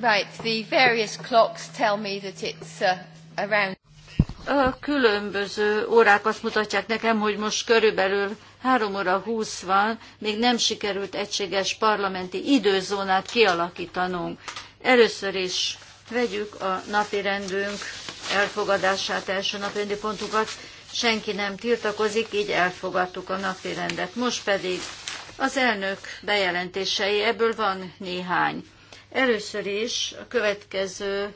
Right, the various clocks tell me that it's uh, around. A különböző órák azt mutatják nekem, hogy most körülbelül 3 óra 20 van, még nem sikerült egységes parlamenti időzónát kialakítanunk. Először is vegyük a napi rendünk elfogadását, első napi pontunkat. Senki nem tiltakozik, így elfogadtuk a napi rendet. Most pedig az elnök bejelentései, ebből van néhány. Először is a következő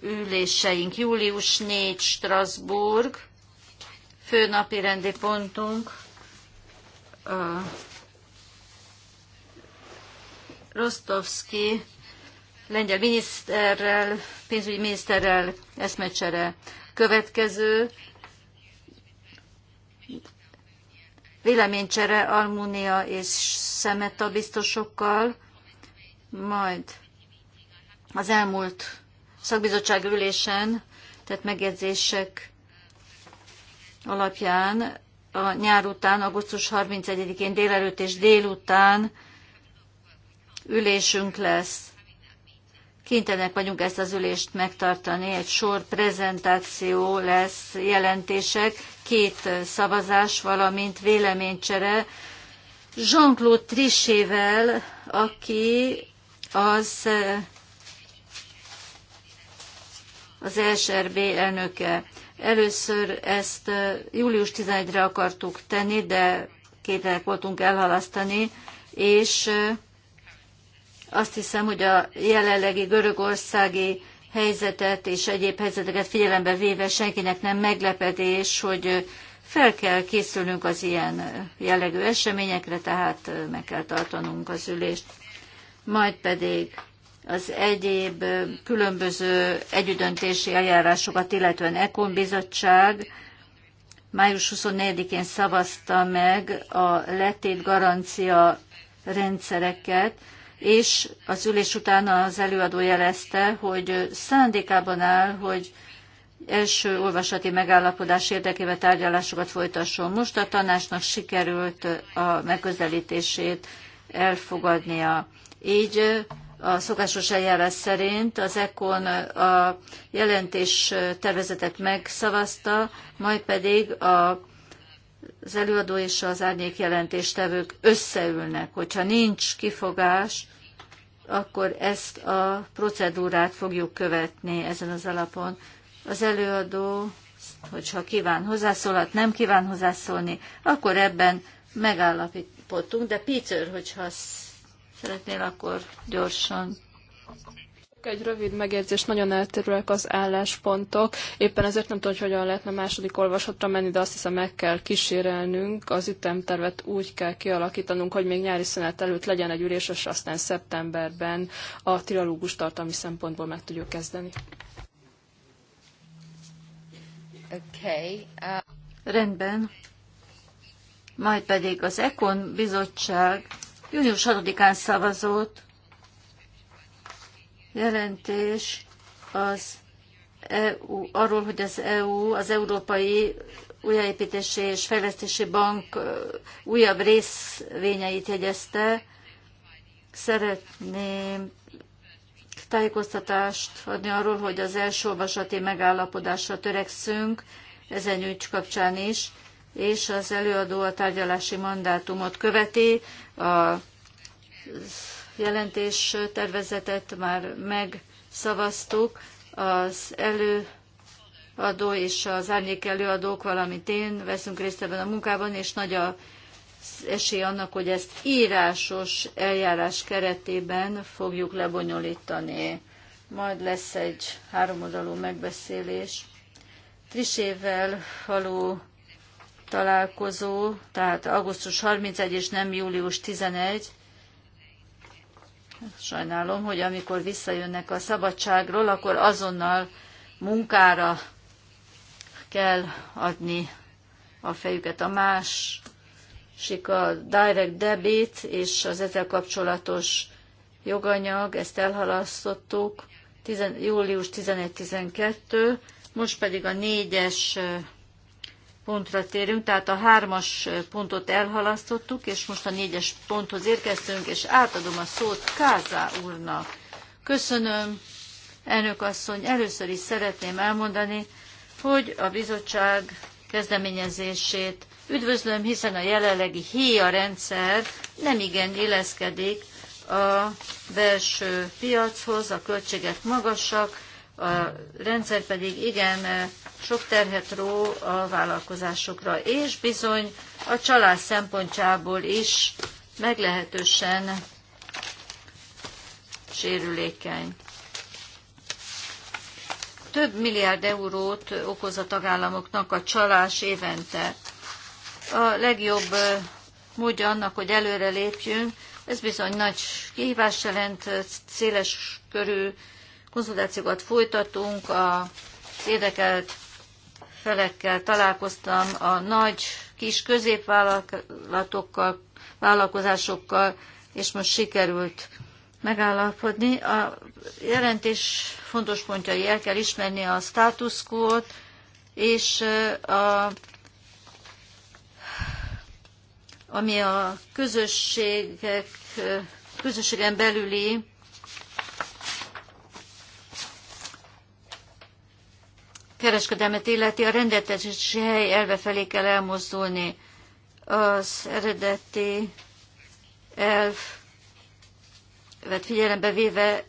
üléseink. Július 4 Strasbourg, főnapi rendi pontunk. A Rostovski lengyel miniszterrel, pénzügyi miniszterrel eszmecsere következő. Véleménycsere Almunia és Szemeta biztosokkal majd az elmúlt szakbizottság ülésen tett megjegyzések alapján a nyár után, augusztus 31-én délelőtt és délután ülésünk lesz. Kintenek vagyunk ezt az ülést megtartani, egy sor prezentáció lesz, jelentések, két szavazás, valamint véleménycsere Jean-Claude Trichével, aki az eh, az SRB elnöke. Először ezt eh, július 11-re akartuk tenni, de kételek voltunk elhalasztani, és eh, azt hiszem, hogy a jelenlegi görögországi helyzetet és egyéb helyzeteket figyelembe véve senkinek nem meglepedés, hogy fel kell készülnünk az ilyen jellegű eseményekre, tehát meg kell tartanunk az ülést majd pedig az egyéb különböző együdöntési eljárásokat, illetően Ekon Bizottság május 24-én szavazta meg a letét garancia rendszereket, és az ülés után az előadó jelezte, hogy szándékában áll, hogy első olvasati megállapodás érdekében tárgyalásokat folytasson. Most a tanácsnak sikerült a megközelítését elfogadnia. Így a szokásos eljárás szerint az ECON a jelentés tervezetet megszavazta, majd pedig a az előadó és az árnyék jelentéstevők összeülnek. Hogyha nincs kifogás, akkor ezt a procedúrát fogjuk követni ezen az alapon. Az előadó, hogyha kíván hozzászólhat, nem kíván hozzászólni, akkor ebben megállapítottunk, de Peter, hogyha szeretnél, akkor gyorsan egy rövid megjegyzés, nagyon eltérőek az álláspontok. Éppen ezért nem tudom, hogy hogyan lehetne második olvasatra menni, de azt hiszem meg kell kísérelnünk. Az ütemtervet úgy kell kialakítanunk, hogy még nyári szünet előtt legyen egy ülés, és aztán szeptemberben a trialógus tartalmi szempontból meg tudjuk kezdeni. Okay. Uh... Rendben. Majd pedig az Ekon bizottság Június 6-án szavazott jelentés az EU, arról, hogy az EU, az Európai Újjáépítési és Fejlesztési Bank újabb részvényeit jegyezte. Szeretném tájékoztatást adni arról, hogy az első olvasati megállapodásra törekszünk, ezen ügy kapcsán is, és az előadó a tárgyalási mandátumot követi, a jelentés tervezetet már megszavaztuk, az előadó és az árnyék előadók, valamint én veszünk részt ebben a munkában, és nagy a esély annak, hogy ezt írásos eljárás keretében fogjuk lebonyolítani. Majd lesz egy háromodalú megbeszélés. Trisével való találkozó, tehát augusztus 31 és nem július 11. Sajnálom, hogy amikor visszajönnek a szabadságról, akkor azonnal munkára kell adni a fejüket. A másik a direct debit és az ezzel kapcsolatos joganyag, ezt elhalasztottuk, 10, július 11-12, most pedig a négyes pontra térünk, tehát a hármas pontot elhalasztottuk, és most a négyes ponthoz érkeztünk, és átadom a szót Kázá úrnak. Köszönöm, elnök asszony, először is szeretném elmondani, hogy a bizottság kezdeményezését üdvözlöm, hiszen a jelenlegi héja rendszer nem igen illeszkedik a belső piachoz, a költségek magasak, a rendszer pedig igen sok terhet ró a vállalkozásokra, és bizony a család szempontjából is meglehetősen sérülékeny. Több milliárd eurót okoz a tagállamoknak a csalás évente. A legjobb módja annak, hogy előre lépjünk, ez bizony nagy kihívás jelent, széles körű konzultációkat folytatunk a érdekelt felekkel találkoztam, a nagy, kis középvállalatokkal, vállalkozásokkal, és most sikerült megállapodni. A jelentés fontos pontjai el kell ismerni a status quo és a, ami a közösségek, közösségen belüli kereskedelmet illeti, a rendeltetési hely elve felé kell elmozdulni. Az eredeti elv vett figyelembe véve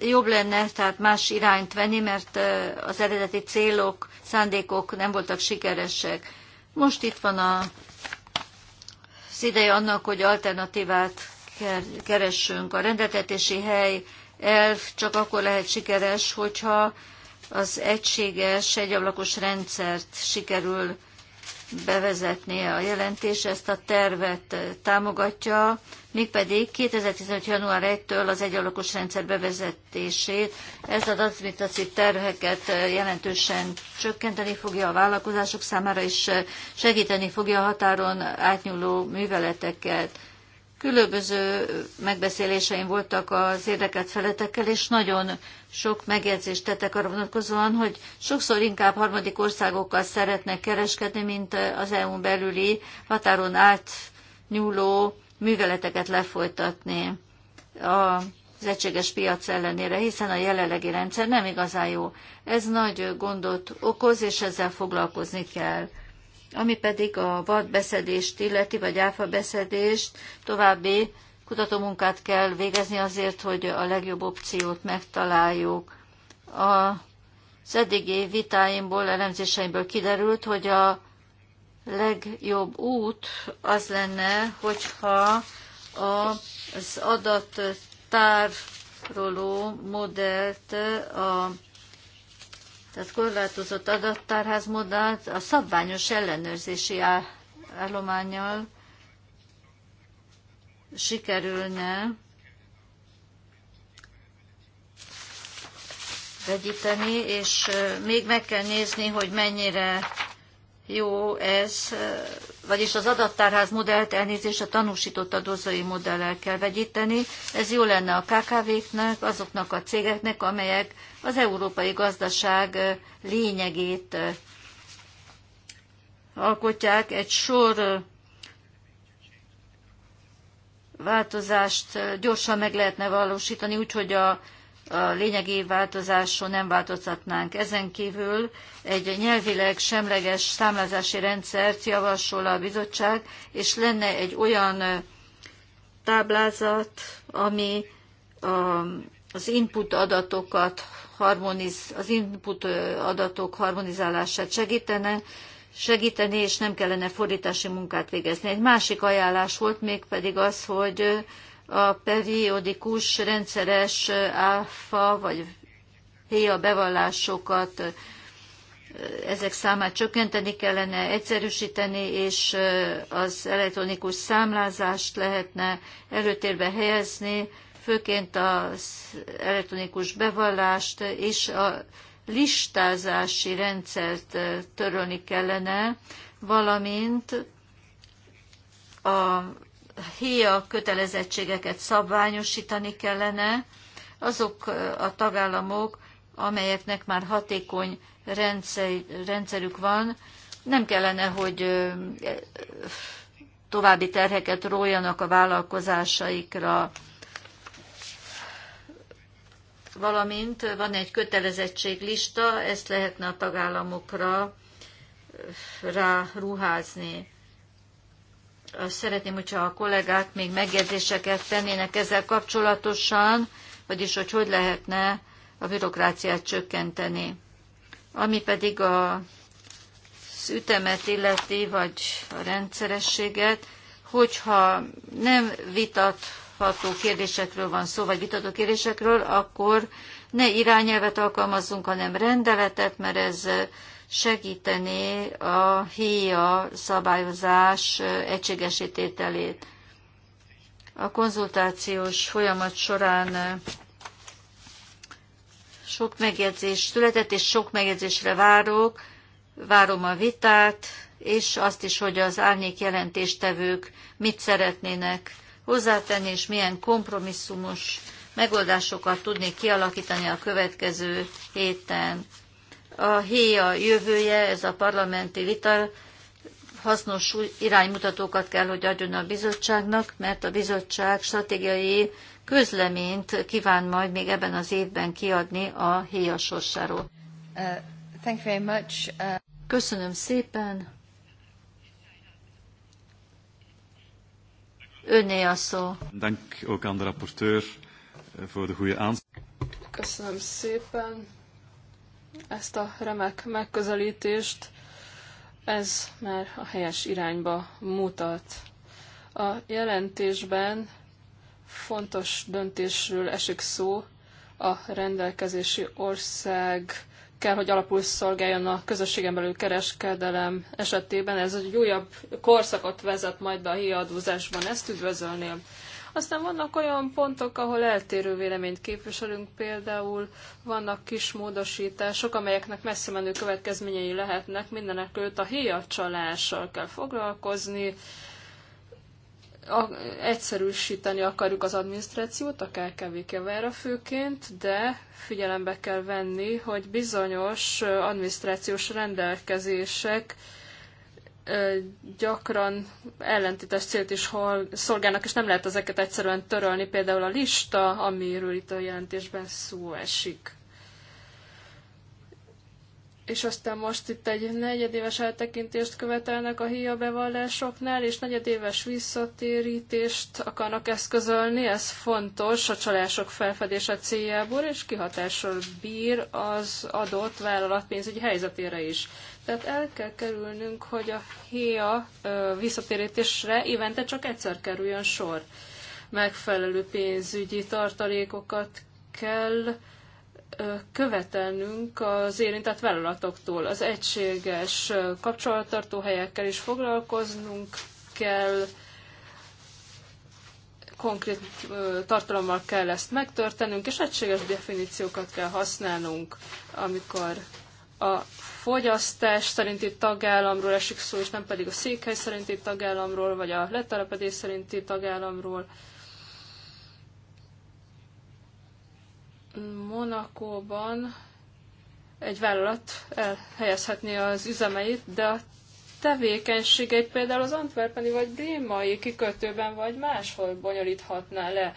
jobb lenne tehát más irányt venni, mert az eredeti célok, szándékok nem voltak sikeresek. Most itt van a, az ideje annak, hogy alternatívát keressünk. A rendeltetési hely elf, csak akkor lehet sikeres, hogyha az egységes egyablakos rendszert sikerül bevezetnie a jelentés, ezt a tervet támogatja, mégpedig 2015. január 1-től az egyalakos rendszer bevezetését. Ez az adminisztratív terheket jelentősen csökkenteni fogja a vállalkozások számára, és segíteni fogja a határon átnyúló műveleteket. Különböző megbeszéléseim voltak az érdekelt feletekkel, és nagyon sok megjegyzést tettek arra vonatkozóan, hogy sokszor inkább harmadik országokkal szeretnek kereskedni, mint az EU-n belüli határon átnyúló műveleteket lefolytatni az egységes piac ellenére, hiszen a jelenlegi rendszer nem igazán jó. Ez nagy gondot okoz, és ezzel foglalkozni kell. Ami pedig a vadbeszedést illeti, vagy áfabeszedést, további kutatómunkát kell végezni azért, hogy a legjobb opciót megtaláljuk. A az eddigi vitáimból, elemzéseimből kiderült, hogy a legjobb út az lenne, hogyha az adattároló modellt a tehát korlátozott adattárház modellt a szabványos ellenőrzési állományjal sikerülne vegyíteni, és még meg kell nézni, hogy mennyire jó ez, vagyis az adattárház modellt elnézés a tanúsított adózói modellel kell vegyíteni. Ez jó lenne a KKV-knek, azoknak a cégeknek, amelyek az európai gazdaság lényegét alkotják. Egy sor változást gyorsan meg lehetne valósítani, úgyhogy a a lényegi változáson nem változtatnánk. Ezen kívül egy nyelvileg semleges számlázási rendszert javasol a bizottság, és lenne egy olyan táblázat, ami az input adatokat harmoniz, az input adatok harmonizálását segítene, segíteni, és nem kellene fordítási munkát végezni. Egy másik ajánlás volt még pedig az, hogy a periódikus, rendszeres áfa vagy héja bevallásokat, ezek számát csökkenteni kellene, egyszerűsíteni, és az elektronikus számlázást lehetne előtérbe helyezni, főként az elektronikus bevallást és a listázási rendszert törölni kellene, valamint a héja kötelezettségeket szabványosítani kellene, azok a tagállamok, amelyeknek már hatékony rendszerük van, nem kellene, hogy további terheket rójanak a vállalkozásaikra, valamint van egy kötelezettséglista, ezt lehetne a tagállamokra ráruházni szeretném, hogyha a kollégák még megjegyzéseket tennének ezzel kapcsolatosan, vagyis hogy hogy lehetne a bürokráciát csökkenteni. Ami pedig a, az ütemet illeti, vagy a rendszerességet, hogyha nem vitatható kérdésekről van szó, vagy vitató kérdésekről, akkor ne irányelvet alkalmazzunk, hanem rendeletet, mert ez Segíteni a híja szabályozás egységesítételét. A konzultációs folyamat során sok megjegyzés született, és sok megjegyzésre várok, várom a vitát, és azt is, hogy az árnyék jelentéstevők mit szeretnének hozzátenni, és milyen kompromisszumos megoldásokat tudnék kialakítani a következő héten a héja jövője, ez a parlamenti vita hasznos iránymutatókat kell, hogy adjon a bizottságnak, mert a bizottság stratégiai közleményt kíván majd még ebben az évben kiadni a héja sorsáról. thank very much. Köszönöm szépen. Öné a szó. Dank ook aan de rapporteur eh, voor de goede Köszönöm szépen ezt a remek megközelítést. Ez már a helyes irányba mutat. A jelentésben fontos döntésről esik szó, a rendelkezési ország kell, hogy alapul szolgáljon a közösségen belül kereskedelem esetében. Ez egy újabb korszakot vezet majd be a hiadózásban, ezt üdvözölném. Aztán vannak olyan pontok, ahol eltérő véleményt képviselünk, például vannak kis módosítások, amelyeknek messze menő következményei lehetnek, mindenek őt a héjacsalással kell foglalkozni, a, egyszerűsíteni akarjuk az adminisztrációt, a KKV kevára főként, de figyelembe kell venni, hogy bizonyos adminisztrációs rendelkezések gyakran ellentétes célt is hol szolgálnak, és nem lehet ezeket egyszerűen törölni, például a lista, amiről itt a jelentésben szó esik. És aztán most itt egy negyedéves eltekintést követelnek a híja bevallásoknál, és negyedéves visszatérítést akarnak eszközölni, ez fontos a csalások felfedése céljából, és kihatással bír az adott vállalat pénzügyi helyzetére is tehát el kell kerülnünk, hogy a héja visszatérítésre évente csak egyszer kerüljön sor. Megfelelő pénzügyi tartalékokat kell követelnünk az érintett vállalatoktól. Az egységes kapcsolattartó helyekkel is foglalkoznunk kell, konkrét tartalommal kell ezt megtörténünk, és egységes definíciókat kell használnunk, amikor a fogyasztás szerinti tagállamról esik szó, és nem pedig a székhely szerinti tagállamról, vagy a letelepedés szerinti tagállamról. Monakóban egy vállalat elhelyezhetné az üzemeit, de a tevékenységeit például az antwerpeni vagy brémai kikötőben vagy máshol bonyolíthatná le.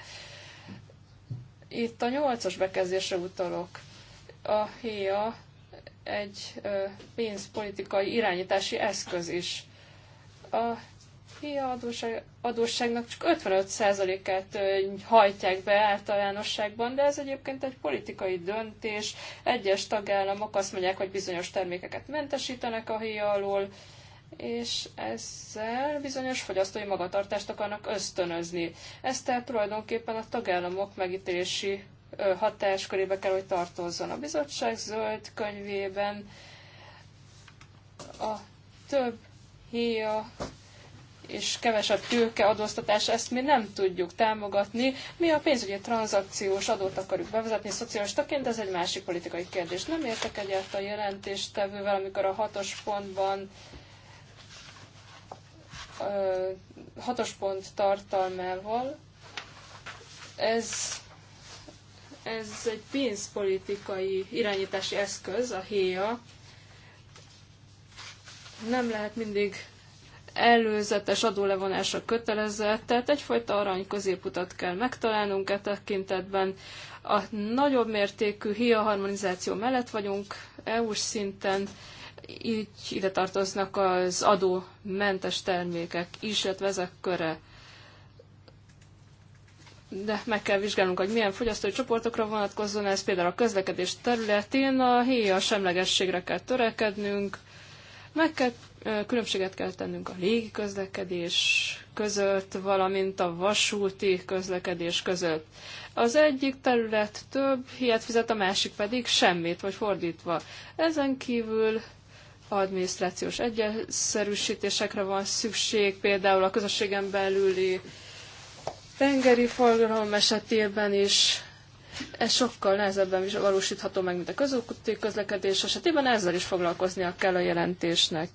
Itt a nyolcas bekezdésre utalok. A HIA egy pénzpolitikai irányítási eszköz is. A HIA adósságnak csak 55%-át hajtják be általánosságban, de ez egyébként egy politikai döntés. Egyes tagállamok azt mondják, hogy bizonyos termékeket mentesítenek a HIA alól, és ezzel bizonyos fogyasztói magatartást akarnak ösztönözni. Ez tehát tulajdonképpen a tagállamok megítélési hatáskörébe kell, hogy tartozzon. A bizottság zöld könyvében a több héja és kevesebb tőke adóztatás, ezt mi nem tudjuk támogatni. Mi a pénzügyi tranzakciós adót akarjuk bevezetni taként, ez egy másik politikai kérdés. Nem értek egyet a jelentéstevővel, amikor a hatos pontban hatos pont tartalmával. Ez ez egy pénzpolitikai irányítási eszköz, a héja. Nem lehet mindig előzetes adólevonásra kötelező, tehát egyfajta arany középutat kell megtalálnunk e tekintetben. A nagyobb mértékű HIA harmonizáció mellett vagyunk EU-s szinten, így ide tartoznak az adómentes termékek is, illetve ezek köre de meg kell vizsgálnunk, hogy milyen fogyasztói csoportokra vonatkozzon ez, például a közlekedés területén a héja semlegességre kell törekednünk, meg kell, különbséget kell tennünk a légi közlekedés között, valamint a vasúti közlekedés között. Az egyik terület több hiát fizet, a másik pedig semmit, vagy fordítva. Ezen kívül adminisztrációs egyszerűsítésekre van szükség, például a közösségen belüli tengeri forgalom esetében is ez sokkal nehezebben is valósítható meg, mint a közúti közlekedés esetében, ezzel is foglalkoznia kell a jelentésnek.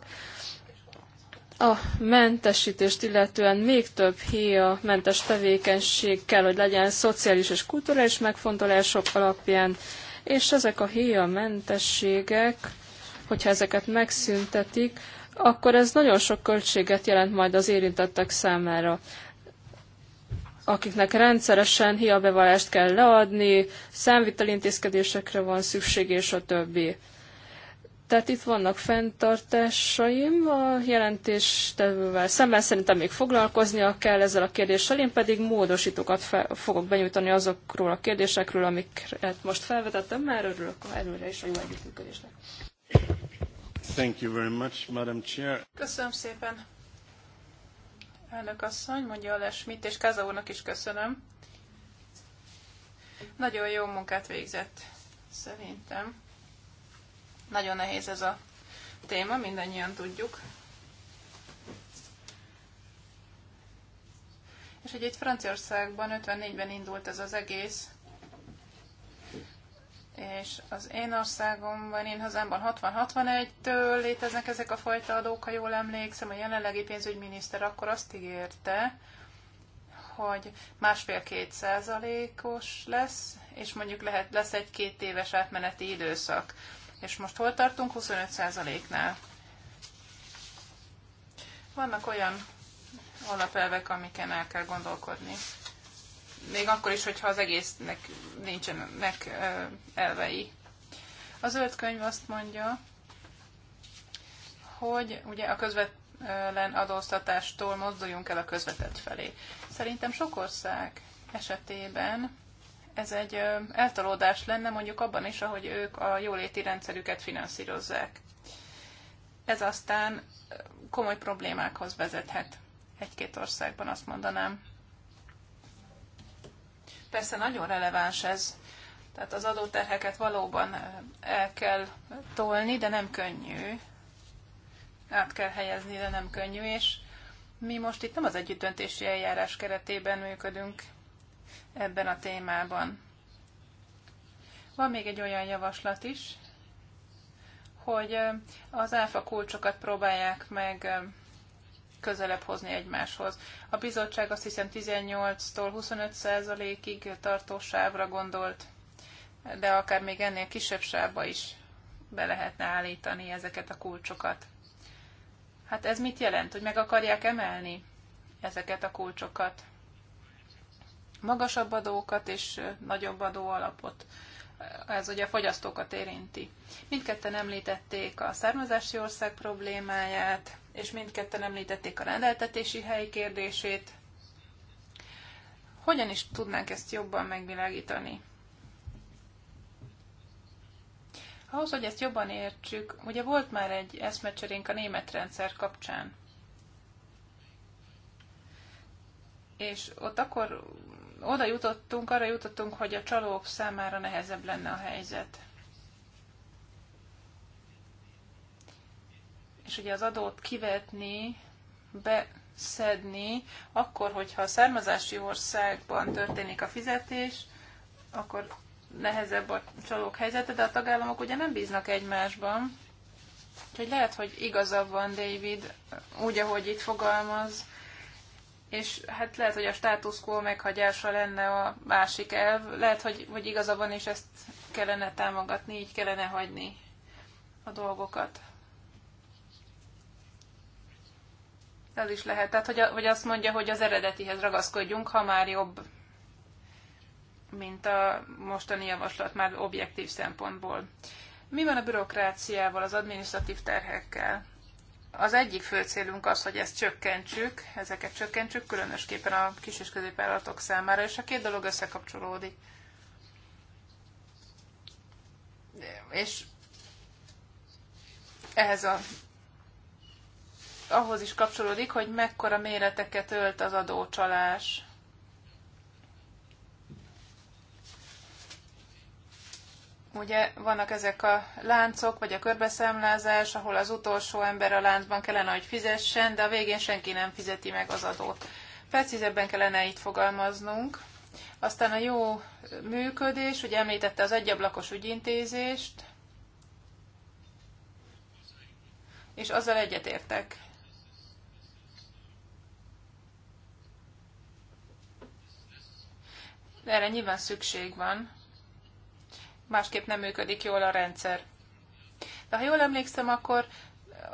A mentesítést illetően még több héja mentes tevékenység kell, hogy legyen szociális és kulturális megfontolások alapján, és ezek a héja mentességek, hogyha ezeket megszüntetik, akkor ez nagyon sok költséget jelent majd az érintettek számára akiknek rendszeresen hiabevallást kell leadni, intézkedésekre van szükség, és a többi. Tehát itt vannak fenntartásaim a jelentéstevővel szemben. Szerintem még foglalkoznia kell ezzel a kérdéssel, én pedig módosítókat fel, fogok benyújtani azokról a kérdésekről, amiket most felvetettem, már örülök előre is a jó együttműködésnek. Thank you very much, Madam Chair. Köszönöm szépen, elnök asszony, mondja a Schmidt, és Kaza úrnak is köszönöm. Nagyon jó munkát végzett, szerintem. Nagyon nehéz ez a téma, mindannyian tudjuk. És hogy itt Franciaországban 54-ben indult ez az egész, és az én országomban, én hazámban 60-61-től léteznek ezek a fajta adók, ha jól emlékszem, a jelenlegi pénzügyminiszter akkor azt ígérte, hogy másfél-két százalékos lesz, és mondjuk lehet, lesz egy-két éves átmeneti időszak. És most hol tartunk? 25 százaléknál. Vannak olyan alapelvek, amiken el kell gondolkodni még akkor is, hogyha az egésznek nincsenek elvei. A zöld könyv azt mondja, hogy ugye a közvetlen adóztatástól mozduljunk el a közvetett felé. Szerintem sok ország esetében ez egy eltolódás lenne mondjuk abban is, ahogy ők a jóléti rendszerüket finanszírozzák. Ez aztán komoly problémákhoz vezethet egy-két országban, azt mondanám. Persze nagyon releváns ez, tehát az adóterheket valóban el kell tolni, de nem könnyű. Át kell helyezni, de nem könnyű, és mi most itt nem az együttöntési eljárás keretében működünk ebben a témában. Van még egy olyan javaslat is, hogy az áfa kulcsokat próbálják meg közelebb hozni egymáshoz. A bizottság azt hiszem 18-tól 25%-ig tartó sávra gondolt, de akár még ennél kisebb sávba is be lehetne állítani ezeket a kulcsokat. Hát ez mit jelent, hogy meg akarják emelni ezeket a kulcsokat? Magasabb adókat és nagyobb adóalapot. Ez ugye a fogyasztókat érinti. Mindketten említették a származási ország problémáját, és mindketten említették a rendeltetési hely kérdését. Hogyan is tudnánk ezt jobban megvilágítani? Ahhoz, hogy ezt jobban értsük, ugye volt már egy eszmecserénk a német rendszer kapcsán. És ott akkor oda jutottunk, arra jutottunk, hogy a csalók számára nehezebb lenne a helyzet. és ugye az adót kivetni, beszedni, akkor, hogyha a származási országban történik a fizetés, akkor nehezebb a csalók helyzete, de a tagállamok ugye nem bíznak egymásban. Úgyhogy lehet, hogy igazabb van David, úgy, ahogy itt fogalmaz, és hát lehet, hogy a status quo meghagyása lenne a másik elv, lehet, hogy, hogy igaza van, és ezt kellene támogatni, így kellene hagyni a dolgokat. Ez is lehet. Tehát, hogy a, vagy azt mondja, hogy az eredetihez ragaszkodjunk, ha már jobb, mint a mostani javaslat, már objektív szempontból. Mi van a bürokráciával, az administratív terhekkel? Az egyik fő célunk az, hogy ezt csökkentsük, ezeket csökkentsük, különösképpen a kis és középvállalatok számára, és a két dolog összekapcsolódik. És ehhez a ahhoz is kapcsolódik, hogy mekkora méreteket ölt az adócsalás. Ugye vannak ezek a láncok, vagy a körbeszámlázás, ahol az utolsó ember a láncban kellene, hogy fizessen, de a végén senki nem fizeti meg az adót. Precízebben kellene itt fogalmaznunk. Aztán a jó működés, ugye említette az egyablakos ügyintézést, és azzal egyetértek. De erre nyilván szükség van. Másképp nem működik jól a rendszer. De ha jól emlékszem, akkor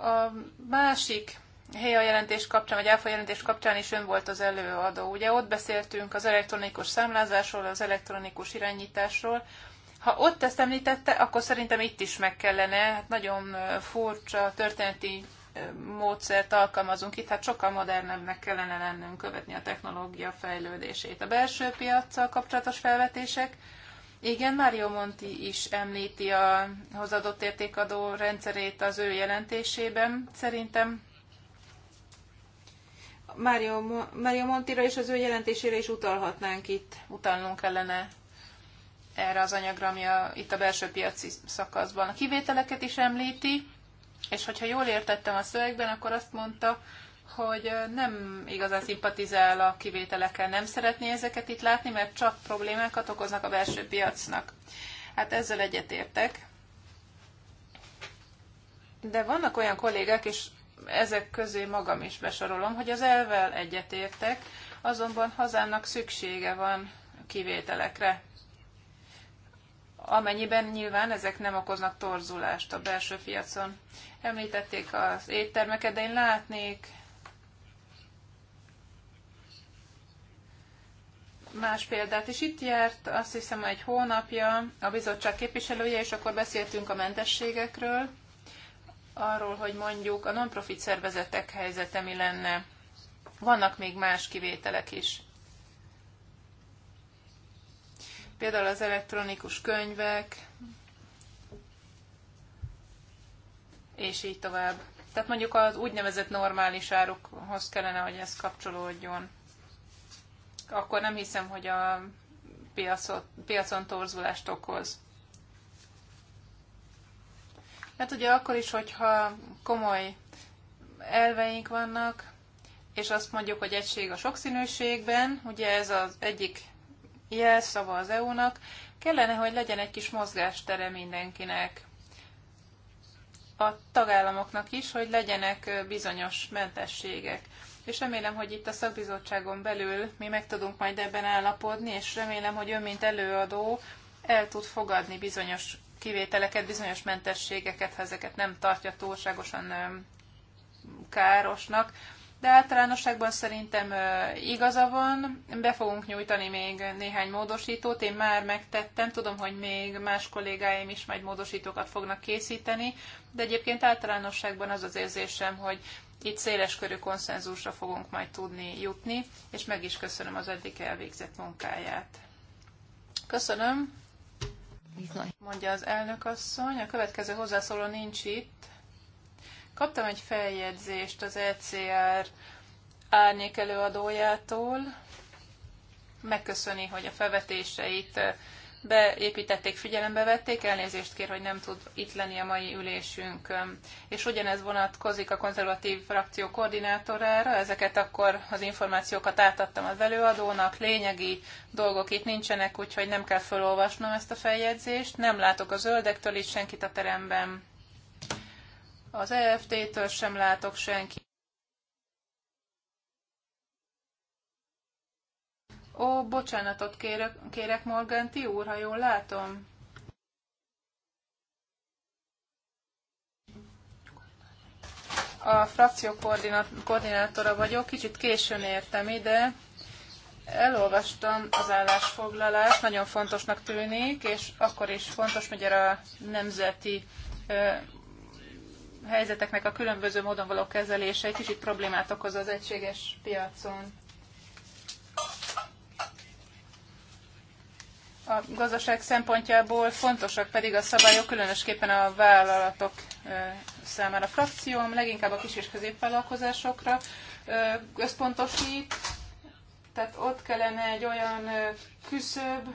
a másik a jelentés kapcsán, vagy ÁFA jelentés kapcsán is ön volt az előadó. Ugye ott beszéltünk az elektronikus számlázásról, az elektronikus irányításról. Ha ott ezt említette, akkor szerintem itt is meg kellene. Hát nagyon furcsa történeti módszert alkalmazunk itt, hát sokkal modernebbnek kellene lennünk követni a technológia fejlődését. A belső piaccal kapcsolatos felvetések, igen, Mário Monti is említi a hozadott értékadó rendszerét az ő jelentésében, szerintem. Mário, Mário Montira és az ő jelentésére is utalhatnánk itt, utalnunk kellene erre az anyagra, ami a, itt a belső piaci szakaszban. A kivételeket is említi, és hogyha jól értettem a szövegben, akkor azt mondta, hogy nem igazán szimpatizál a kivételekkel, nem szeretné ezeket itt látni, mert csak problémákat okoznak a belső piacnak. Hát ezzel egyetértek. De vannak olyan kollégák, és ezek közé magam is besorolom, hogy az elvel egyetértek, azonban hazának szüksége van kivételekre amennyiben nyilván ezek nem okoznak torzulást a belső piacon. Említették az éttermeket, de én látnék más példát is. Itt járt azt hiszem egy hónapja a bizottság képviselője, és akkor beszéltünk a mentességekről, arról, hogy mondjuk a non-profit szervezetek helyzete mi lenne. Vannak még más kivételek is. Például az elektronikus könyvek, és így tovább. Tehát mondjuk az úgynevezett normális árukhoz kellene, hogy ez kapcsolódjon. Akkor nem hiszem, hogy a piacot, piacon torzulást okoz. Mert hát ugye akkor is, hogyha komoly elveink vannak, és azt mondjuk, hogy egység a sokszínűségben, ugye ez az egyik jelszava az EU-nak, kellene, hogy legyen egy kis mozgástere mindenkinek, a tagállamoknak is, hogy legyenek bizonyos mentességek. És remélem, hogy itt a szakbizottságon belül mi meg tudunk majd ebben állapodni, és remélem, hogy ön, mint előadó, el tud fogadni bizonyos kivételeket, bizonyos mentességeket, ha ezeket nem tartja túlságosan károsnak, de általánosságban szerintem igaza van, be fogunk nyújtani még néhány módosítót, én már megtettem, tudom, hogy még más kollégáim is majd módosítókat fognak készíteni, de egyébként általánosságban az az érzésem, hogy itt körű konszenzusra fogunk majd tudni jutni, és meg is köszönöm az eddig elvégzett munkáját. Köszönöm, mondja az elnök asszony. A következő hozzászóló nincs itt, Kaptam egy feljegyzést az ECR árnyék előadójától. Megköszöni, hogy a felvetéseit beépítették, figyelembe vették, elnézést kér, hogy nem tud itt lenni a mai ülésünk. És ugyanez vonatkozik a konzervatív frakció koordinátorára, ezeket akkor az információkat átadtam az előadónak, lényegi dolgok itt nincsenek, úgyhogy nem kell felolvasnom ezt a feljegyzést, nem látok a zöldektől itt senkit a teremben. Az EFT-től sem látok senki. Ó, bocsánatot kérek, kérek Morganti úr, ha jól látom. A frakció koordinátora vagyok, kicsit későn értem ide. Elolvastam az állásfoglalást, nagyon fontosnak tűnik, és akkor is fontos, hogy erre a nemzeti helyzeteknek a különböző módon való kezelése egy kicsit problémát okoz az egységes piacon. A gazdaság szempontjából fontosak pedig a szabályok, különösképpen a vállalatok számára. A frakcióm leginkább a kis és középvállalkozásokra összpontosít, tehát ott kellene egy olyan küszöb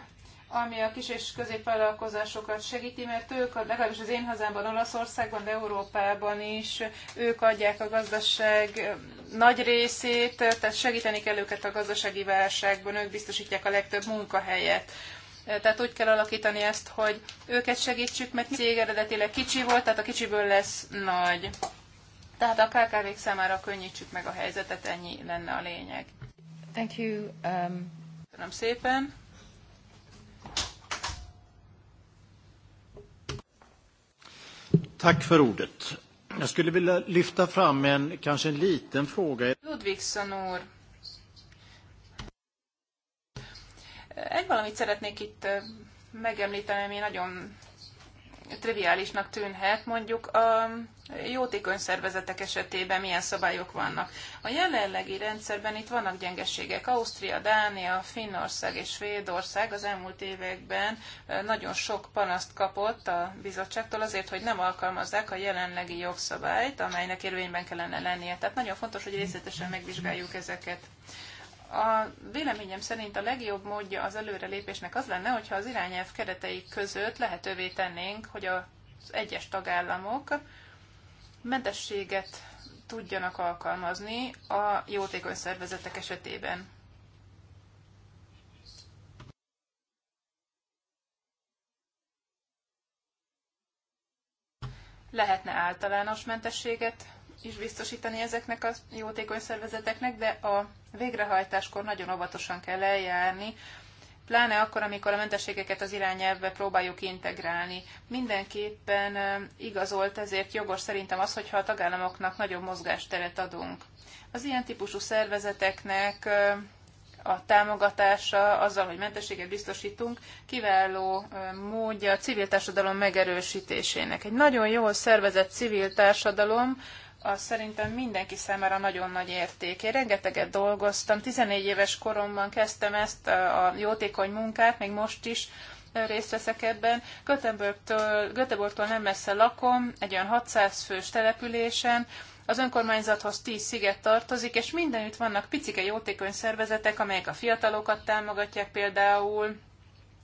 ami a kis és középvállalkozásokat segíti, mert ők, legalábbis az én hazámban, Olaszországban, de Európában is, ők adják a gazdaság nagy részét, tehát segíteni kell őket a gazdasági válságban, ők biztosítják a legtöbb munkahelyet. Tehát úgy kell alakítani ezt, hogy őket segítsük, mert cég eredetileg kicsi volt, tehát a kicsiből lesz nagy. Tehát a KKV-k számára könnyítsük meg a helyzetet, ennyi lenne a lényeg. Thank you. Um... Köszönöm szépen. Tack för ordet. Jag skulle vilja lyfta fram en kanske en liten fråga. Egy valamit szeretnék itt megemlíteni, ami nagyon triviálisnak tűnhet, mondjuk a jótékony szervezetek esetében milyen szabályok vannak. A jelenlegi rendszerben itt vannak gyengeségek. Ausztria, Dánia, Finnország és Svédország az elmúlt években nagyon sok panaszt kapott a bizottságtól azért, hogy nem alkalmazzák a jelenlegi jogszabályt, amelynek érvényben kellene lennie. Tehát nagyon fontos, hogy részletesen megvizsgáljuk ezeket. A véleményem szerint a legjobb módja az előrelépésnek az lenne, hogyha az irányelv keretei között lehetővé tennénk, hogy az egyes tagállamok mentességet tudjanak alkalmazni a jótékony szervezetek esetében. Lehetne általános mentességet is biztosítani ezeknek a jótékony szervezeteknek, de a végrehajtáskor nagyon óvatosan kell eljárni, pláne akkor, amikor a mentességeket az irányelvbe próbáljuk integrálni. Mindenképpen igazolt ezért jogos szerintem az, hogyha a tagállamoknak nagyobb mozgásteret adunk. Az ilyen típusú szervezeteknek a támogatása, azzal, hogy mentességet biztosítunk, kiváló módja a civil társadalom megerősítésének. Egy nagyon jól szervezett civil társadalom az szerintem mindenki számára nagyon nagy érték. Én rengeteget dolgoztam, 14 éves koromban kezdtem ezt a jótékony munkát, még most is részt veszek ebben. Göteborgtól nem messze lakom, egy olyan 600 fős településen, az önkormányzathoz 10 sziget tartozik, és mindenütt vannak picike jótékony szervezetek, amelyek a fiatalokat támogatják például,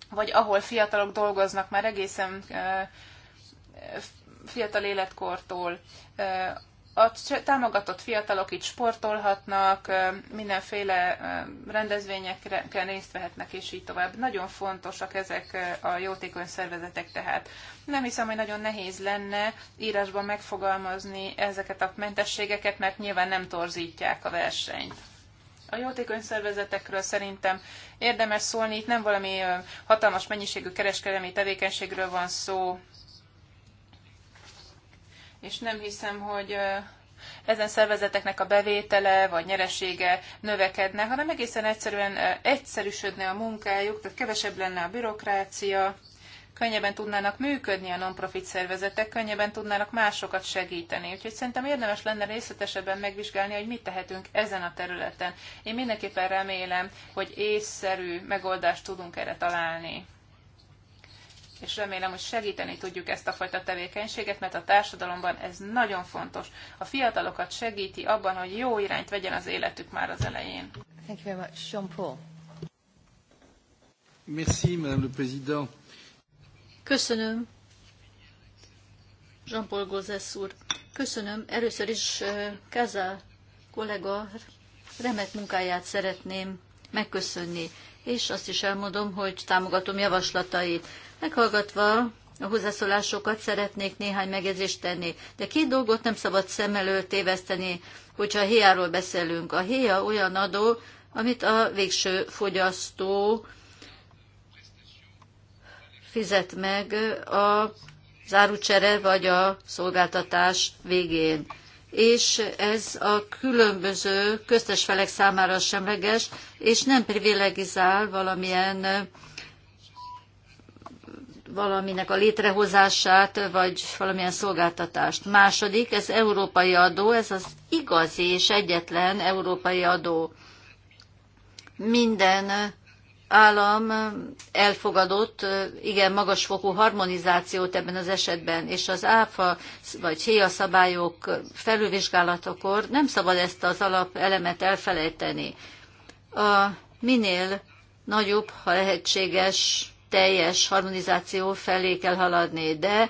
vagy ahol fiatalok dolgoznak már egészen fiatal életkortól a támogatott fiatalok itt sportolhatnak, mindenféle rendezvényekre részt vehetnek, és így tovább. Nagyon fontosak ezek a jótékony szervezetek tehát. Nem hiszem, hogy nagyon nehéz lenne írásban megfogalmazni ezeket a mentességeket, mert nyilván nem torzítják a versenyt. A jótékony szervezetekről szerintem érdemes szólni, itt nem valami hatalmas mennyiségű kereskedelmi tevékenységről van szó, és nem hiszem, hogy ezen szervezeteknek a bevétele vagy nyeresége növekedne, hanem egészen egyszerűen egyszerűsödne a munkájuk, tehát kevesebb lenne a bürokrácia, könnyebben tudnának működni a non-profit szervezetek, könnyebben tudnának másokat segíteni. Úgyhogy szerintem érdemes lenne részletesebben megvizsgálni, hogy mit tehetünk ezen a területen. Én mindenképpen remélem, hogy észszerű megoldást tudunk erre találni és remélem, hogy segíteni tudjuk ezt a fajta tevékenységet, mert a társadalomban ez nagyon fontos. A fiatalokat segíti abban, hogy jó irányt vegyen az életük már az elején. Thank you very much. Jean-Paul. Merci, Madame le Président. Köszönöm. Jean-Paul Gauzès úr. Köszönöm. Először is eh, Kaza kollega remek munkáját szeretném megköszönni és azt is elmondom, hogy támogatom javaslatait. Meghallgatva a hozzászólásokat szeretnék néhány megjegyzést tenni, de két dolgot nem szabad szem előtt téveszteni, hogyha a héjáról beszélünk. A héja olyan adó, amit a végső fogyasztó fizet meg a zárucsere vagy a szolgáltatás végén és ez a különböző köztes felek számára semleges, és nem privilegizál valamilyen valaminek a létrehozását, vagy valamilyen szolgáltatást. Második, ez európai adó, ez az igazi és egyetlen európai adó. Minden állam elfogadott igen magasfokú harmonizációt ebben az esetben, és az áfa vagy héja szabályok felülvizsgálatakor nem szabad ezt az alapelemet elfelejteni. A minél nagyobb, ha lehetséges, teljes harmonizáció felé kell haladni, de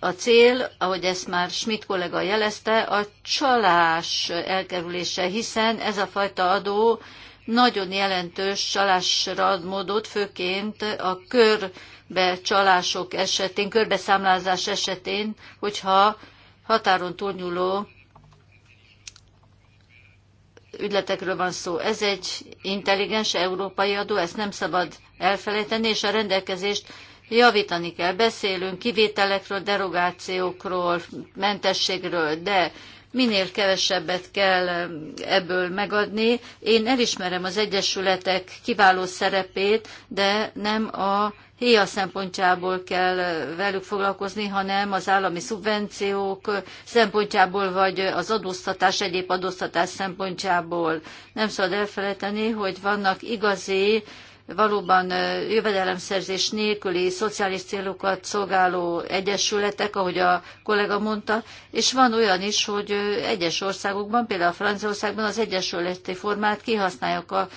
a cél, ahogy ezt már Schmidt kollega jelezte, a csalás elkerülése, hiszen ez a fajta adó nagyon jelentős csalásra ad módot, főként a körbe csalások esetén, körbeszámlázás esetén, hogyha határon túlnyúló ügyletekről van szó. Ez egy intelligens európai adó, ezt nem szabad elfelejteni, és a rendelkezést javítani kell. Beszélünk kivételekről, derogációkról, mentességről, de minél kevesebbet kell um, ebből megadni. Én elismerem az egyesületek kiváló szerepét, de nem a héja szempontjából kell uh, velük foglalkozni, hanem az állami szubvenciók uh, szempontjából, vagy az adóztatás, egyéb adóztatás szempontjából. Nem szabad elfelejteni, hogy vannak igazi valóban jövedelemszerzés nélküli szociális célokat szolgáló egyesületek, ahogy a kollega mondta, és van olyan is, hogy egyes országokban, például Franciaországban az egyesületi formát kihasználják a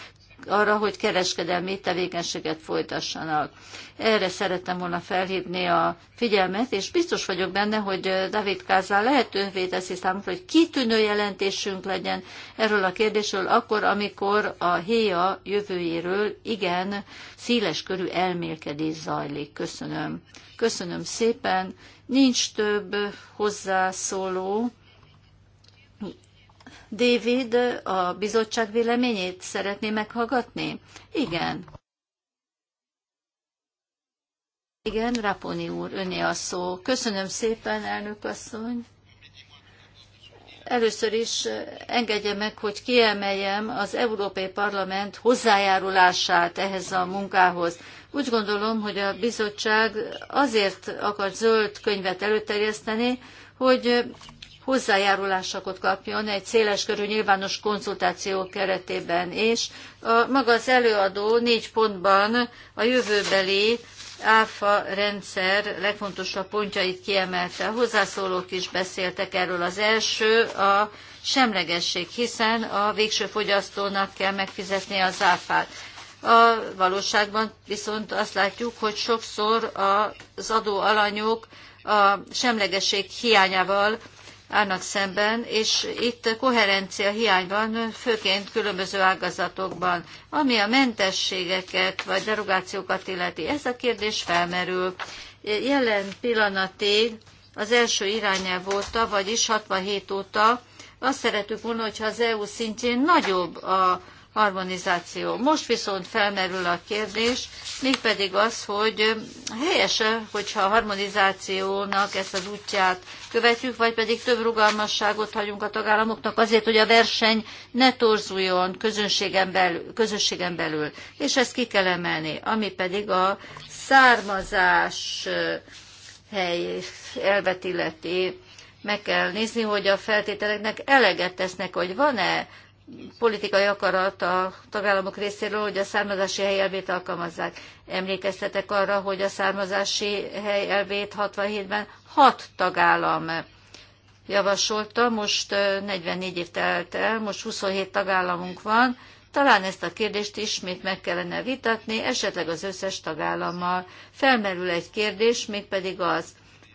arra, hogy kereskedelmi tevékenységet folytassanak. Erre szerettem volna felhívni a figyelmet, és biztos vagyok benne, hogy David Kázán lehetővé teszi számunkra, hogy kitűnő jelentésünk legyen erről a kérdésről, akkor, amikor a héja jövőjéről igen széles körű elmélkedés zajlik. Köszönöm. Köszönöm szépen. Nincs több hozzászóló. David, a bizottság véleményét szeretné meghallgatni? Igen. Igen, Raponi úr, öné a szó. Köszönöm szépen, elnök asszony. Először is engedje meg, hogy kiemeljem az Európai Parlament hozzájárulását ehhez a munkához. Úgy gondolom, hogy a bizottság azért akar zöld könyvet előterjeszteni, hogy hozzájárulásokat kapjon egy széleskörű nyilvános konzultáció keretében. És a, maga az előadó négy pontban a jövőbeli áfa rendszer legfontosabb pontjait kiemelte. Hozzászólók is beszéltek erről. Az első a semlegesség, hiszen a végső fogyasztónak kell megfizetni az áfát. A valóságban viszont azt látjuk, hogy sokszor az adóalanyok a semlegesség hiányával állnak szemben, és itt koherencia hiány van, főként különböző ágazatokban. Ami a mentességeket vagy derogációkat illeti, ez a kérdés felmerül. Jelen pillanatig az első irányelv volt, vagyis 67 óta azt szeretük volna, hogyha az EU szintjén nagyobb a harmonizáció. Most viszont felmerül a kérdés, mégpedig az, hogy helyes -e, hogyha a harmonizációnak ezt az útját követjük, vagy pedig több rugalmasságot hagyunk a tagállamoknak azért, hogy a verseny ne torzuljon közönségen belül, közösségen belül. És ezt ki kell emelni, ami pedig a származás hely elvet illeti. Meg kell nézni, hogy a feltételeknek eleget tesznek, hogy van-e politikai akarat a tagállamok részéről, hogy a származási helyelvét alkalmazzák. Emlékeztetek arra, hogy a származási helyelvét 67-ben hat tagállam javasolta, most 44 év telt el, most 27 tagállamunk van, talán ezt a kérdést ismét meg kellene vitatni, esetleg az összes tagállammal. Felmerül egy kérdés, mégpedig az,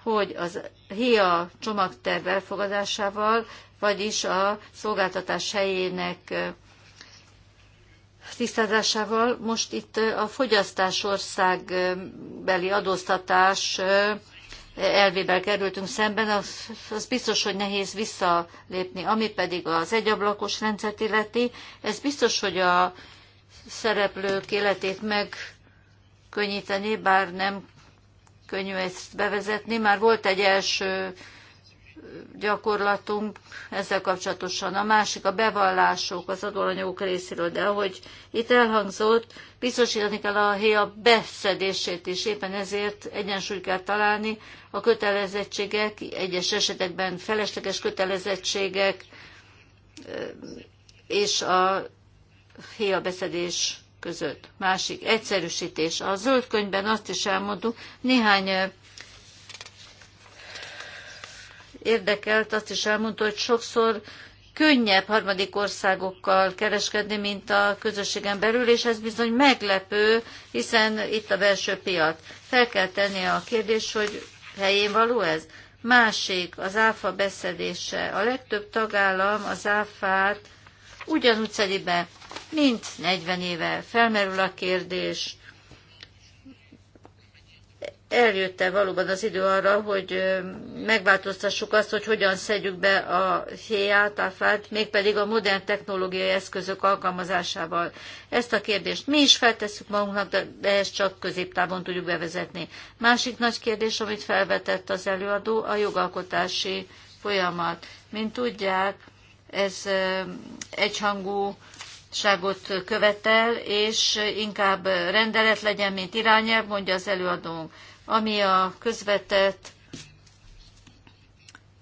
hogy az HIA csomagterv elfogadásával vagyis a szolgáltatás helyének tisztázásával. Most itt a fogyasztás országbeli adóztatás elvével kerültünk szemben, az, az biztos, hogy nehéz visszalépni. Ami pedig az egyablakos rendszert illeti, ez biztos, hogy a szereplők életét megkönnyíteni, bár nem könnyű ezt bevezetni. Már volt egy első gyakorlatunk ezzel kapcsolatosan. A másik a bevallások az adóanyagok részéről, de ahogy itt elhangzott, biztosítani kell a héja beszedését is, éppen ezért egyensúlyt kell találni a kötelezettségek, egyes esetekben felesleges kötelezettségek és a héja beszedés között. Másik, egyszerűsítés. A zöld könyvben azt is elmondtuk, néhány érdekelt, azt is elmondta, hogy sokszor könnyebb harmadik országokkal kereskedni, mint a közösségen belül, és ez bizony meglepő, hiszen itt a belső piac. Fel kell tenni a kérdés, hogy helyén való ez? Másik, az áfa beszedése. A legtöbb tagállam az áfát ugyanúgy szedi be, mint 40 éve. Felmerül a kérdés, eljött-e valóban az idő arra, hogy megváltoztassuk azt, hogy hogyan szedjük be a héját, fát, mégpedig a modern technológiai eszközök alkalmazásával. Ezt a kérdést mi is feltesszük magunknak, de ezt csak középtávon tudjuk bevezetni. Másik nagy kérdés, amit felvetett az előadó, a jogalkotási folyamat. Mint tudják, ez egyhangú ságot követel, és inkább rendelet legyen, mint irányelv, mondja az előadónk ami a közvetett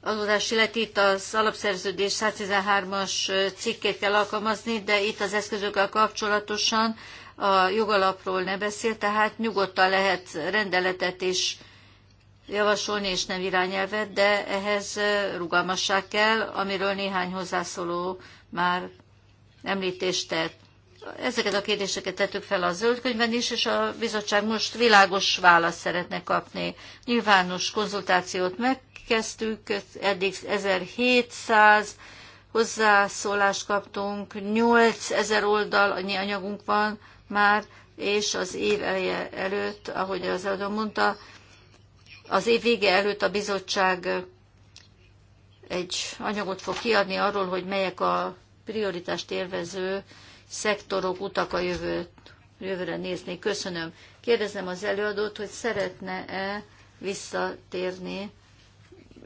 adózás illeti, itt az alapszerződés 113-as cikkét kell alkalmazni, de itt az eszközökkel kapcsolatosan a jogalapról ne beszél, tehát nyugodtan lehet rendeletet is javasolni, és nem irányelvet, de ehhez rugalmasság kell, amiről néhány hozzászóló már említést tett. Ezeket a kérdéseket tettük fel a zöldkönyvben is, és a bizottság most világos választ szeretne kapni. Nyilvános konzultációt megkezdtük, eddig 1700 hozzászólást kaptunk, 8000 oldal annyi anyagunk van már, és az év eleje előtt, ahogy az előadó mondta, az év vége előtt a bizottság egy anyagot fog kiadni arról, hogy melyek a prioritást élvező szektorok, utak a jövőt, jövőre nézni. Köszönöm. Kérdezem az előadót, hogy szeretne-e visszatérni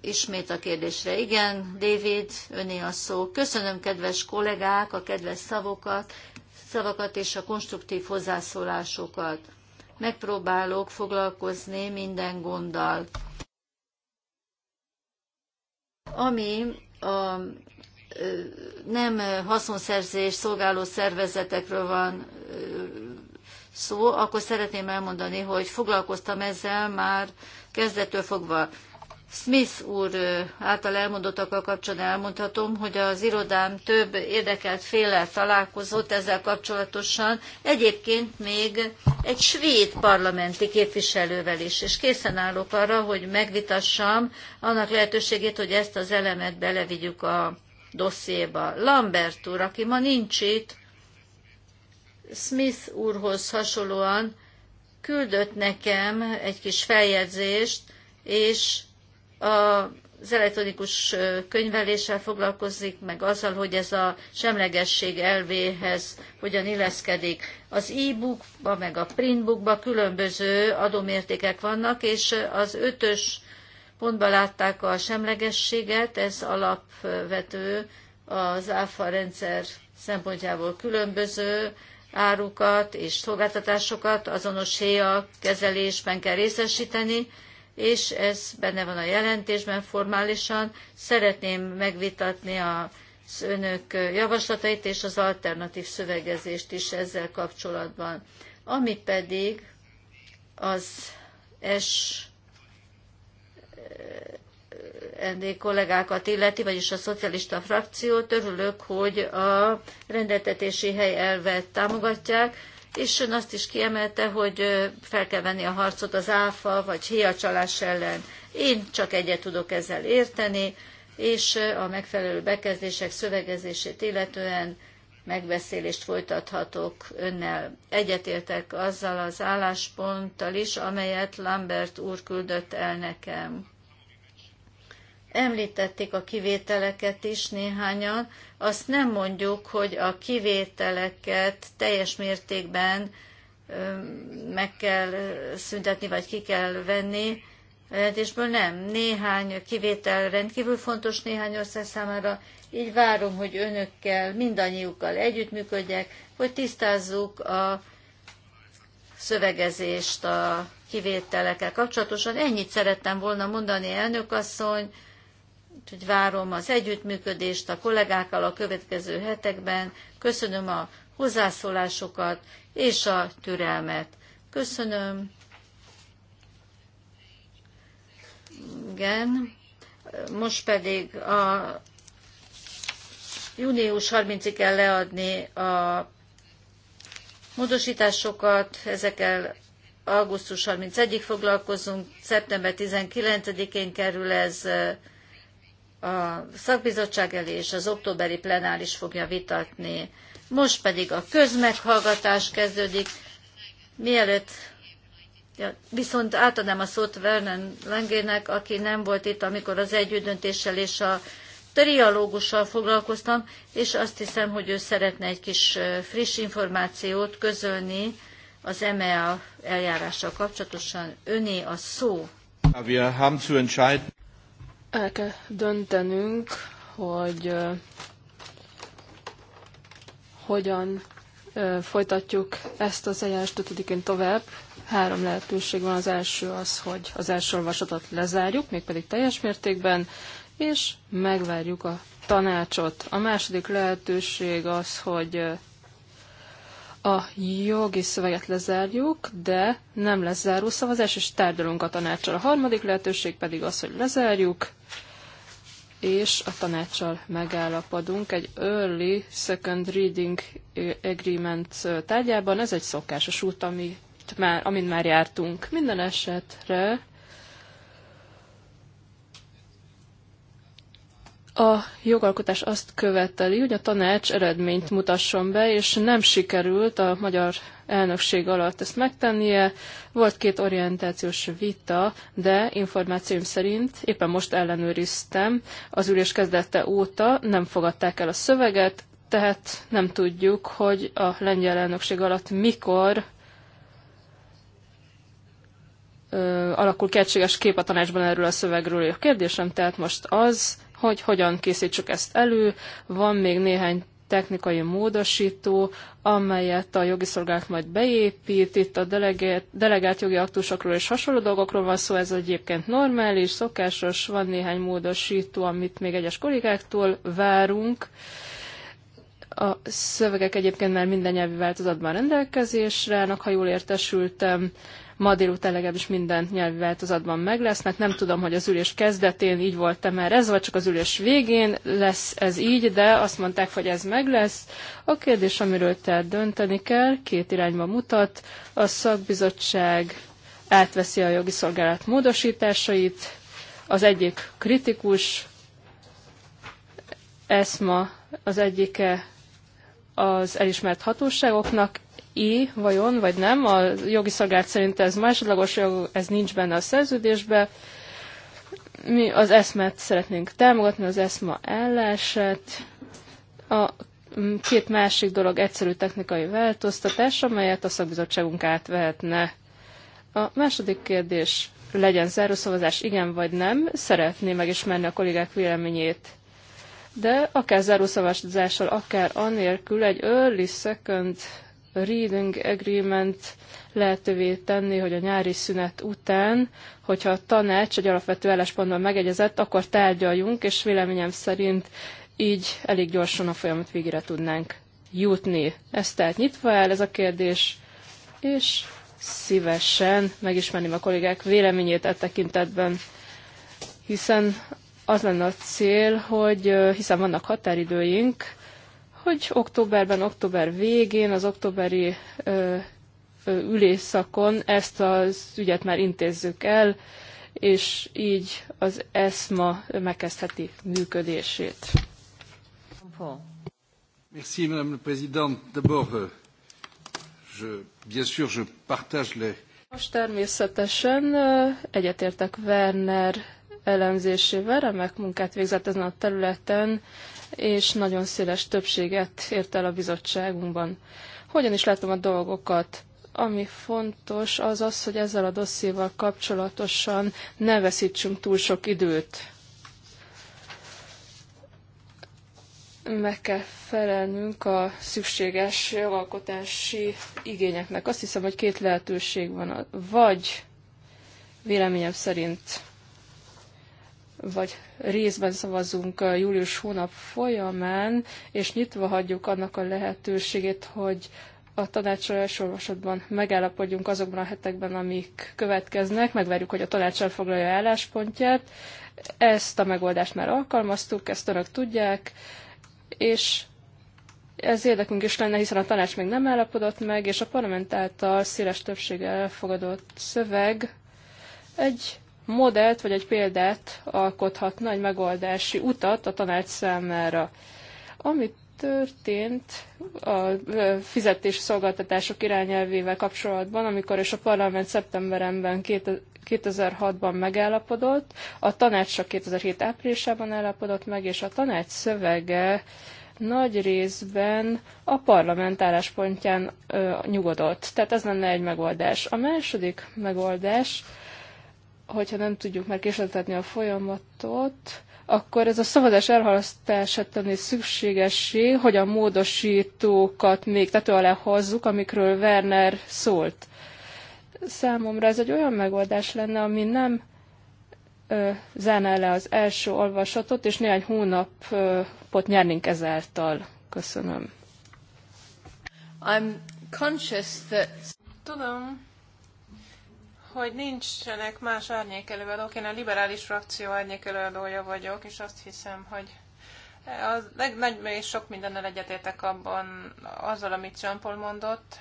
ismét a kérdésre. Igen, David, öné a szó. Köszönöm, kedves kollégák, a kedves szavokat, szavakat és a konstruktív hozzászólásokat. Megpróbálok foglalkozni minden gonddal. Ami a nem haszonszerzés szolgáló szervezetekről van szó, akkor szeretném elmondani, hogy foglalkoztam ezzel már kezdettől fogva. Smith úr által elmondottakkal kapcsolatban elmondhatom, hogy az irodám több érdekelt féle találkozott ezzel kapcsolatosan, egyébként még egy svéd parlamenti képviselővel is, és készen állok arra, hogy megvitassam annak lehetőségét, hogy ezt az elemet belevigyük a dossziéba. Lambert úr, aki ma nincs itt, Smith úrhoz hasonlóan küldött nekem egy kis feljegyzést, és a az elektronikus könyveléssel foglalkozik, meg azzal, hogy ez a semlegesség elvéhez hogyan illeszkedik. Az e-bookba, meg a printbookba különböző adómértékek vannak, és az ötös pontba látták a semlegességet, ez alapvető az áfa rendszer szempontjából különböző árukat és szolgáltatásokat azonos héja kezelésben kell részesíteni, és ez benne van a jelentésben formálisan. Szeretném megvitatni az önök javaslatait és az alternatív szövegezést is ezzel kapcsolatban. Ami pedig az S ND kollégákat illeti, vagyis a szocialista frakciót. Örülök, hogy a rendeltetési hely elvet támogatják, és ön azt is kiemelte, hogy fel kell venni a harcot az áfa vagy héjacsalás ellen. Én csak egyet tudok ezzel érteni, és a megfelelő bekezdések szövegezését illetően megbeszélést folytathatok önnel. Egyetértek azzal az állásponttal is, amelyet Lambert úr küldött el nekem. Említették a kivételeket is néhányan. Azt nem mondjuk, hogy a kivételeket teljes mértékben meg kell szüntetni, vagy ki kell venni. Jelentésből nem. Néhány kivétel rendkívül fontos néhány ország számára. Így várom, hogy önökkel, mindannyiukkal együttműködjek, hogy tisztázzuk a szövegezést a kivételekkel kapcsolatosan. Ennyit szerettem volna mondani, elnök asszony. Úgyhogy várom az együttműködést a kollégákkal a következő hetekben. Köszönöm a hozzászólásokat és a türelmet. Köszönöm. Igen. Most pedig a június 30-ig kell leadni a módosításokat, ezekkel augusztus 31-ig foglalkozunk, szeptember 19-én kerül ez a szakbizottság elé és az októberi plenáris fogja vitatni. Most pedig a közmeghallgatás kezdődik. Mielőtt ja, viszont átadnám a szót Vernon Lengének, aki nem volt itt, amikor az együttdöntéssel és a trialógussal foglalkoztam, és azt hiszem, hogy ő szeretne egy kis friss információt közölni az EMEA eljárással kapcsolatosan. Öné a szó. Wir haben zu entscheiden. El kell döntenünk, hogy hogyan folytatjuk ezt az eljárás ötödikén tovább. Három lehetőség van. Az első az, hogy az első olvasatot lezárjuk, mégpedig teljes mértékben, és megvárjuk a tanácsot. A második lehetőség az, hogy a jogi szöveget lezárjuk, de nem lesz záró szavazás, és tárgyalunk a tanácsal. A harmadik lehetőség pedig az, hogy lezárjuk, és a tanácssal megállapodunk egy Early Second Reading Agreement tárgyában. Ez egy szokásos út, amit már, amin már jártunk. Minden esetre A jogalkotás azt követeli, hogy a tanács eredményt mutasson be, és nem sikerült a magyar elnökség alatt ezt megtennie. Volt két orientációs vita, de információim szerint éppen most ellenőriztem, az ülés kezdete óta nem fogadták el a szöveget, tehát nem tudjuk, hogy a lengyel elnökség alatt mikor ö, alakul kétséges kép a tanácsban erről a szövegről. A kérdésem tehát most az, hogy hogyan készítsük ezt elő. Van még néhány technikai módosító, amelyet a jogi szolgálat majd beépít. Itt a delegált, delegált jogi aktusokról és hasonló dolgokról van szó, ez egyébként normális, szokásos, van néhány módosító, amit még egyes kollégáktól várunk. A szövegek egyébként már minden nyelvi változatban rendelkezésre állnak, ha jól értesültem, ma délután legalábbis minden nyelvi változatban meg mert Nem tudom, hogy az ülés kezdetén így volt-e már ez, vagy csak az ülés végén lesz ez így, de azt mondták, hogy ez meg lesz. A kérdés, amiről te dönteni kell, két irányba mutat. A szakbizottság átveszi a jogi szolgálat módosításait, az egyik kritikus, ESMA az egyike az elismert hatóságoknak, I vajon, vagy nem. A jogi szolgált szerint ez másodlagos jog, ez nincs benne a szerződésbe. Mi az eszmet szeretnénk támogatni, az eszma állását. A két másik dolog egyszerű technikai változtatás, amelyet a szakbizottságunk átvehetne. A második kérdés legyen zárószavazás, igen vagy nem, szeretné megismerni a kollégák véleményét. De akár zárószavazással, akár anélkül egy early second reading agreement lehetővé tenni, hogy a nyári szünet után, hogyha a tanács egy alapvető álláspontban megegyezett, akkor tárgyaljunk, és véleményem szerint így elég gyorsan a folyamat végére tudnánk jutni. Ez tehát nyitva el ez a kérdés, és szívesen megismerném a kollégák véleményét e tekintetben, hiszen az lenne a cél, hogy hiszen vannak határidőink, hogy októberben, október végén, az októberi ö, ö, ülésszakon ezt az ügyet már intézzük el, és így az ESMA megkezdheti működését. Merci, Madame la Présidente. D'abord, euh, je, bien sûr, je partage les... Most természetesen egyetértek Werner elemzésével, remek munkát végzett ezen a területen, és nagyon széles többséget ért el a bizottságunkban. Hogyan is látom a dolgokat? Ami fontos, az az, hogy ezzel a dossziéval kapcsolatosan ne veszítsünk túl sok időt. meg kell felelnünk a szükséges jogalkotási igényeknek. Azt hiszem, hogy két lehetőség van. Vagy véleményem szerint vagy részben szavazunk július hónap folyamán, és nyitva hagyjuk annak a lehetőségét, hogy a tanácsra első megállapodjunk azokban a hetekben, amik következnek, megvárjuk, hogy a tanács elfoglalja álláspontját. Ezt a megoldást már alkalmaztuk, ezt önök tudják, és ez érdekünk is lenne, hiszen a tanács még nem állapodott meg, és a parlament által széles többséggel elfogadott szöveg egy modellt vagy egy példát alkothatna, egy megoldási utat a tanács számára. Amit történt a fizetés szolgáltatások irányelvével kapcsolatban, amikor és a parlament szeptemberemben 2006-ban megállapodott, a tanács csak 2007 áprilisában állapodott meg, és a tanács szövege nagy részben a parlament álláspontján ö, nyugodott. Tehát ez lenne egy megoldás. A második megoldás hogyha nem tudjuk már késleltetni a folyamatot, akkor ez a szavazás elhalasztását tenni szükségessé, hogy a módosítókat még tető alá hozzuk, amikről Werner szólt. Számomra ez egy olyan megoldás lenne, ami nem ö, zárná le az első olvasatot, és néhány hónapot nyernénk ezáltal. Köszönöm. I'm conscious that... Tudom, hogy nincsenek más árnyékelőadók. Én a liberális frakció árnyékelőadója vagyok, és azt hiszem, hogy az legnagy, és sok mindennel egyetétek abban azzal, amit Paul mondott,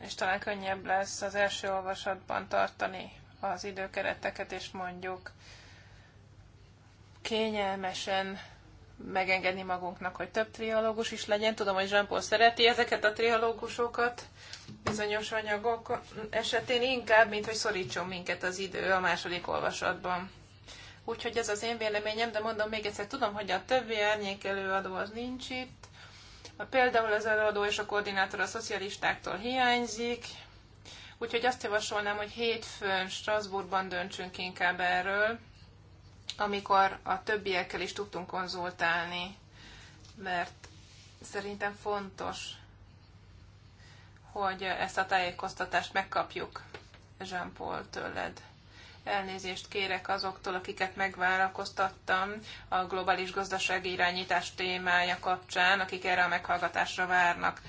és talán könnyebb lesz az első olvasatban tartani az időkereteket, és mondjuk kényelmesen megengedni magunknak, hogy több trialógus is legyen. Tudom, hogy jean szereti ezeket a trialógusokat bizonyos anyagok esetén inkább, mint hogy szorítson minket az idő a második olvasatban. Úgyhogy ez az én véleményem, de mondom még egyszer, tudom, hogy a többi árnyék előadó az nincs itt. A, például az előadó és a koordinátor a szocialistáktól hiányzik, úgyhogy azt javasolnám, hogy hétfőn Strasbourgban döntsünk inkább erről amikor a többiekkel is tudtunk konzultálni, mert szerintem fontos, hogy ezt a tájékoztatást megkapjuk jean Paul tőled. Elnézést kérek azoktól, akiket megvárakoztattam a globális gazdasági irányítás témája kapcsán, akik erre a meghallgatásra várnak.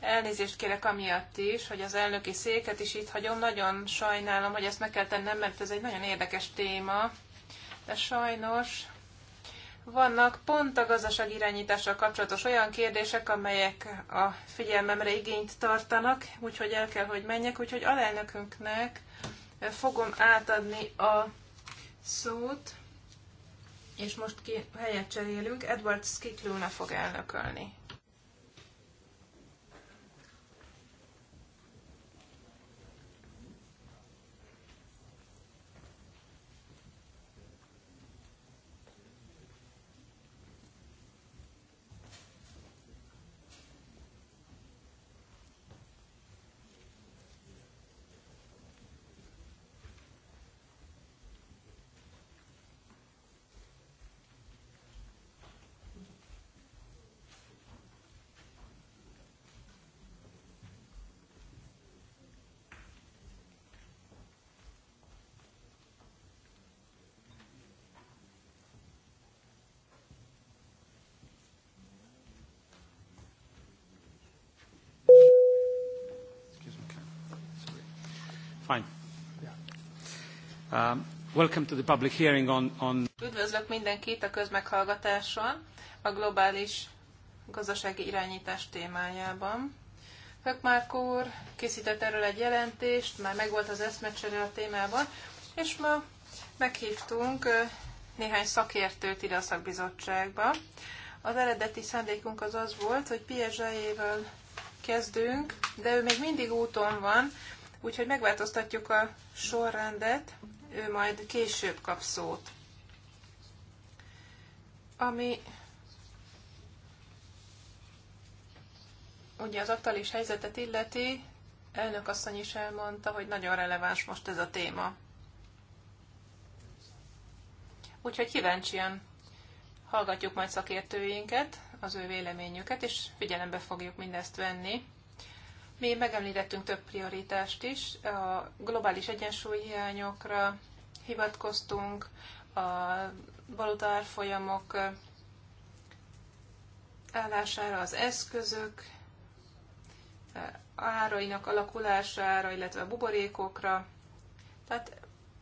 Elnézést kérek amiatt is, hogy az elnöki széket is itt hagyom. Nagyon sajnálom, hogy ezt meg kell tennem, mert ez egy nagyon érdekes téma, de sajnos vannak pont a gazdaság irányítással kapcsolatos olyan kérdések, amelyek a figyelmemre igényt tartanak, úgyhogy el kell, hogy menjek, úgyhogy alelnökünknek fogom átadni a szót, és most ki helyet cserélünk, Edward Skiklóna fog elnökölni. Fine. Um, welcome to the public hearing on, on... Üdvözlök mindenkit a közmeghallgatáson a globális gazdasági irányítás témájában. Hökmárk úr készített erről egy jelentést, már megvolt az eszmecsere a témában, és ma meghívtunk néhány szakértőt ide a szakbizottságba. Az eredeti szándékunk az az volt, hogy Piazsájével kezdünk, de ő még mindig úton van, Úgyhogy megváltoztatjuk a sorrendet, ő majd később kap szót. Ami ugye az aktuális helyzetet illeti, elnök asszony is elmondta, hogy nagyon releváns most ez a téma. Úgyhogy kíváncsian hallgatjuk majd szakértőinket, az ő véleményüket, és figyelembe fogjuk mindezt venni mi megemlítettünk több prioritást is, a globális hiányokra hivatkoztunk, a valutárfolyamok állására, az eszközök árainak alakulására, illetve a buborékokra. Tehát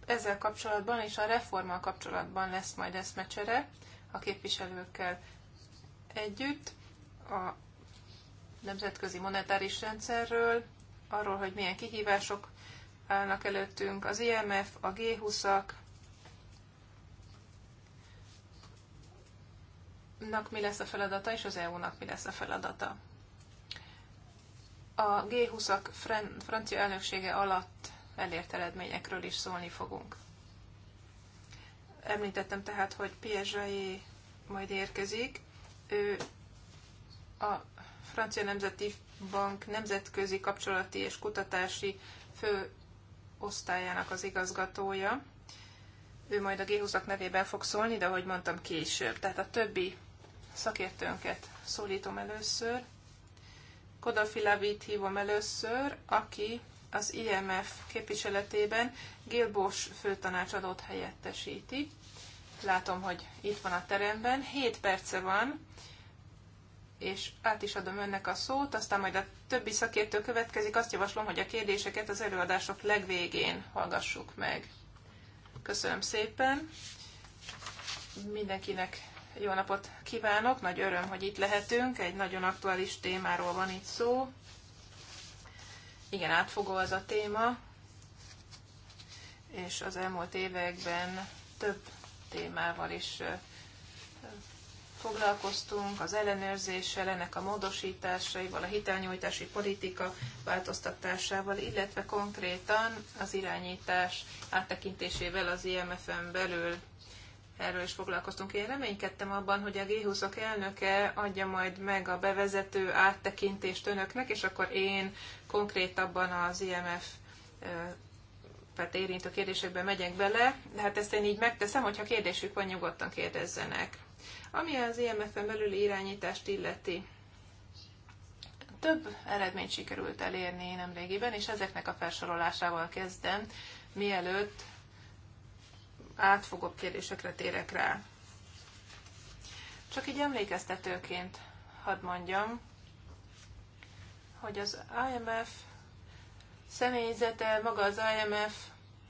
ezzel kapcsolatban és a reformmal kapcsolatban lesz majd eszmecsere a képviselőkkel együtt. A nemzetközi monetáris rendszerről, arról, hogy milyen kihívások állnak előttünk, az IMF, a G20-ak, nak mi lesz a feladata, és az EU-nak mi lesz a feladata. A G20-ak francia elnöksége alatt elért eredményekről is szólni fogunk. Említettem tehát, hogy Piaget majd érkezik. Ő a Francia Nemzeti Bank nemzetközi kapcsolati és kutatási főosztályának az igazgatója. Ő majd a g nevében fog szólni, de ahogy mondtam, később. Tehát a többi szakértőnket szólítom először. Kodafi Lavit hívom először, aki az IMF képviseletében Gilbos főtanácsadót helyettesíti. Látom, hogy itt van a teremben. 7 perce van és át is adom önnek a szót, aztán majd a többi szakértő következik. Azt javaslom, hogy a kérdéseket az előadások legvégén hallgassuk meg. Köszönöm szépen. Mindenkinek jó napot kívánok, nagy öröm, hogy itt lehetünk, egy nagyon aktuális témáról van itt szó. Igen, átfogó az a téma, és az elmúlt években több témával is foglalkoztunk, az ellenőrzéssel, ennek a módosításaival, a hitelnyújtási politika változtatásával, illetve konkrétan az irányítás áttekintésével az IMF-en belül. Erről is foglalkoztunk. Én reménykedtem abban, hogy a g 20 elnöke adja majd meg a bevezető áttekintést önöknek, és akkor én konkrétabban az IMF tehát érintő kérdésekbe megyek bele, de hát ezt én így megteszem, hogyha kérdésük van, nyugodtan kérdezzenek. Ami az IMF-en e belüli irányítást illeti, több eredményt sikerült elérni nemrégiben, és ezeknek a felsorolásával kezdem, mielőtt átfogóbb kérdésekre térek rá. Csak így emlékeztetőként hadd mondjam, hogy az IMF személyzete, maga az IMF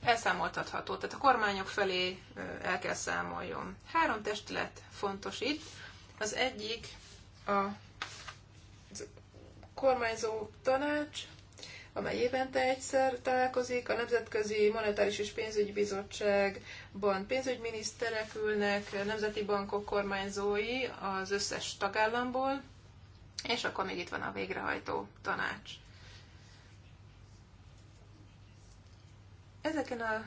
elszámoltatható, tehát a kormányok felé el kell számoljon. Három testület fontos itt. Az egyik a kormányzó tanács, amely évente egyszer találkozik, a Nemzetközi Monetáris és Pénzügyi Bizottságban pénzügyminiszterek ülnek, nemzeti bankok kormányzói az összes tagállamból, és akkor még itt van a végrehajtó tanács. Ezeken a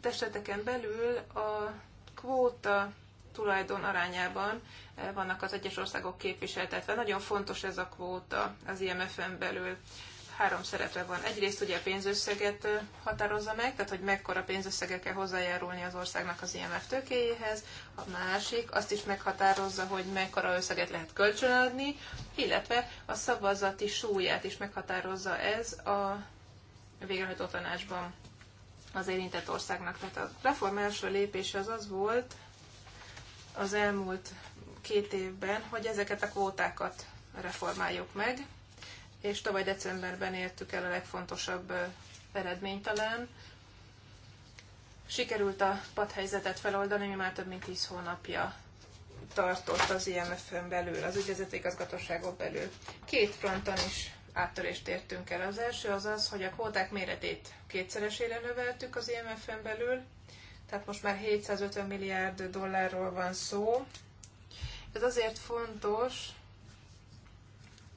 testeteken belül a kvóta tulajdon arányában eh, vannak az egyes országok képviseltetve. Nagyon fontos ez a kvóta az IMF-en belül. Három szerepe van. Egyrészt ugye a pénzösszeget eh, határozza meg, tehát hogy mekkora pénzösszege kell hozzájárulni az országnak az IMF tökéjéhez. A másik azt is meghatározza, hogy mekkora összeget lehet kölcsönadni, illetve a szavazati súlyát is meghatározza ez a végrehajtó tanácsban az érintett országnak. Tehát a reform első lépése az az volt az elmúlt két évben, hogy ezeket a kvótákat reformáljuk meg, és tavaly decemberben értük el a legfontosabb eredményt talán. Sikerült a padhelyzetet feloldani, mi már több mint 10 hónapja tartott az IMF-ön belül, az ügyvezetékazgatóságok belül. Két fronton is áttörést értünk el. Az első az az, hogy a kvóták méretét kétszeresére növeltük az IMF-en belül, tehát most már 750 milliárd dollárról van szó. Ez azért fontos,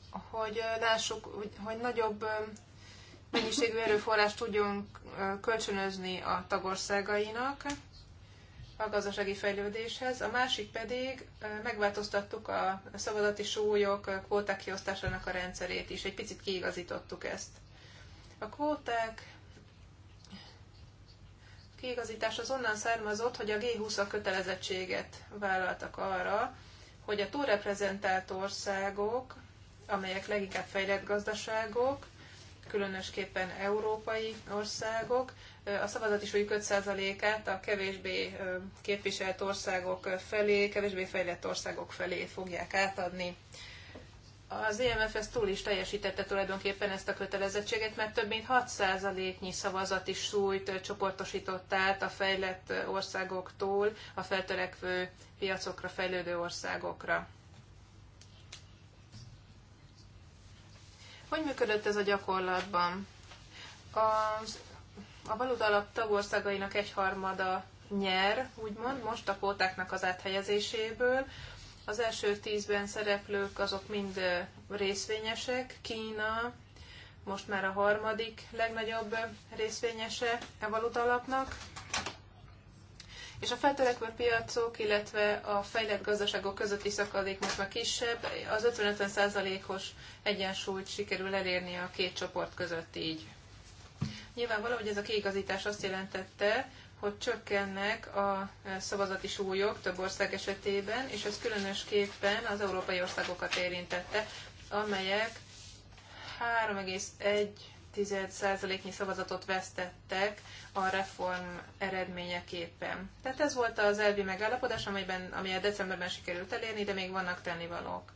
hogy lássuk, hogy nagyobb mennyiségű erőforrást tudjunk kölcsönözni a tagországainak, a gazdasági fejlődéshez, a másik pedig megváltoztattuk a szabadati súlyok kvóták kiosztásának a rendszerét is, egy picit kiigazítottuk ezt. A kvóták kiigazítás az onnan származott, hogy a G20-a kötelezettséget vállaltak arra, hogy a túlreprezentált országok, amelyek leginkább fejlett gazdaságok, különösképpen európai országok, a szavazati súlyuk 5%-át a kevésbé képviselt országok felé, kevésbé fejlett országok felé fogják átadni. Az IMF ezt túl is teljesítette tulajdonképpen ezt a kötelezettséget, mert több mint 6%-nyi szavazati súlyt csoportosított át a fejlett országoktól a feltörekvő piacokra, fejlődő országokra. Hogy működött ez a gyakorlatban? Az a valuta alap tagországainak egyharmada nyer, úgymond, most a kvótáknak az áthelyezéséből. Az első tízben szereplők azok mind részvényesek. Kína most már a harmadik legnagyobb részvényese e valuta alapnak. És a feltörekvő piacok, illetve a fejlett gazdaságok közötti szakadék most már kisebb, az 50-50 százalékos -50 egyensúlyt sikerül elérni a két csoport között így. Nyilvánvaló, hogy ez a kiigazítás azt jelentette, hogy csökkennek a e, szavazati súlyok több ország esetében, és ez különösképpen az európai országokat érintette, amelyek 3,1%-nyi szavazatot vesztettek a reform eredményeképpen. Tehát ez volt az elvi megállapodás, amelyben, amelyet decemberben sikerült elérni, de még vannak tennivalók.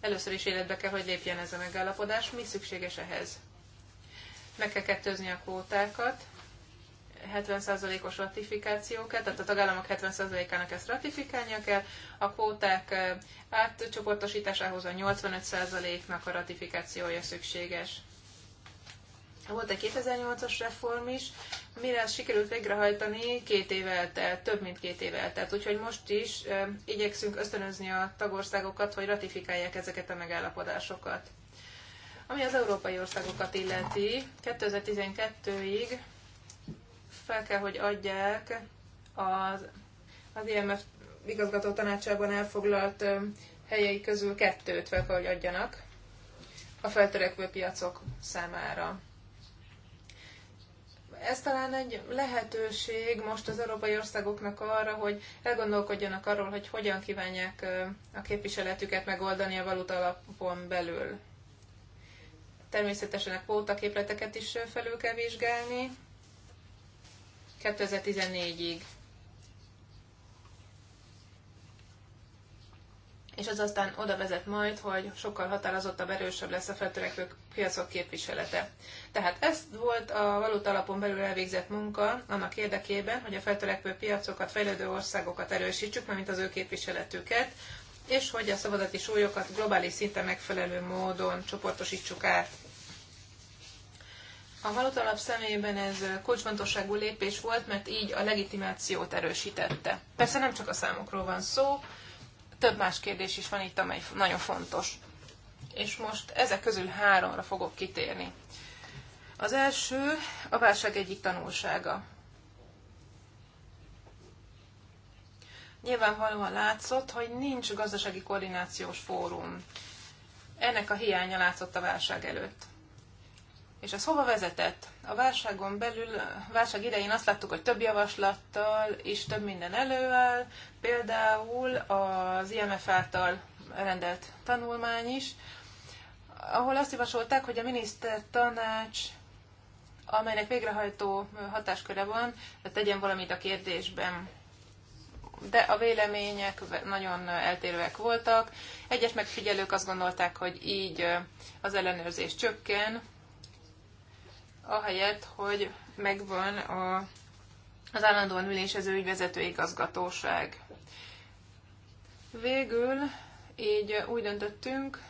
Először is életbe kell, hogy lépjen ez a megállapodás. Mi szükséges ehhez? meg kell kettőzni a kvótákat, 70%-os ratifikációkat, tehát a tagállamok 70%-ának ezt ratifikálnia kell, a kvóták átcsoportosításához a 85%-nak a ratifikációja szükséges. Volt egy 2008-as reform is, mire ezt sikerült végrehajtani, két év eltelt, több mint két év eltelt. Úgyhogy most is e, igyekszünk ösztönözni a tagországokat, hogy ratifikálják ezeket a megállapodásokat. Ami az európai országokat illeti, 2012-ig fel kell, hogy adják az, az IMF igazgató tanácsában elfoglalt helyei közül kettőt fel kell, hogy adjanak a feltörekvő piacok számára. Ez talán egy lehetőség most az európai országoknak arra, hogy elgondolkodjanak arról, hogy hogyan kívánják a képviseletüket megoldani a valuta alapon belül. Természetesen a kvótaképleteket is felül kell vizsgálni 2014-ig. és az aztán oda vezet majd, hogy sokkal határozottabb, erősebb lesz a feltörekvő piacok képviselete. Tehát ez volt a valuta alapon belül elvégzett munka annak érdekében, hogy a feltörekvő piacokat, fejlődő országokat erősítsük, mint az ő képviseletüket, és hogy a szabadati súlyokat globális szinten megfelelő módon csoportosítsuk át. A valutalap szemében ez kulcsfontosságú lépés volt, mert így a legitimációt erősítette. Persze nem csak a számokról van szó, több más kérdés is van itt, amely nagyon fontos. És most ezek közül háromra fogok kitérni. Az első a válság egyik tanulsága. nyilvánvalóan látszott, hogy nincs gazdasági koordinációs fórum. Ennek a hiánya látszott a válság előtt. És ez hova vezetett? A válságon belül, a válság idején azt láttuk, hogy több javaslattal és több minden előáll, például az IMF által rendelt tanulmány is, ahol azt javasolták, hogy a miniszter tanács, amelynek végrehajtó hatásköre van, tegyen valamit a kérdésben de a vélemények nagyon eltérőek voltak. Egyes megfigyelők azt gondolták, hogy így az ellenőrzés csökken, ahelyett, hogy megvan a, az állandóan ülésező ügyvezető igazgatóság. Végül így úgy döntöttünk,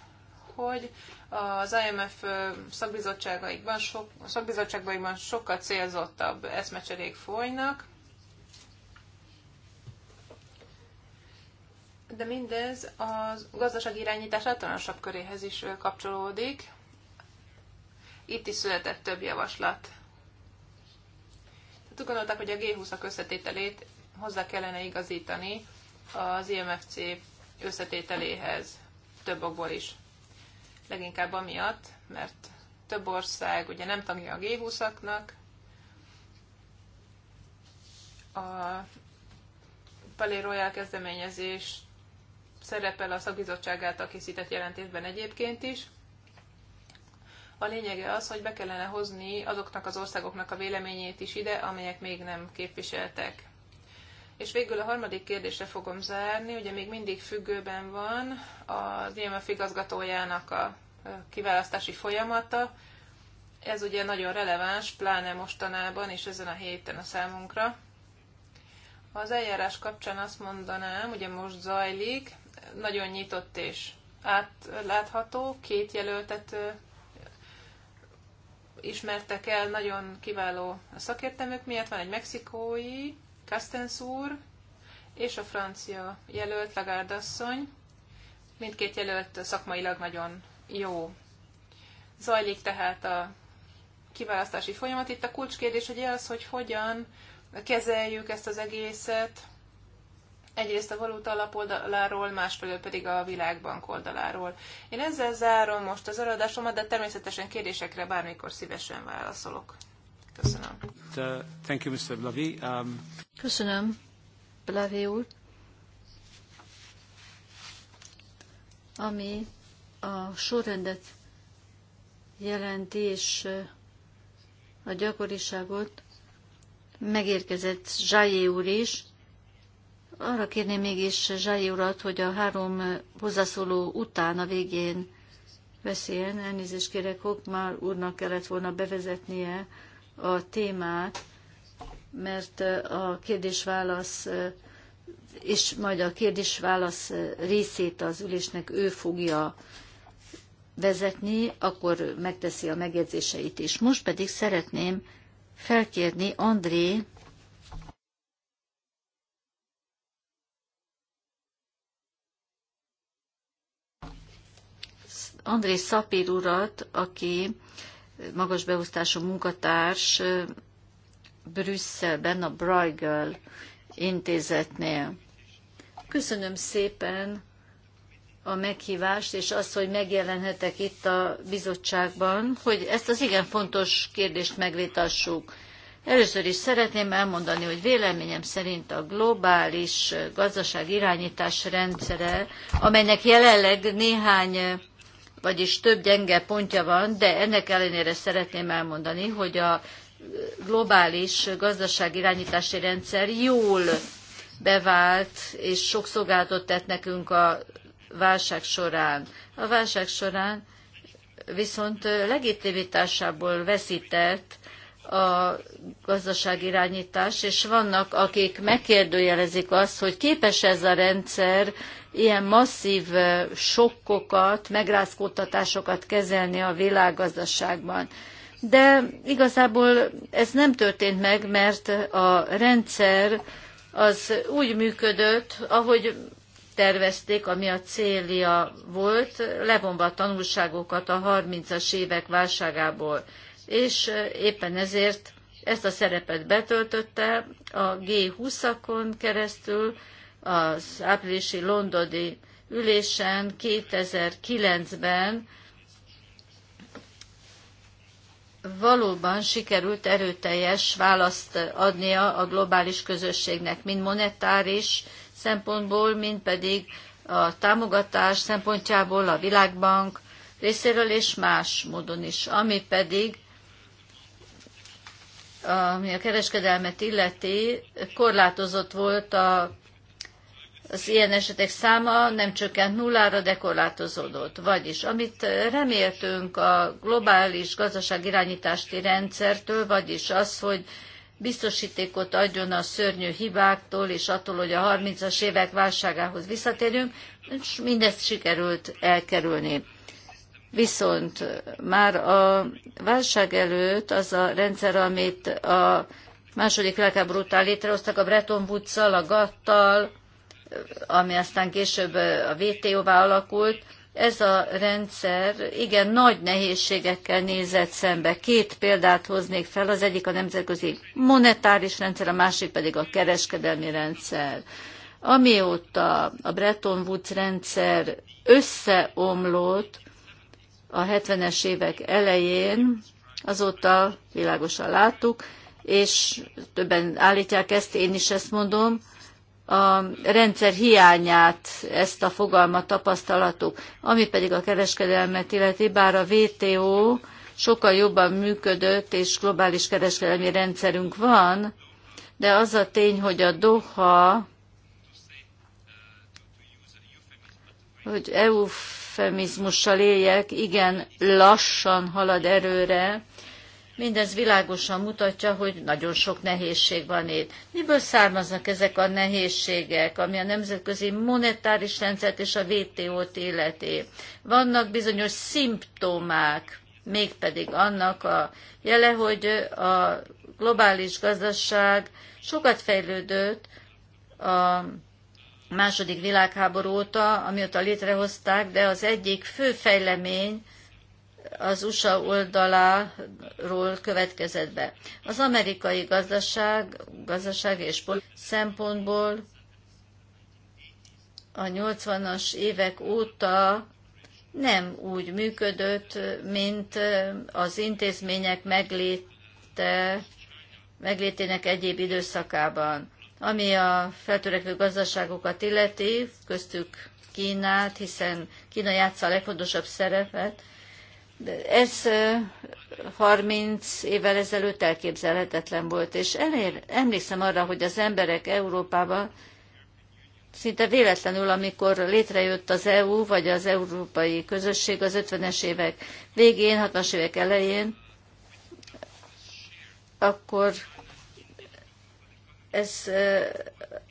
hogy az IMF szakbizottságaikban, sok, szakbizottságaiban sokkal célzottabb eszmecserék folynak, de mindez a gazdasági irányítás általánosabb köréhez is kapcsolódik. Itt is született több javaslat. Tehát gondolták, hogy a G20-ak összetételét hozzá kellene igazítani az IMFC összetételéhez több okból is. Leginkább amiatt, mert több ország ugye nem tagja a G20-aknak, a Palé Royal kezdeményezést szerepel a szakbizottság által készített jelentésben egyébként is. A lényege az, hogy be kellene hozni azoknak az országoknak a véleményét is ide, amelyek még nem képviseltek. És végül a harmadik kérdésre fogom zárni, ugye még mindig függőben van az IMF igazgatójának a kiválasztási folyamata. Ez ugye nagyon releváns, pláne mostanában és ezen a héten a számunkra. Az eljárás kapcsán azt mondanám, ugye most zajlik, nagyon nyitott és átlátható, két jelöltet ismertek el, nagyon kiváló a szakértelmük miatt. Van egy mexikói, Castens és a francia jelölt, Lagarde asszony. Mindkét jelölt szakmailag nagyon jó. Zajlik tehát a kiválasztási folyamat. Itt a kulcskérdés ugye az, hogy hogyan kezeljük ezt az egészet, egyrészt a valóta alap oldaláról, másfelől pedig a világbank oldaláról. Én ezzel zárom most az előadásomat, de természetesen kérdésekre bármikor szívesen válaszolok. Köszönöm. Uh, thank you, Mr. Blavi. Um... Köszönöm, Blavi úr. Ami a sorrendet jelenti, és uh, a gyakoriságot megérkezett Zsájé úr is, arra kérném mégis Zsai urat, hogy a három hozzászóló után a végén beszéljen. Elnézést kérek, már úrnak kellett volna bevezetnie a témát, mert a kérdés-válasz és majd a kérdés-válasz részét az ülésnek ő fogja vezetni, akkor megteszi a megjegyzéseit is. Most pedig szeretném felkérni André André Szapír urat, aki magas beosztású munkatárs Brüsszelben, a Bruegel intézetnél. Köszönöm szépen a meghívást, és azt, hogy megjelenhetek itt a bizottságban, hogy ezt az igen fontos kérdést megvitassuk. Először is szeretném elmondani, hogy véleményem szerint a globális gazdaság irányítás rendszere, amelynek jelenleg néhány vagyis több gyenge pontja van, de ennek ellenére szeretném elmondani, hogy a globális gazdaságirányítási rendszer jól bevált és sok szolgálatot tett nekünk a válság során. A válság során viszont legitimitásából veszített a gazdaságirányítás, és vannak, akik megkérdőjelezik azt, hogy képes ez a rendszer ilyen masszív sokkokat, megrázkódtatásokat kezelni a világgazdaságban. De igazából ez nem történt meg, mert a rendszer az úgy működött, ahogy tervezték, ami a célja volt, levonva a tanulságokat a 30-as évek válságából és éppen ezért ezt a szerepet betöltötte a G20-akon keresztül, az áprilisi londoni ülésen 2009-ben valóban sikerült erőteljes választ adnia a globális közösségnek, mind monetáris szempontból, mind pedig a támogatás szempontjából a Világbank részéről és más módon is, ami pedig ami a kereskedelmet illeti, korlátozott volt a, az ilyen esetek száma, nem csökkent nullára, de korlátozódott. Vagyis, amit reméltünk a globális gazdaságirányítási rendszertől, vagyis az, hogy biztosítékot adjon a szörnyű hibáktól, és attól, hogy a 30-as évek válságához visszatérünk, és mindezt sikerült elkerülni. Viszont már a válság előtt az a rendszer, amit a második világháború után létrehoztak a Bretton woods a gatt ami aztán később a WTO-vá alakult, ez a rendszer igen nagy nehézségekkel nézett szembe. Két példát hoznék fel, az egyik a nemzetközi monetáris rendszer, a másik pedig a kereskedelmi rendszer. Amióta a Bretton Woods rendszer összeomlott, a 70-es évek elején, azóta világosan láttuk, és többen állítják ezt, én is ezt mondom, a rendszer hiányát, ezt a fogalmat tapasztalatuk, ami pedig a kereskedelmet illeti, bár a WTO sokkal jobban működött, és globális kereskedelmi rendszerünk van, de az a tény, hogy a Doha, hogy EUF eufemizmussal éljek, igen lassan halad erőre. Mindez világosan mutatja, hogy nagyon sok nehézség van itt. Miből származnak ezek a nehézségek, ami a nemzetközi monetáris rendszert és a WTO-t életé? Vannak bizonyos szimptomák, mégpedig annak a jele, hogy a globális gazdaság sokat fejlődött a második világháború óta, amióta létrehozták, de az egyik fő fejlemény az USA oldaláról következett be. Az amerikai gazdaság, gazdaság és szempontból a 80-as évek óta nem úgy működött, mint az intézmények megléte, meglétének egyéb időszakában. Ami a feltörekvő gazdaságokat illeti, köztük Kínát, hiszen Kína játsza a legfontosabb szerepet, de ez 30 évvel ezelőtt elképzelhetetlen volt, és elér, emlékszem arra, hogy az emberek Európában szinte véletlenül, amikor létrejött az EU, vagy az Európai Közösség az 50-es évek végén, 60-as évek elején, akkor ez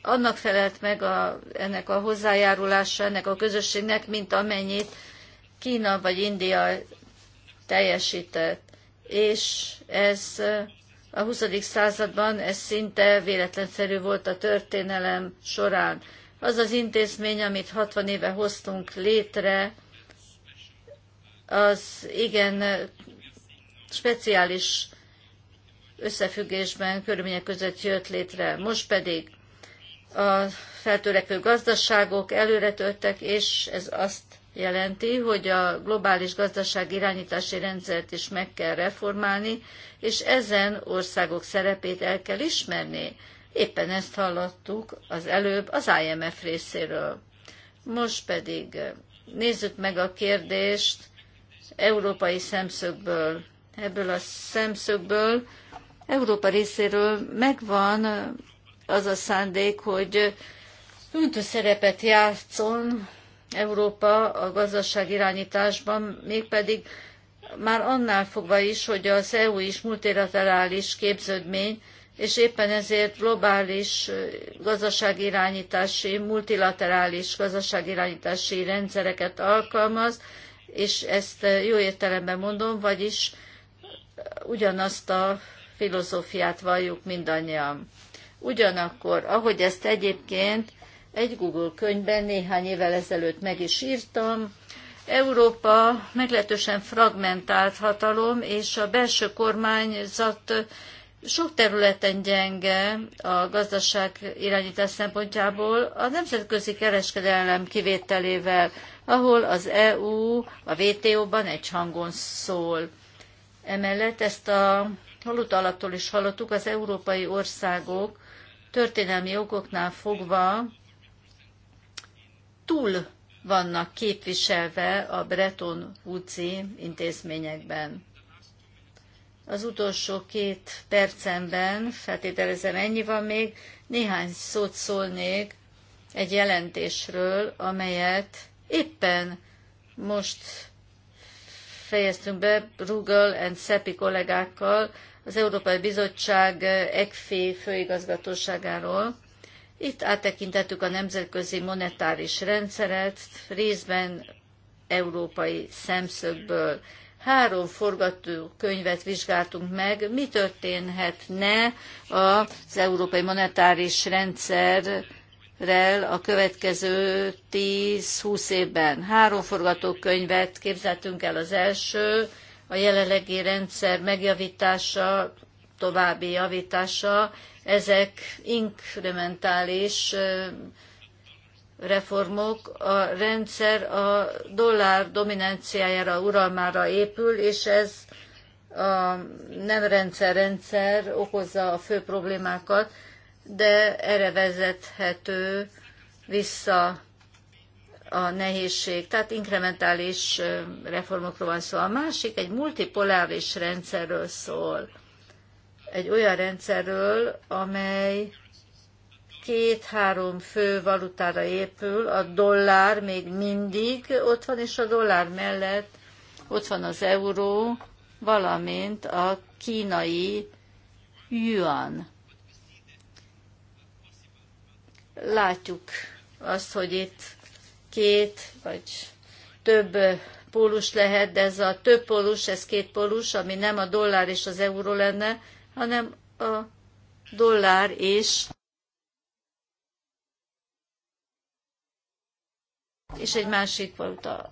annak felelt meg a, ennek a hozzájárulása, ennek a közösségnek, mint amennyit Kína vagy India teljesített. És ez a 20. században ez szinte véletlenszerű volt a történelem során. Az az intézmény, amit 60 éve hoztunk létre, az igen speciális összefüggésben, körülmények között jött létre. Most pedig a feltörekvő gazdaságok előre törtek, és ez azt jelenti, hogy a globális gazdaság irányítási rendszert is meg kell reformálni, és ezen országok szerepét el kell ismerni. Éppen ezt hallottuk az előbb az IMF részéről. Most pedig nézzük meg a kérdést európai szemszögből. Ebből a szemszögből Európa részéről megvan az a szándék, hogy döntő szerepet játszon Európa a gazdaság irányításban, mégpedig már annál fogva is, hogy az EU is multilaterális képződmény, és éppen ezért globális gazdaságirányítási, multilaterális gazdaságirányítási rendszereket alkalmaz, és ezt jó értelemben mondom, vagyis ugyanazt a filozófiát valljuk mindannyian. Ugyanakkor, ahogy ezt egyébként egy Google könyvben néhány évvel ezelőtt meg is írtam, Európa meglehetősen fragmentált hatalom, és a belső kormányzat sok területen gyenge a gazdaság irányítás szempontjából, a nemzetközi kereskedelem kivételével, ahol az EU a WTO-ban egy hangon szól. Emellett ezt a Halut alattól is hallottuk, az európai országok történelmi okoknál fogva túl vannak képviselve a Breton woods intézményekben. Az utolsó két percemben, feltételezem ennyi van még, néhány szót szólnék egy jelentésről, amelyet éppen most fejeztünk be Rugal and Szepi kollégákkal az Európai Bizottság eh, ECFI főigazgatóságáról. Itt áttekintettük a nemzetközi monetáris rendszeret, részben európai szemszögből. Három forgatókönyvet vizsgáltunk meg, mi történhetne az európai monetáris rendszer rel a következő 10-20 évben. Három forgatókönyvet képzeltünk el az első, a jelenlegi rendszer megjavítása, további javítása, ezek inkrementális reformok, a rendszer a dollár dominanciájára, uralmára épül, és ez a nem rendszer-rendszer okozza a fő problémákat de erre vezethető vissza a nehézség, tehát inkrementális reformokról van szó. A másik egy multipoláris rendszerről szól, egy olyan rendszerről, amely két-három fő valutára épül, a dollár még mindig ott van, és a dollár mellett ott van az euró, valamint a kínai yuan látjuk azt, hogy itt két vagy több pólus lehet, de ez a több pólus, ez két pólus, ami nem a dollár és az euró lenne, hanem a dollár és és egy másik valuta.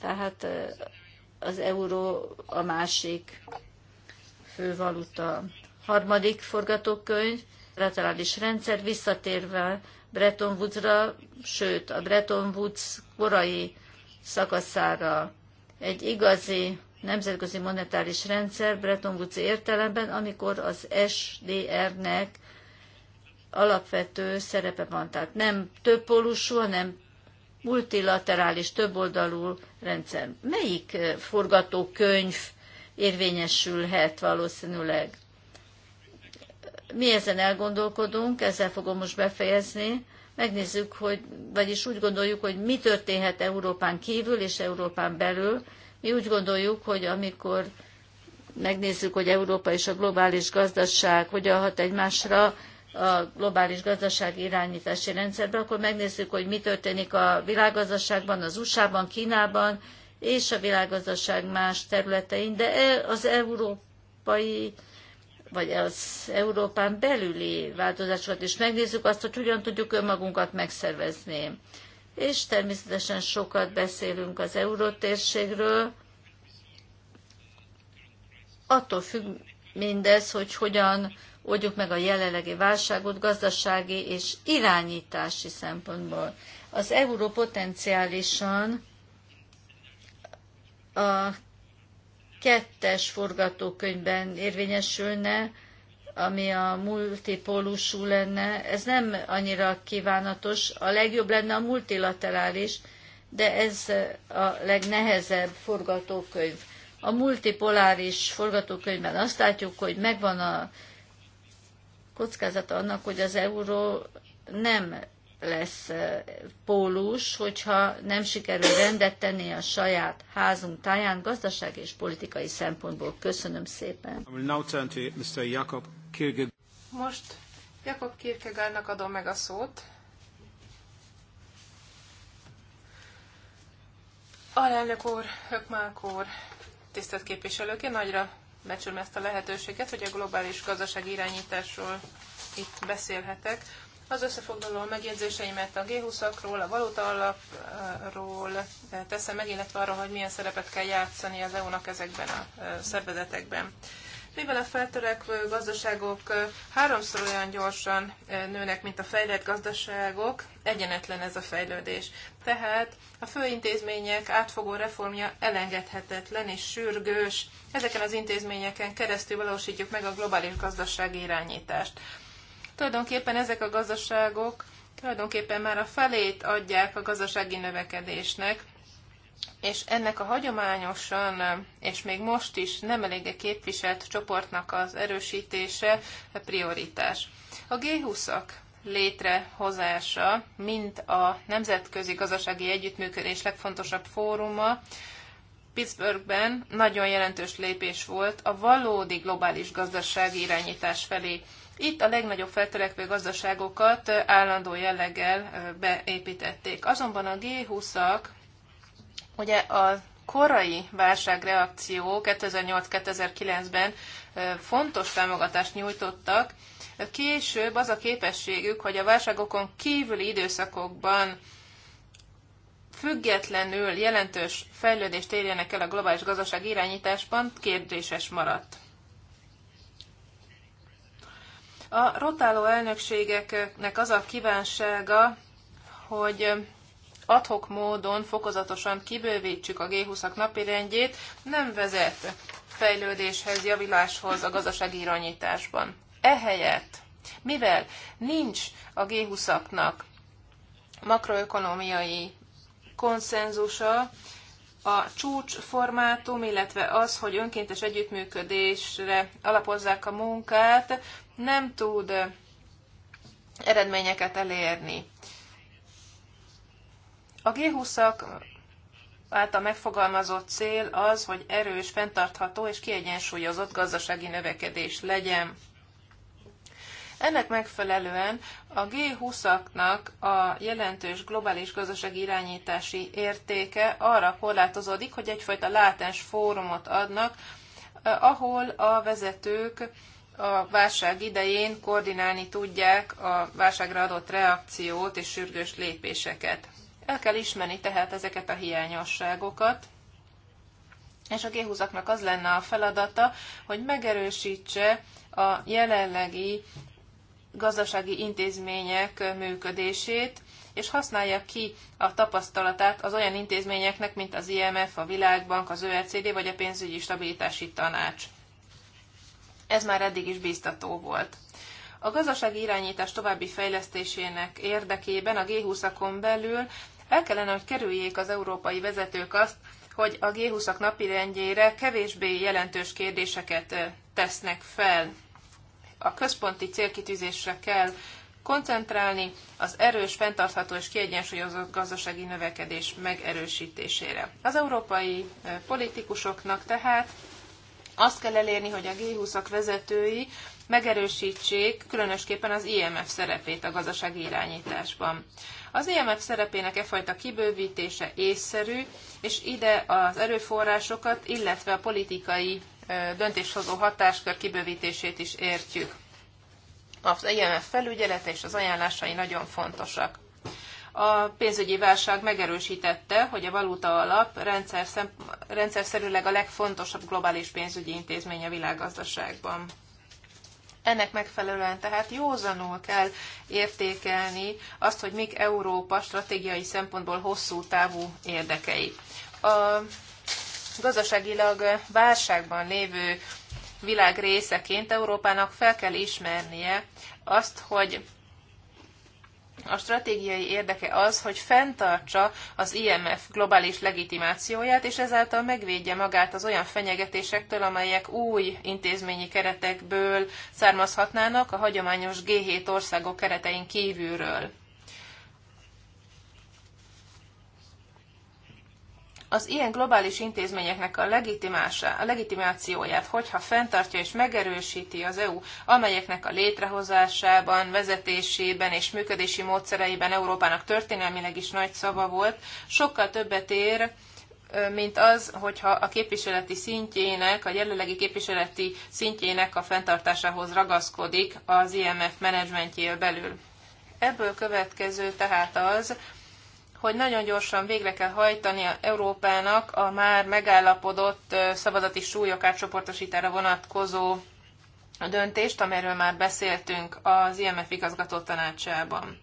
Tehát az euró a másik fővaluta. Harmadik forgatókönyv, bilaterális rendszer, visszatérve Bretton Woodsra, sőt a Bretton Woods korai szakaszára egy igazi nemzetközi monetáris rendszer Bretton Woods értelemben, amikor az SDR-nek alapvető szerepe van. Tehát nem polusú, hanem multilaterális, többoldalú rendszer. Melyik forgatókönyv érvényesülhet valószínűleg? mi ezen elgondolkodunk, ezzel fogom most befejezni, megnézzük, hogy, vagyis úgy gondoljuk, hogy mi történhet Európán kívül és Európán belül. Mi úgy gondoljuk, hogy amikor megnézzük, hogy Európa és a globális gazdaság hogyan hat egymásra, a globális gazdaság irányítási rendszerben, akkor megnézzük, hogy mi történik a világgazdaságban, az USA-ban, Kínában és a világgazdaság más területein, de e, az európai vagy az Európán belüli változásokat is megnézzük, azt, hogy hogyan tudjuk önmagunkat megszervezni. És természetesen sokat beszélünk az eurótérségről, attól függ mindez, hogy hogyan oldjuk meg a jelenlegi válságot gazdasági és irányítási szempontból. Az euró potenciálisan a kettes forgatókönyvben érvényesülne, ami a multipólusú lenne. Ez nem annyira kívánatos. A legjobb lenne a multilaterális, de ez a legnehezebb forgatókönyv. A multipoláris forgatókönyvben azt látjuk, hogy megvan a kockázata annak, hogy az euró nem lesz pólus, hogyha nem sikerül rendet tenni a saját házunk táján gazdasági és politikai szempontból. Köszönöm szépen. Most Jakob Kierkegaardnak adom meg a szót. Alelnök úr, Hökmák úr, tisztelt képviselők, én nagyra becsülöm ezt a lehetőséget, hogy a globális gazdaság irányításról itt beszélhetek. Az összefoglaló megjegyzéseimet a G20-akról, a valuta alapról teszem meg, illetve arra, hogy milyen szerepet kell játszani az EU-nak ezekben a szervezetekben. Mivel a feltörekvő gazdaságok háromszor olyan gyorsan nőnek, mint a fejlett gazdaságok, egyenetlen ez a fejlődés. Tehát a főintézmények átfogó reformja elengedhetetlen és sürgős. Ezeken az intézményeken keresztül valósítjuk meg a globális gazdaság irányítást tulajdonképpen ezek a gazdaságok tulajdonképpen már a felét adják a gazdasági növekedésnek, és ennek a hagyományosan, és még most is nem eléggé képviselt csoportnak az erősítése a prioritás. A G20-ak létrehozása, mint a nemzetközi gazdasági együttműködés legfontosabb fóruma, Pittsburghben nagyon jelentős lépés volt a valódi globális gazdasági irányítás felé. Itt a legnagyobb feltörekvő gazdaságokat állandó jelleggel beépítették. Azonban a G20-ak ugye a korai válságreakció 2008-2009-ben fontos támogatást nyújtottak, később az a képességük, hogy a válságokon kívüli időszakokban függetlenül jelentős fejlődést érjenek el a globális gazdaság irányításban, kérdéses maradt. A rotáló elnökségeknek az a kívánsága, hogy adhok módon fokozatosan kibővítsük a G20-ak napirendjét, nem vezet fejlődéshez, javuláshoz a gazdasági irányításban. Ehelyett, mivel nincs a G20-aknak makroökonomiai konszenzusa, a csúcsformátum, illetve az, hogy önkéntes együttműködésre alapozzák a munkát, nem tud eredményeket elérni. A G20-ak által megfogalmazott cél az, hogy erős, fenntartható és kiegyensúlyozott gazdasági növekedés legyen. Ennek megfelelően a G20-aknak a jelentős globális gazdasági irányítási értéke arra korlátozódik, hogy egyfajta látens fórumot adnak, ahol a vezetők a válság idején koordinálni tudják a válságra adott reakciót és sürgős lépéseket. El kell ismerni tehát ezeket a hiányosságokat, és a g az lenne a feladata, hogy megerősítse a jelenlegi gazdasági intézmények működését, és használja ki a tapasztalatát az olyan intézményeknek, mint az IMF, a Világbank, az ÖRCD e vagy a pénzügyi stabilitási tanács. Ez már eddig is biztató volt. A gazdasági irányítás további fejlesztésének érdekében a G20-akon belül el kellene, hogy kerüljék az európai vezetők azt, hogy a G20-ak napirendjére kevésbé jelentős kérdéseket tesznek fel. A központi célkitűzésre kell koncentrálni az erős, fenntartható és kiegyensúlyozott gazdasági növekedés megerősítésére. Az európai politikusoknak tehát azt kell elérni, hogy a G20-ak vezetői megerősítsék különösképpen az IMF szerepét a gazdasági irányításban. Az IMF szerepének e fajta kibővítése észszerű, és ide az erőforrásokat, illetve a politikai döntéshozó hatáskör kibővítését is értjük. Az IMF felügyelete és az ajánlásai nagyon fontosak. A pénzügyi válság megerősítette, hogy a valuta alap rendszer, rendszerszerűleg a legfontosabb globális pénzügyi intézmény a világgazdaságban. Ennek megfelelően tehát józanul kell értékelni azt, hogy mik Európa stratégiai szempontból hosszú távú érdekei. A gazdaságilag válságban lévő világ részeként Európának fel kell ismernie azt, hogy a stratégiai érdeke az, hogy fenntartsa az IMF globális legitimációját, és ezáltal megvédje magát az olyan fenyegetésektől, amelyek új intézményi keretekből származhatnának a hagyományos G7 országok keretein kívülről. az ilyen globális intézményeknek a, a legitimációját, hogyha fenntartja és megerősíti az EU, amelyeknek a létrehozásában, vezetésében és működési módszereiben Európának történelmileg is nagy szava volt, sokkal többet ér, mint az, hogyha a képviseleti szintjének, a jelenlegi képviseleti szintjének a fenntartásához ragaszkodik az IMF menedzsmentjél belül. Ebből következő tehát az, hogy nagyon gyorsan végre kell hajtani Európának a már megállapodott szavazati súlyok átcsoportosítára vonatkozó döntést, amelyről már beszéltünk az IMF igazgató tanácsában.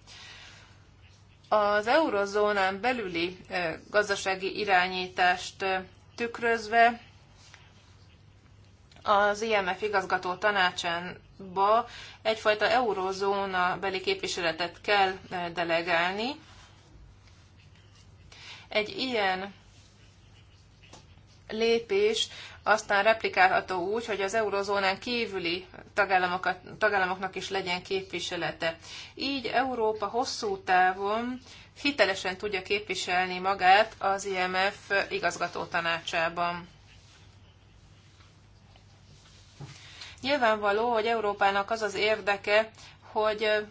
Az eurozónán belüli gazdasági irányítást tükrözve az IMF igazgató tanácsánba egyfajta eurozóna beli képviseletet kell delegálni, egy ilyen lépés aztán replikálható úgy, hogy az eurozónán kívüli tagállamoknak is legyen képviselete. Így Európa hosszú távon hitelesen tudja képviselni magát az IMF igazgató tanácsában. Nyilvánvaló, hogy Európának az az érdeke, hogy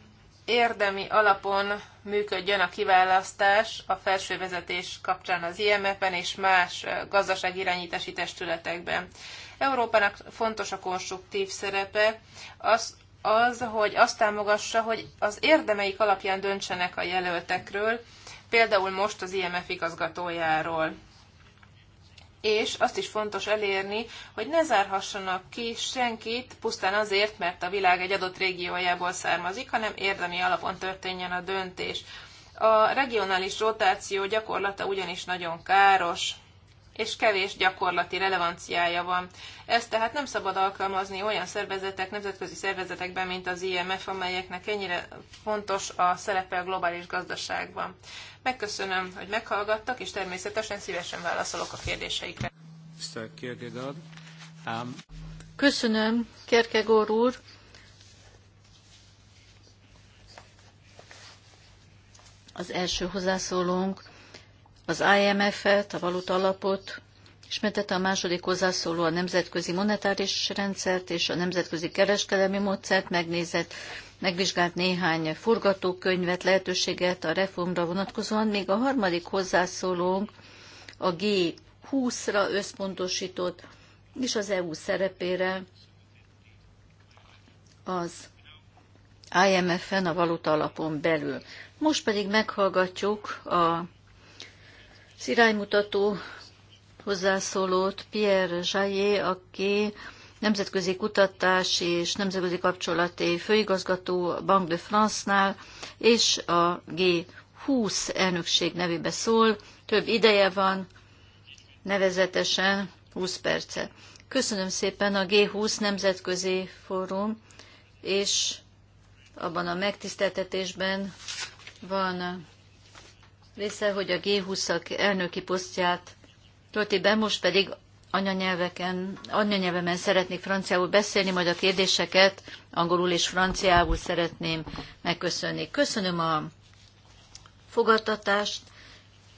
érdemi alapon működjön a kiválasztás a felső vezetés kapcsán az IMF-ben és más gazdaságirányítási testületekben. Európának fontos a konstruktív szerepe, az, az, hogy azt támogassa, hogy az érdemeik alapján döntsenek a jelöltekről, például most az IMF igazgatójáról és azt is fontos elérni, hogy ne zárhassanak ki senkit pusztán azért, mert a világ egy adott régiójából származik, hanem érdemi alapon történjen a döntés. A regionális rotáció gyakorlata ugyanis nagyon káros és kevés gyakorlati relevanciája van. Ezt tehát nem szabad alkalmazni olyan szervezetek, nemzetközi szervezetekben, mint az IMF, amelyeknek ennyire fontos a szerepe a globális gazdaságban. Megköszönöm, hogy meghallgattak, és természetesen szívesen válaszolok a kérdéseikre. Um, Köszönöm, Kierkegaard úr. Az első hozzászólónk az IMF-et, a valuta alapot, ismertette a második hozzászóló a nemzetközi monetáris rendszert és a nemzetközi kereskedelmi módszert, megnézett, megvizsgált néhány forgatókönyvet, lehetőséget a reformra vonatkozóan, még a harmadik hozzászólónk a G20-ra összpontosított, és az EU szerepére az IMF-en, a valuta alapon belül. Most pedig meghallgatjuk a az iránymutató hozzászólót, Pierre Jaillé, aki nemzetközi kutatás és nemzetközi kapcsolati főigazgató a Banque de France-nál, és a G20 elnökség nevébe szól. Több ideje van, nevezetesen 20 perce. Köszönöm szépen a G20 nemzetközi fórum, és abban a megtiszteltetésben van része, hogy a g 20 elnöki posztját tölti be, most pedig anyanyelveken, anyanyelvemen szeretnék franciául beszélni, majd a kérdéseket angolul és franciául szeretném megköszönni. Köszönöm a fogadtatást,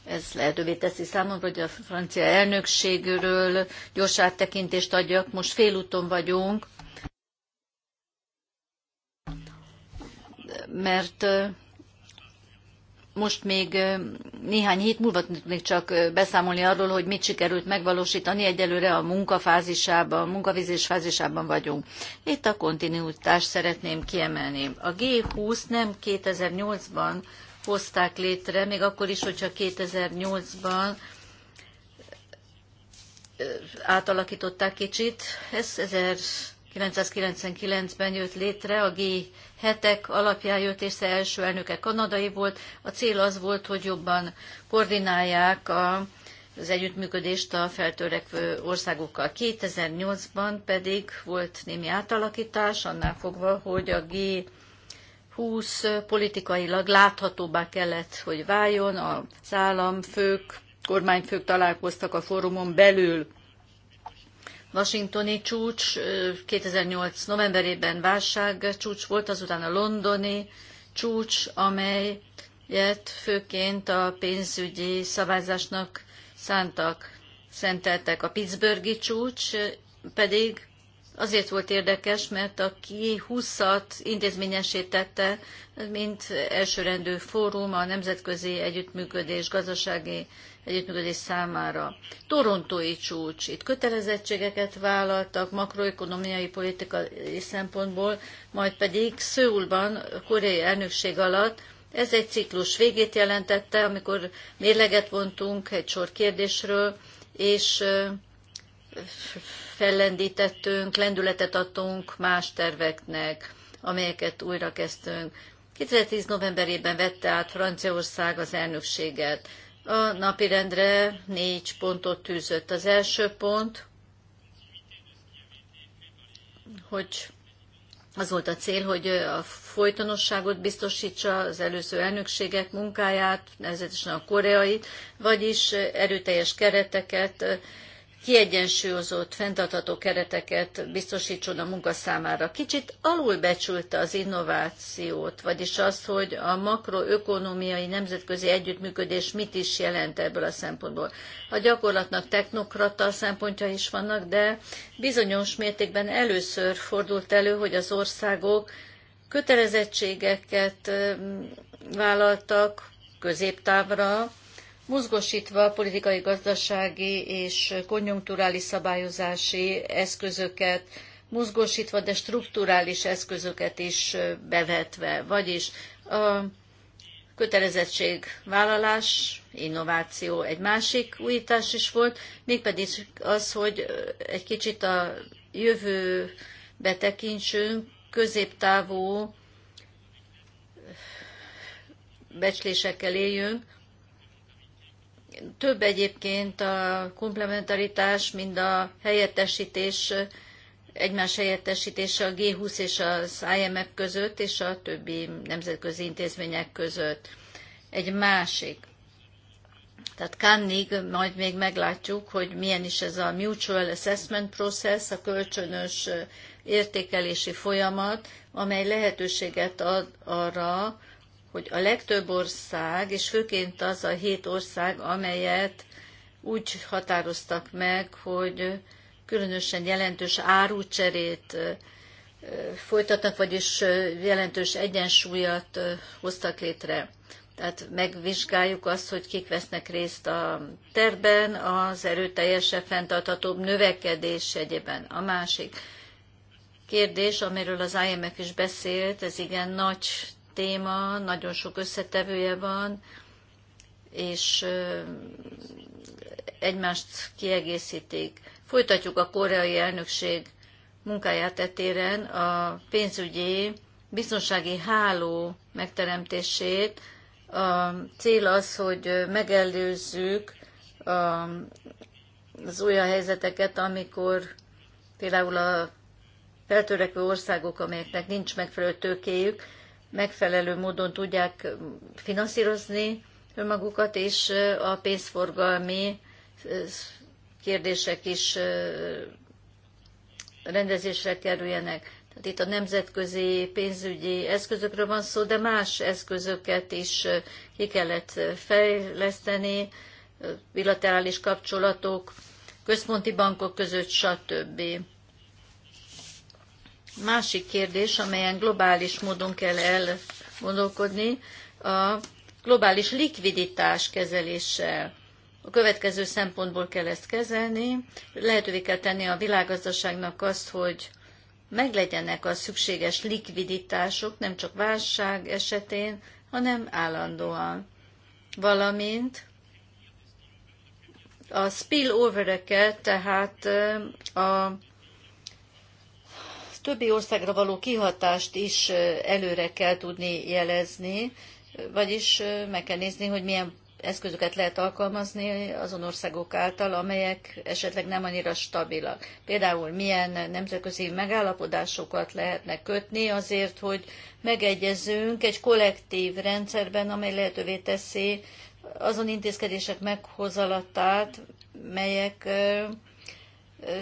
ez lehetővé teszi számomra, hogy a francia elnökségről gyors áttekintést adjak. Most félúton vagyunk, mert most még néhány hét múlva tudnék csak beszámolni arról, hogy mit sikerült megvalósítani. Egyelőre a munkafázisában, munkavizés fázisában vagyunk. Itt a kontinuitást szeretném kiemelni. A G20 nem 2008-ban hozták létre, még akkor is, hogyha 2008-ban átalakították kicsit. Ez 1999-ben jött létre a G20 hetek alapján jött észre első elnöke kanadai volt. A cél az volt, hogy jobban koordinálják a, az együttműködést a feltörekvő országokkal. 2008-ban pedig volt némi átalakítás, annál fogva, hogy a G20 politikailag láthatóbbá kellett, hogy váljon, az államfők, kormányfők találkoztak a fórumon belül washingtoni csúcs 2008. novemberében válság csúcs volt, azután a londoni csúcs, amelyet főként a pénzügyi szabályzásnak szántak, szenteltek. A Pittsburghi csúcs pedig azért volt érdekes, mert a ki 20-at tette, mint elsőrendű fórum a nemzetközi együttműködés gazdasági együttműködés számára. Torontói csúcs. Itt kötelezettségeket vállaltak makroekonomiai politikai szempontból, majd pedig Szőulban, a koreai elnökség alatt ez egy ciklus végét jelentette, amikor mérleget vontunk egy sor kérdésről, és fellendítettünk, lendületet adtunk más terveknek, amelyeket újra kezdtünk. 2010. novemberében vette át Franciaország az elnökséget a napirendre négy pontot tűzött. Az első pont, hogy az volt a cél, hogy a folytonosságot biztosítsa az előző elnökségek munkáját, nevezetesen a koreait, vagyis erőteljes kereteket kiegyensúlyozott, fenntartható kereteket biztosítson a munka számára. Kicsit alulbecsülte az innovációt, vagyis azt, hogy a makroökonomiai nemzetközi együttműködés mit is jelent ebből a szempontból. A gyakorlatnak technokrata szempontja is vannak, de bizonyos mértékben először fordult elő, hogy az országok kötelezettségeket mm, vállaltak középtávra, mozgosítva a politikai, gazdasági és konjunkturális szabályozási eszközöket, mozgósítva, de strukturális eszközöket is bevetve, vagyis a kötelezettségvállalás, innováció egy másik újítás is volt, mégpedig az, hogy egy kicsit a jövő betekintsünk, középtávú becslésekkel éljünk, több egyébként a komplementaritás, mind a helyettesítés, egymás helyettesítése a G20 és az IMF között, és a többi nemzetközi intézmények között. Egy másik. Tehát Cannig, majd még meglátjuk, hogy milyen is ez a Mutual Assessment Process, a kölcsönös értékelési folyamat, amely lehetőséget ad arra, hogy a legtöbb ország, és főként az a hét ország, amelyet úgy határoztak meg, hogy különösen jelentős árucserét folytatnak, vagyis jelentős egyensúlyat hoztak létre. Tehát megvizsgáljuk azt, hogy kik vesznek részt a terben, az erőteljesebb, fenntarthatóbb növekedés egyében. A másik kérdés, amiről az IMF is beszélt, ez igen nagy téma, nagyon sok összetevője van, és egymást kiegészítik. Folytatjuk a koreai elnökség munkáját etéren a pénzügyi biztonsági háló megteremtését. A cél az, hogy megelőzzük az olyan helyzeteket, amikor például a feltörekvő országok, amelyeknek nincs megfelelő tőkéjük, megfelelő módon tudják finanszírozni önmagukat, és a pénzforgalmi kérdések is rendezésre kerüljenek. Tehát itt a nemzetközi pénzügyi eszközökről van szó, de más eszközöket is ki kellett fejleszteni, bilaterális kapcsolatok, központi bankok között, stb másik kérdés, amelyen globális módon kell elgondolkodni, a globális likviditás kezeléssel. A következő szempontból kell ezt kezelni. Lehetővé kell tenni a világgazdaságnak azt, hogy meglegyenek a szükséges likviditások, nem csak válság esetén, hanem állandóan. Valamint a spillover-eket, tehát a többi országra való kihatást is előre kell tudni jelezni, vagyis meg kell nézni, hogy milyen eszközöket lehet alkalmazni azon országok által, amelyek esetleg nem annyira stabilak. Például milyen nemzetközi megállapodásokat lehetne kötni azért, hogy megegyezünk egy kollektív rendszerben, amely lehetővé teszi azon intézkedések meghozalatát, melyek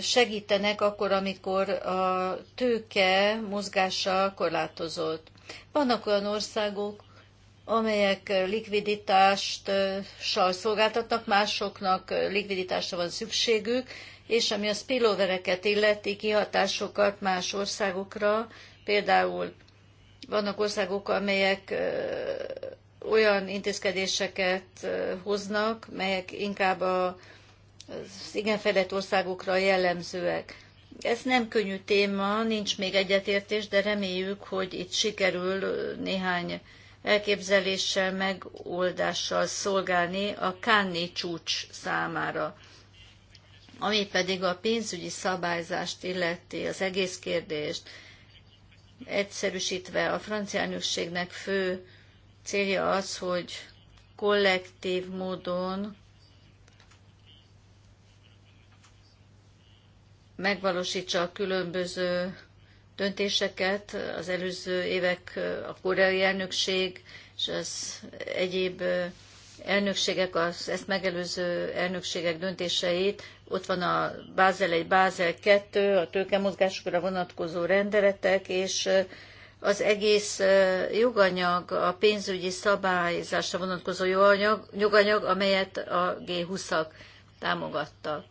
segítenek akkor, amikor a tőke mozgása korlátozott. Vannak olyan országok, amelyek likviditást szolgáltatnak, másoknak likviditásra van szükségük, és ami a spillovereket illeti kihatásokat más országokra, például vannak országok, amelyek olyan intézkedéseket hoznak, melyek inkább a az igen fejlett országokra jellemzőek. Ez nem könnyű téma, nincs még egyetértés, de reméljük, hogy itt sikerül néhány elképzeléssel, megoldással szolgálni a Kánni csúcs számára. Ami pedig a pénzügyi szabályzást illeti, az egész kérdést, egyszerűsítve a francia elnökségnek fő célja az, hogy kollektív módon megvalósítsa a különböző döntéseket. Az előző évek a koreai elnökség és az egyéb elnökségek, az ezt megelőző elnökségek döntéseit, ott van a Bázel 1, Bázel 2, a tőkemozgásokra vonatkozó rendeletek, és az egész joganyag, a pénzügyi szabályzásra vonatkozó joganyag, joganyag amelyet a G20-ak támogattak.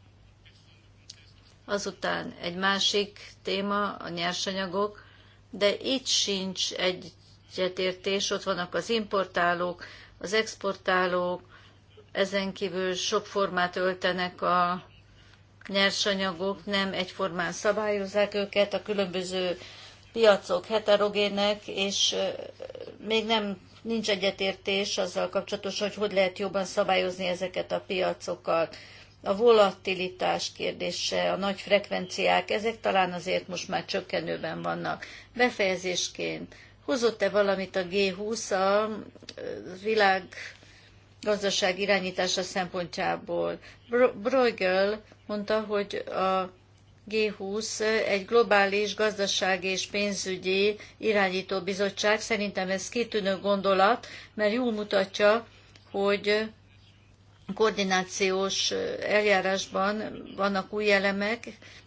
Azután egy másik téma, a nyersanyagok, de itt sincs egyetértés, ott vannak az importálók, az exportálók, ezen kívül sok formát öltenek a nyersanyagok, nem egyformán szabályozzák őket, a különböző piacok heterogének, és még nem nincs egyetértés azzal kapcsolatos, hogy hogy lehet jobban szabályozni ezeket a piacokat a volatilitás kérdése, a nagy frekvenciák, ezek talán azért most már csökkenőben vannak. Befejezésként, hozott-e valamit a G20 a eh, világ gazdaság irányítása szempontjából? Bruegel mondta, hogy a G20 egy globális gazdasági és pénzügyi irányító bizottság. Szerintem ez kitűnő gondolat, mert jól mutatja, hogy koordinációs eljárásban vannak új elemek,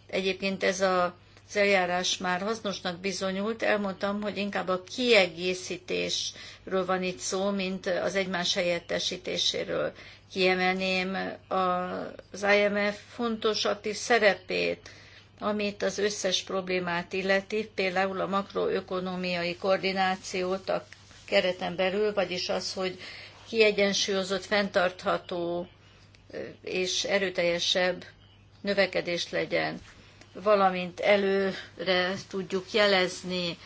egyébként ez a az eljárás már hasznosnak bizonyult, elmondtam, hogy inkább a kiegészítésről van itt szó, mint az egymás helyettesítéséről. Kiemelném az IMF fontos aktív szerepét, amit az összes problémát illeti, például a makroökonomiai koordinációt a kereten belül, vagyis az, hogy kiegyensúlyozott, fenntartható és erőteljesebb növekedés legyen, valamint előre tudjuk jelezni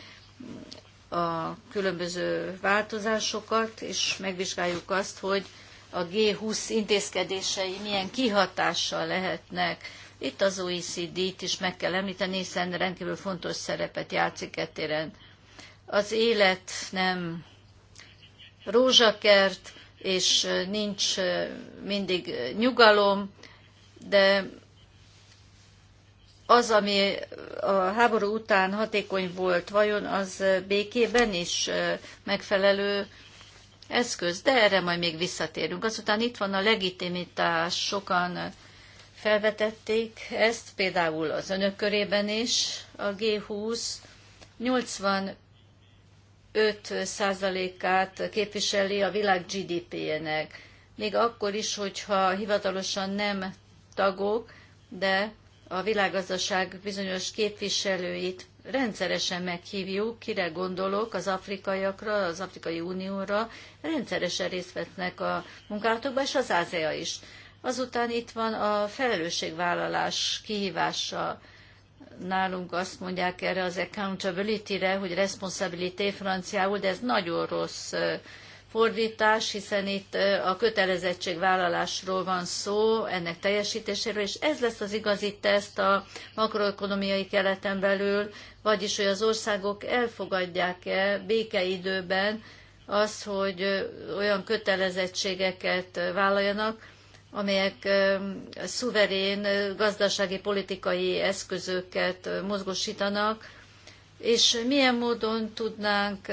a különböző változásokat, és megvizsgáljuk azt, hogy a G20 intézkedései milyen kihatással lehetnek. Itt az OECD-t is meg kell említeni, hiszen rendkívül fontos szerepet játszik etéren. Az élet nem rózsakert, és nincs mindig nyugalom, de az, ami a háború után hatékony volt, vajon az békében is megfelelő eszköz, de erre majd még visszatérünk. Azután itt van a legitimitás, sokan felvetették ezt, például az önök körében is, a G20 80 5%-át képviseli a világ GDP-jének. Még akkor is, hogyha hivatalosan nem tagok, de a világgazdaság bizonyos képviselőit rendszeresen meghívjuk, kire gondolok, az afrikaiakra, az Afrikai Unióra, rendszeresen részt vesznek a munkálatokban, és az ázea is. Azután itt van a felelősségvállalás kihívása nálunk azt mondják erre az accountability-re, hogy responsabilité franciául, de ez nagyon rossz fordítás, hiszen itt a kötelezettségvállalásról van szó, ennek teljesítéséről, és ez lesz az igazi teszt a makroekonomiai keleten belül, vagyis hogy az országok elfogadják-e békeidőben azt, hogy olyan kötelezettségeket vállaljanak, amelyek szuverén gazdasági politikai eszközöket mozgosítanak, és milyen módon tudnánk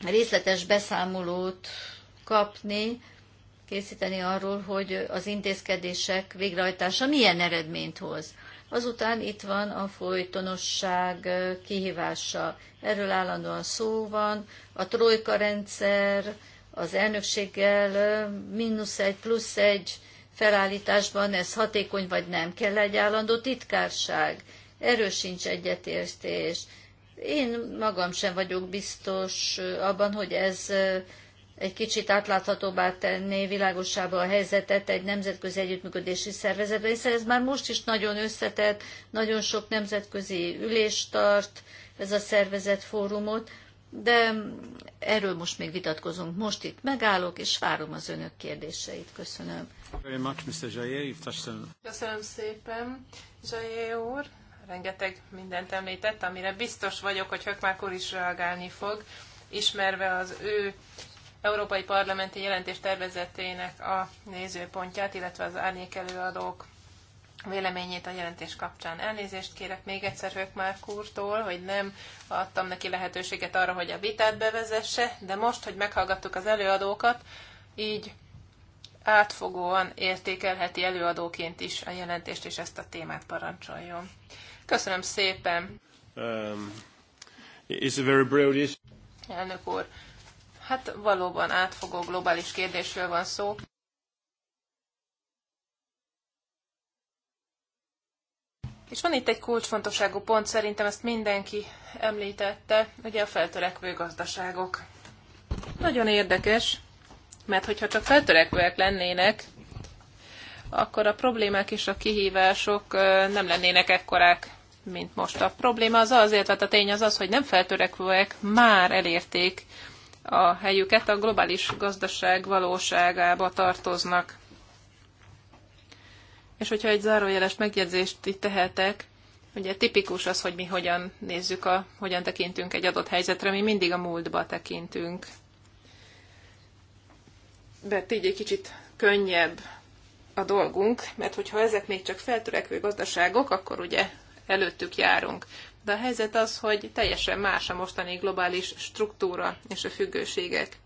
részletes beszámolót kapni, készíteni arról, hogy az intézkedések végrehajtása milyen eredményt hoz. Azután itt van a folytonosság kihívása. Erről állandóan szó van. A trojka rendszer, az elnökséggel mínusz egy, plusz egy felállításban ez hatékony vagy nem kell egy állandó titkárság. Erről sincs egyetértés. Én magam sem vagyok biztos abban, hogy ez egy kicsit átláthatóbbá tenné világosába a helyzetet egy nemzetközi együttműködési szervezetben, hiszen ez már most is nagyon összetett, nagyon sok nemzetközi ülést tart ez a szervezet fórumot de erről most még vitatkozunk. Most itt megállok, és várom az önök kérdéseit. Köszönöm. Köszönöm szépen, Zsajé úr. Rengeteg mindent említett, amire biztos vagyok, hogy Hökmák úr is reagálni fog, ismerve az ő Európai Parlamenti jelentés tervezetének a nézőpontját, illetve az árnyékelőadók véleményét a jelentés kapcsán. Elnézést kérek még egyszer már úrtól, hogy nem adtam neki lehetőséget arra, hogy a vitát bevezesse, de most, hogy meghallgattuk az előadókat, így átfogóan értékelheti előadóként is a jelentést, és ezt a témát parancsoljon. Köszönöm szépen! Um, a very broad Elnök úr, hát valóban átfogó globális kérdésről van szó, És van itt egy kulcsfontosságú pont, szerintem ezt mindenki említette, ugye a feltörekvő gazdaságok. Nagyon érdekes, mert hogyha csak feltörekvőek lennének, akkor a problémák és a kihívások nem lennének ekkorák, mint most. A probléma az azért, tehát a tény az az, hogy nem feltörekvőek már elérték a helyüket, a globális gazdaság valóságába tartoznak. És hogyha egy zárójeles megjegyzést itt tehetek, ugye tipikus az, hogy mi hogyan nézzük, a, hogyan tekintünk egy adott helyzetre, mi mindig a múltba tekintünk. De így egy kicsit könnyebb a dolgunk, mert hogyha ezek még csak feltörekvő gazdaságok, akkor ugye előttük járunk. De a helyzet az, hogy teljesen más a mostani globális struktúra és a függőségek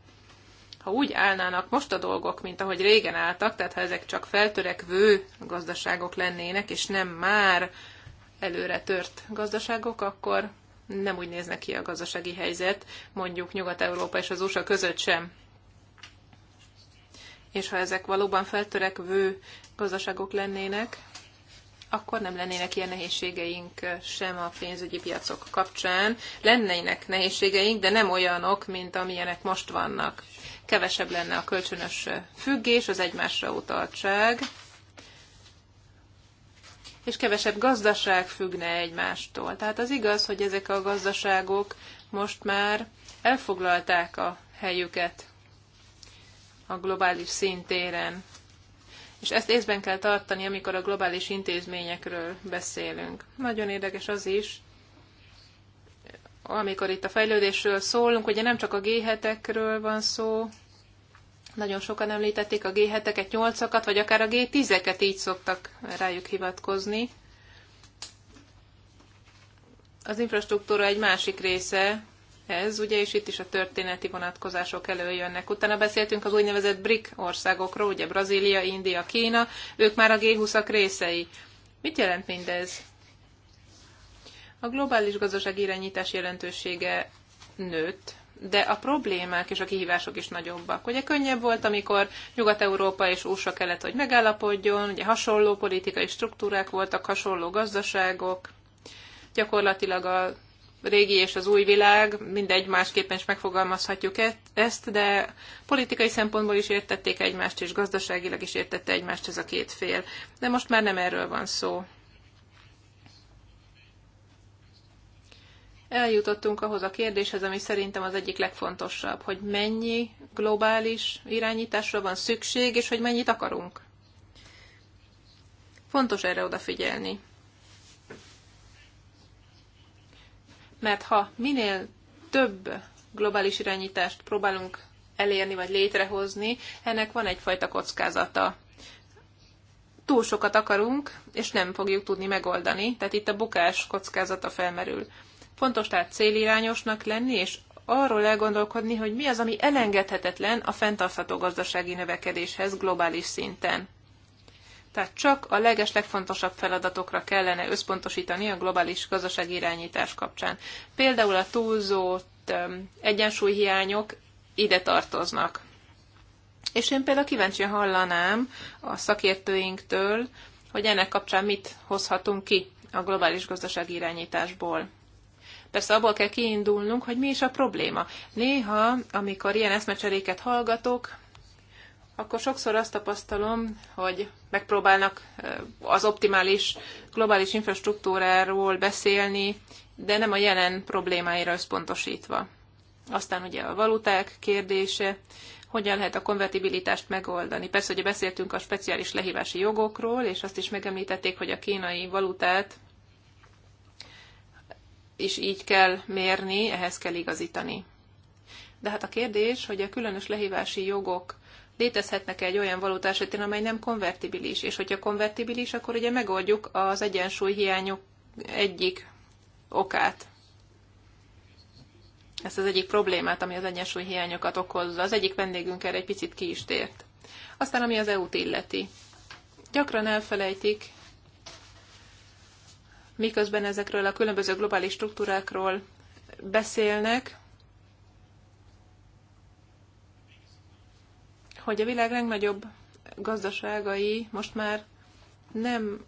ha úgy állnának most a dolgok, mint ahogy régen álltak, tehát ha ezek csak feltörekvő gazdaságok lennének, és nem már előre tört gazdaságok, akkor nem úgy néznek ki a gazdasági helyzet, mondjuk Nyugat-Európa és az USA között sem. És ha ezek valóban feltörekvő gazdaságok lennének, akkor nem lennének ilyen nehézségeink sem a pénzügyi piacok kapcsán. Lennének nehézségeink, de nem olyanok, mint amilyenek most vannak kevesebb lenne a kölcsönös függés, az egymásra utaltság, és kevesebb gazdaság függne egymástól. Tehát az igaz, hogy ezek a gazdaságok most már elfoglalták a helyüket a globális szintéren. És ezt észben kell tartani, amikor a globális intézményekről beszélünk. Nagyon érdekes az is, amikor itt a fejlődésről szólunk, ugye nem csak a G7-ekről van szó, nagyon sokan említették a G7-eket, 8-akat, vagy akár a G10-eket így szoktak rájuk hivatkozni. Az infrastruktúra egy másik része ez, ugye, és itt is a történeti vonatkozások előjönnek. Utána beszéltünk az úgynevezett BRIC országokról, ugye Brazília, India, Kína, ők már a G20-ak részei. Mit jelent mindez? A globális gazdaság irányítás jelentősége nőtt, de a problémák és a kihívások is nagyobbak. Ugye könnyebb volt, amikor Nyugat-Európa és USA kellett, hogy megállapodjon, ugye hasonló politikai struktúrák voltak, hasonló gazdaságok, gyakorlatilag a régi és az új világ, mindegy, másképpen is megfogalmazhatjuk e- ezt, de politikai szempontból is értették egymást, és gazdaságilag is értette egymást ez a két fél. De most már nem erről van szó. eljutottunk ahhoz a kérdéshez, ami szerintem az egyik legfontosabb, hogy mennyi globális irányításra van szükség, és hogy mennyit akarunk. Fontos erre odafigyelni. Mert ha minél több globális irányítást próbálunk elérni vagy létrehozni, ennek van egyfajta kockázata. Túl sokat akarunk, és nem fogjuk tudni megoldani, tehát itt a bukás kockázata felmerül. Fontos tehát célirányosnak lenni, és arról elgondolkodni, hogy mi az, ami elengedhetetlen a fenntartható gazdasági növekedéshez globális szinten. Tehát csak a leges legfontosabb feladatokra kellene összpontosítani a globális gazdasági irányítás kapcsán. Például a túlzott egyensúlyhiányok ide tartoznak. És én például kíváncsian hallanám a szakértőinktől, hogy ennek kapcsán mit hozhatunk ki a globális gazdasági irányításból. Persze abból kell kiindulnunk, hogy mi is a probléma. Néha, amikor ilyen eszmecseréket hallgatok, akkor sokszor azt tapasztalom, hogy megpróbálnak az optimális globális infrastruktúráról beszélni, de nem a jelen problémáira összpontosítva. Aztán ugye a valuták kérdése, hogyan lehet a konvertibilitást megoldani. Persze, hogy beszéltünk a speciális lehívási jogokról, és azt is megemlítették, hogy a kínai valutát is így kell mérni, ehhez kell igazítani. De hát a kérdés, hogy a különös lehívási jogok létezhetnek -e egy olyan valóta esetén, amely nem konvertibilis, és hogyha konvertibilis, akkor ugye megoldjuk az egyensúly hiányok egyik okát. Ezt az egyik problémát, ami az egyensúly hiányokat okozza. Az egyik vendégünk erre egy picit ki is tért. Aztán, ami az EU-t illeti. Gyakran elfelejtik miközben ezekről a különböző globális struktúrákról beszélnek, hogy a világ legnagyobb gazdaságai most már nem,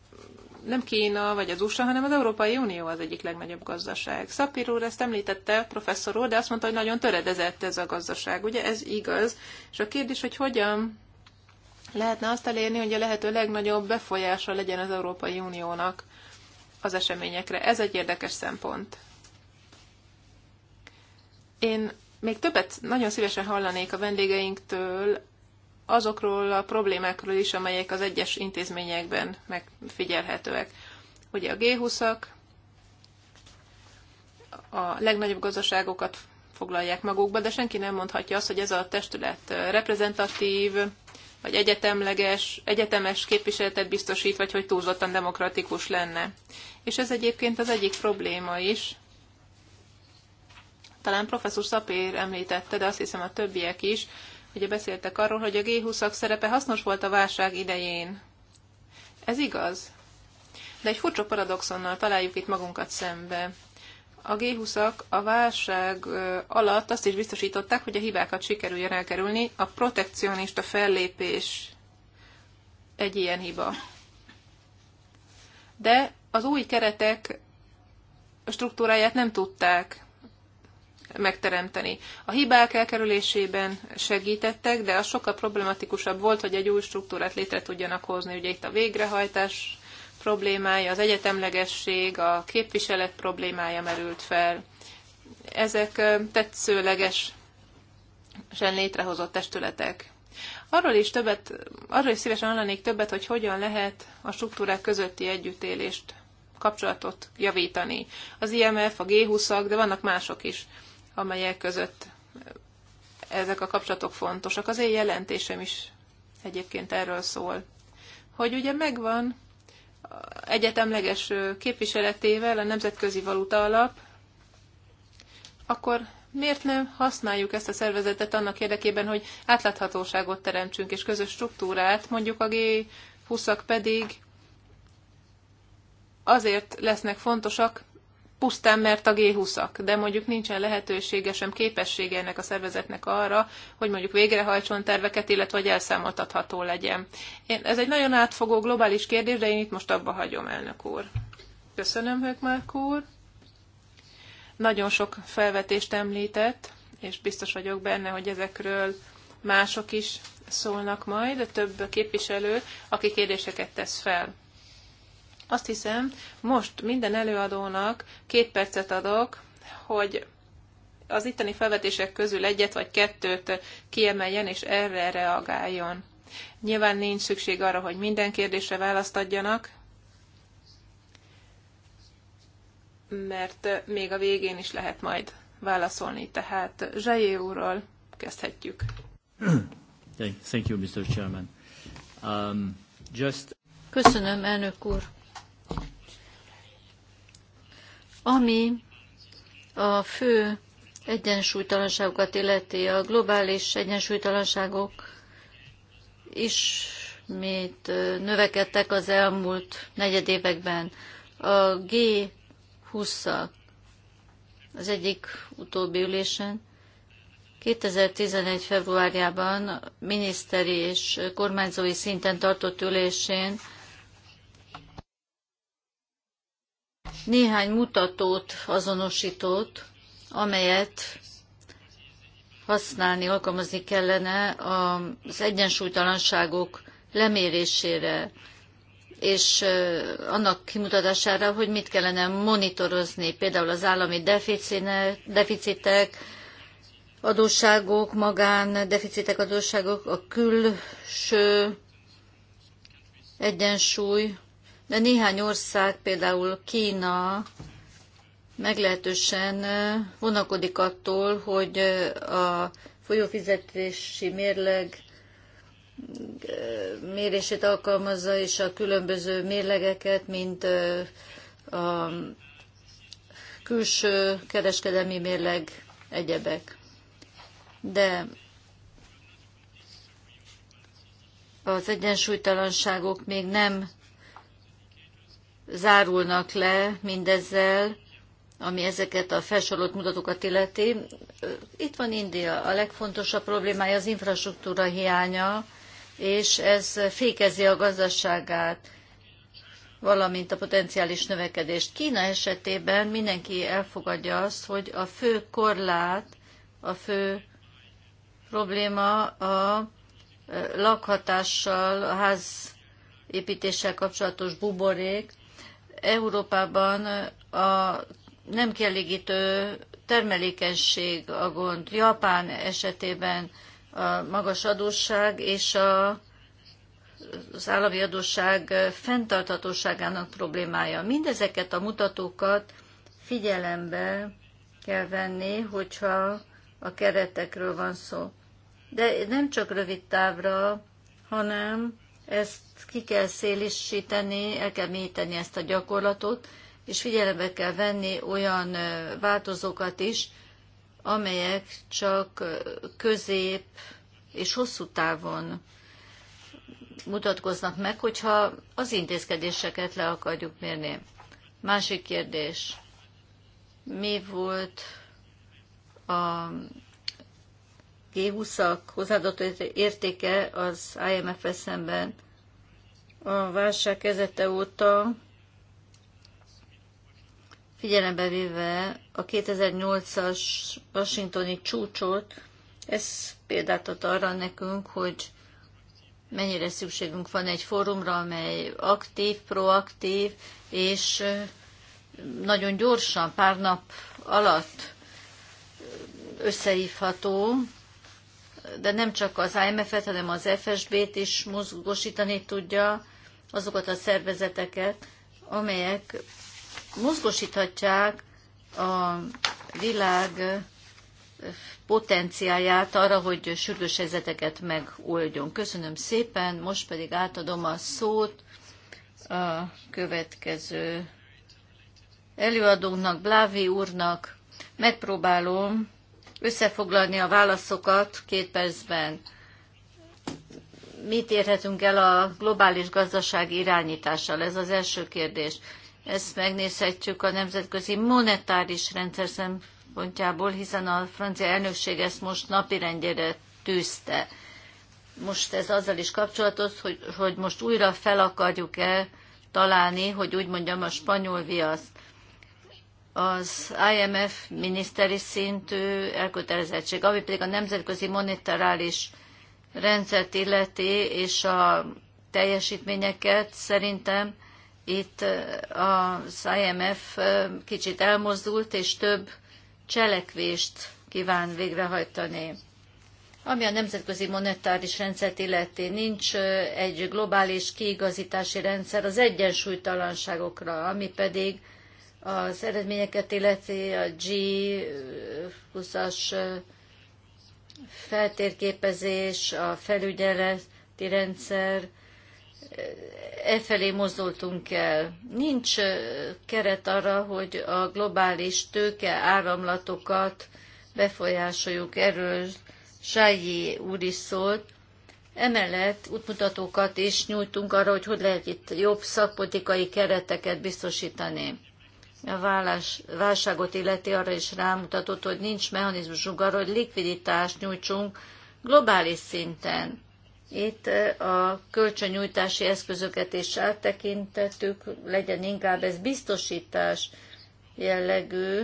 nem Kína vagy az USA, hanem az Európai Unió az egyik legnagyobb gazdaság. Szapir úr ezt említette, professzor úr, de azt mondta, hogy nagyon töredezett ez a gazdaság. Ugye ez igaz. És a kérdés, hogy hogyan lehetne azt elérni, hogy a lehető legnagyobb befolyása legyen az Európai Uniónak az eseményekre. Ez egy érdekes szempont. Én még többet nagyon szívesen hallanék a vendégeinktől azokról a problémákról is, amelyek az egyes intézményekben megfigyelhetőek. Ugye a G20-ak a legnagyobb gazdaságokat foglalják magukba, de senki nem mondhatja azt, hogy ez a testület reprezentatív, vagy egyetemleges, egyetemes képviseletet biztosít, vagy hogy túlzottan demokratikus lenne. És ez egyébként az egyik probléma is. Talán professzor Szapér említette, de azt hiszem a többiek is, ugye beszéltek arról, hogy a G20-ak szerepe hasznos volt a válság idején. Ez igaz. De egy furcsa paradoxonnal találjuk itt magunkat szembe a G20-ak a válság alatt azt is biztosították, hogy a hibákat sikerüljön elkerülni. A protekcionista fellépés egy ilyen hiba. De az új keretek struktúráját nem tudták megteremteni. A hibák elkerülésében segítettek, de az sokkal problematikusabb volt, hogy egy új struktúrát létre tudjanak hozni. Ugye itt a végrehajtás problémája, az egyetemlegesség, a képviselet problémája merült fel. Ezek tetszőlegesen létrehozott testületek. Arról is többet, arról is szívesen hallanék többet, hogy hogyan lehet a struktúrák közötti együttélést, kapcsolatot javítani. Az IMF, a G20-ak, de vannak mások is, amelyek között ezek a kapcsolatok fontosak. Az én jelentésem is egyébként erről szól, hogy ugye megvan egyetemleges képviseletével, a Nemzetközi Valuta Alap, akkor miért nem használjuk ezt a szervezetet annak érdekében, hogy átláthatóságot teremtsünk és közös struktúrát, mondjuk a G20-ak pedig azért lesznek fontosak, pusztán mert a g 20 de mondjuk nincsen lehetősége sem képessége ennek a szervezetnek arra, hogy mondjuk végrehajtson terveket, illetve hogy elszámoltatható legyen. Én, ez egy nagyon átfogó globális kérdés, de én itt most abba hagyom, elnök úr. Köszönöm, Hökmárk úr. Nagyon sok felvetést említett, és biztos vagyok benne, hogy ezekről mások is szólnak majd, több képviselő, aki kérdéseket tesz fel. Azt hiszem, most minden előadónak két percet adok, hogy az itteni felvetések közül egyet vagy kettőt kiemeljen és erre reagáljon. Nyilván nincs szükség arra, hogy minden kérdésre választ adjanak, mert még a végén is lehet majd válaszolni. Tehát Zsajé úrral kezdhetjük. Thank you, Mr. Chairman. Um, just... Köszönöm, elnök úr. Ami a fő egyensúlytalanságokat illeti, a globális egyensúlytalanságok is, mit növekedtek az elmúlt negyed években. A g 20 az egyik utóbbi ülésen 2011. februárjában miniszteri és kormányzói szinten tartott ülésén néhány mutatót azonosított, amelyet használni, alkalmazni kellene az egyensúlytalanságok lemérésére, és annak kimutatására, hogy mit kellene monitorozni, például az állami deficitek, adósságok, magán deficitek, adósságok, a külső egyensúly, de néhány ország, például Kína meglehetősen vonakodik attól, hogy a folyófizetési mérleg mérését alkalmazza, és a különböző mérlegeket, mint a külső kereskedelmi mérleg egyebek. De az egyensúlytalanságok még nem zárulnak le mindezzel, ami ezeket a felsorolt mutatókat illeti. Itt van India, a legfontosabb problémája az infrastruktúra hiánya, és ez fékezi a gazdaságát, valamint a potenciális növekedést. Kína esetében mindenki elfogadja azt, hogy a fő korlát, a fő probléma a e, lakhatással, a házépítéssel kapcsolatos buborék, Európában a nem kielégítő termelékenység a gond. Japán esetében a magas adósság és a, az állami adósság fenntarthatóságának problémája. Mindezeket a mutatókat figyelembe kell venni, hogyha a keretekről van szó. De nem csak rövid távra, hanem ezt ki kell szélisíteni, el kell mélyíteni ezt a gyakorlatot, és figyelembe kell venni olyan változókat is, amelyek csak közép és hosszú távon mutatkoznak meg, hogyha az intézkedéseket le akarjuk mérni. Másik kérdés. Mi volt a G20-ak hozzáadott értéke az IMF-es szemben? a válság kezdete óta figyelembe véve a 2008-as washingtoni csúcsot, ez példát ad arra nekünk, hogy mennyire szükségünk van egy fórumra, amely aktív, proaktív, és nagyon gyorsan, pár nap alatt összehívható, de nem csak az IMF-et, hanem az FSB-t is mozgósítani tudja, azokat a szervezeteket, amelyek mozgosíthatják a világ potenciáját arra, hogy sürgős helyzeteket megoldjon. Köszönöm szépen, most pedig átadom a szót a következő előadónak, Blávi úrnak. Megpróbálom összefoglalni a válaszokat két percben mit érhetünk el a globális gazdaság irányítással? Ez az első kérdés. Ezt megnézhetjük a nemzetközi monetáris rendszer szempontjából, hiszen a francia elnökség ezt most napirendjére tűzte. Most ez azzal is kapcsolatos, hogy, hogy most újra fel akarjuk-e találni, hogy úgy mondjam, a spanyol viaszt. Az IMF miniszteri szintű elkötelezettség, ami pedig a nemzetközi monetáris rendszert illeti, és a teljesítményeket szerintem itt az IMF kicsit elmozdult, és több cselekvést kíván végrehajtani. Ami a nemzetközi monetáris rendszert illeti, nincs egy globális kiigazítási rendszer az egyensúlytalanságokra, ami pedig az eredményeket illeti a G20-as feltérképezés, a felügyeleti rendszer, e felé mozdultunk el. Nincs keret arra, hogy a globális tőke áramlatokat befolyásoljuk. Erről Sájé úr is szólt. Emellett útmutatókat is nyújtunk arra, hogy hogy lehet itt jobb szakpolitikai kereteket biztosítani a vállás, válságot illeti arra is rámutatott, hogy nincs mechanizmusunk arra, hogy likviditást nyújtsunk globális szinten. Itt eh, a kölcsönnyújtási eszközöket is áttekintettük, legyen inkább ez biztosítás jellegű,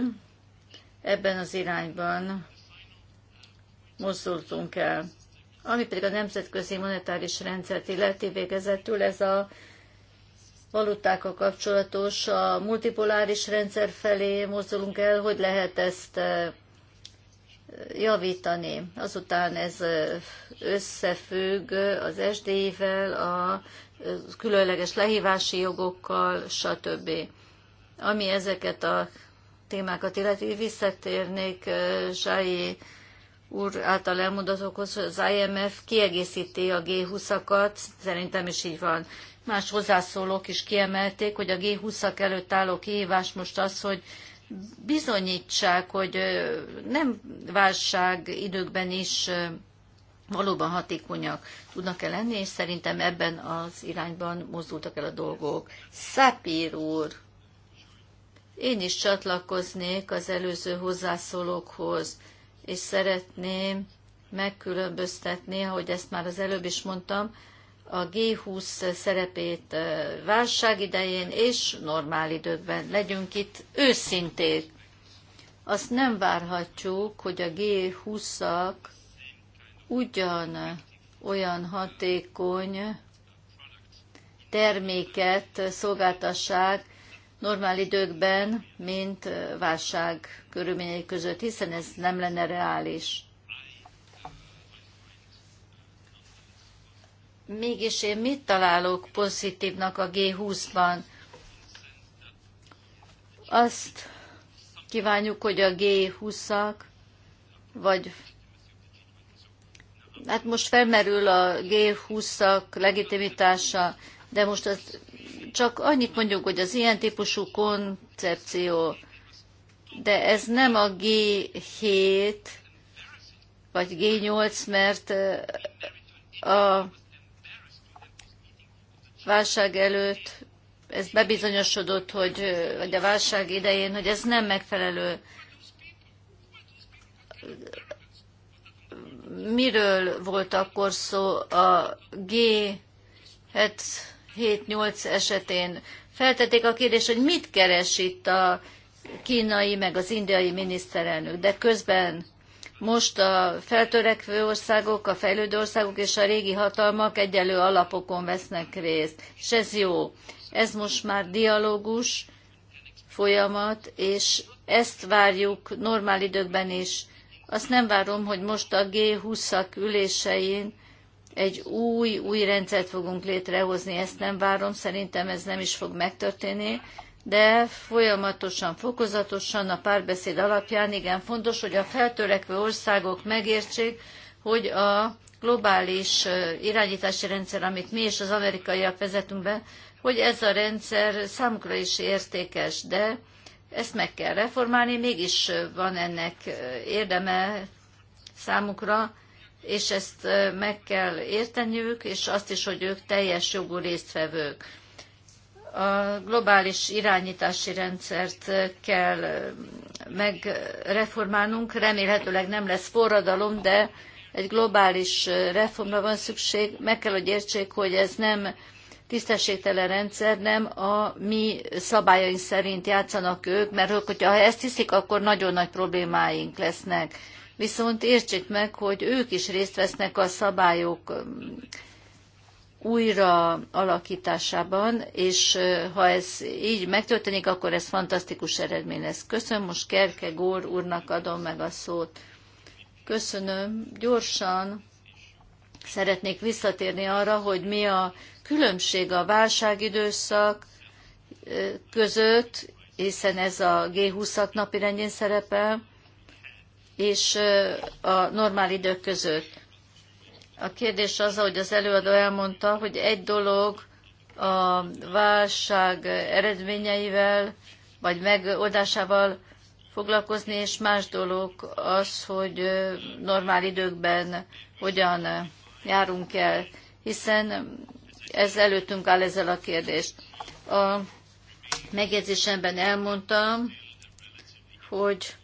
ebben az irányban mozdultunk el. Ami pedig a nemzetközi monetáris rendszert illeti végezetül, ez a valutákkal kapcsolatos a multipoláris rendszer felé mozdulunk el, hogy lehet ezt javítani. Azután ez összefügg az sd vel a különleges lehívási jogokkal, stb. Ami ezeket a témákat illeti, visszatérnék Zsai úr által elmondatokhoz, az IMF kiegészíti a G20-akat, szerintem is így van. Más hozzászólók is kiemelték, hogy a G20-ak előtt álló kihívás most az, hogy bizonyítsák, hogy nem válság időkben is valóban hatékonyak tudnak-e lenni, és szerintem ebben az irányban mozdultak el a dolgok. Szápír úr, én is csatlakoznék az előző hozzászólókhoz, és szeretném megkülönböztetni, ahogy ezt már az előbb is mondtam, a G20 szerepét válság idején és normál időkben. Legyünk itt őszinték. Azt nem várhatjuk, hogy a G20-ak ugyan olyan hatékony terméket szolgáltassák normál időkben, mint válság körülményei között, hiszen ez nem lenne reális. mégis én mit találok pozitívnak a G20-ban? Azt kívánjuk, hogy a G20-ak, vagy hát most felmerül a G20-ak legitimitása, de most az, csak annyit mondjuk, hogy az ilyen típusú koncepció, de ez nem a G7 vagy G8, mert a válság előtt ez bebizonyosodott, hogy, vagy a válság idején, hogy ez nem megfelelő. Miről volt akkor szó a G7-8 hát esetén? Feltették a kérdést, hogy mit keres itt a kínai meg az indiai miniszterelnök, de közben most a feltörekvő országok, a fejlődő országok és a régi hatalmak egyelő alapokon vesznek részt, és ez jó. Ez most már dialógus folyamat, és ezt várjuk normál időkben is. Azt nem várom, hogy most a G20-ak ülésein egy új, új rendszert fogunk létrehozni, ezt nem várom, szerintem ez nem is fog megtörténni, de folyamatosan, fokozatosan a párbeszéd alapján igen fontos, hogy a feltörekvő országok megértsék, hogy a globális irányítási rendszer, amit mi és az amerikaiak vezetünk be, hogy ez a rendszer számukra is értékes, de ezt meg kell reformálni, mégis van ennek érdeme számukra, és ezt meg kell érteniük, és azt is, hogy ők teljes jogú résztvevők a globális irányítási rendszert kell megreformálnunk. Remélhetőleg nem lesz forradalom, de egy globális reformra van szükség. Meg kell, hogy értsék, hogy ez nem tisztességtelen rendszer, nem a mi szabályaink szerint játszanak ők, mert hogyha ezt hiszik, akkor nagyon nagy problémáink lesznek. Viszont értsék meg, hogy ők is részt vesznek a szabályok újra alakításában, és ha ez így megtörténik, akkor ez fantasztikus eredmény lesz. Köszönöm, most Kerke Gór úrnak adom meg a szót. Köszönöm. Gyorsan szeretnék visszatérni arra, hogy mi a különbség a válságidőszak között, hiszen ez a G20-ak napi rendjén szerepel, és a normál idők között. A kérdés az, ahogy az előadó elmondta, hogy egy dolog a válság eredményeivel vagy megoldásával foglalkozni, és más dolog az, hogy normál időkben hogyan járunk el, hiszen ez előttünk áll ezzel a kérdés. A megjegyzésemben elmondtam, hogy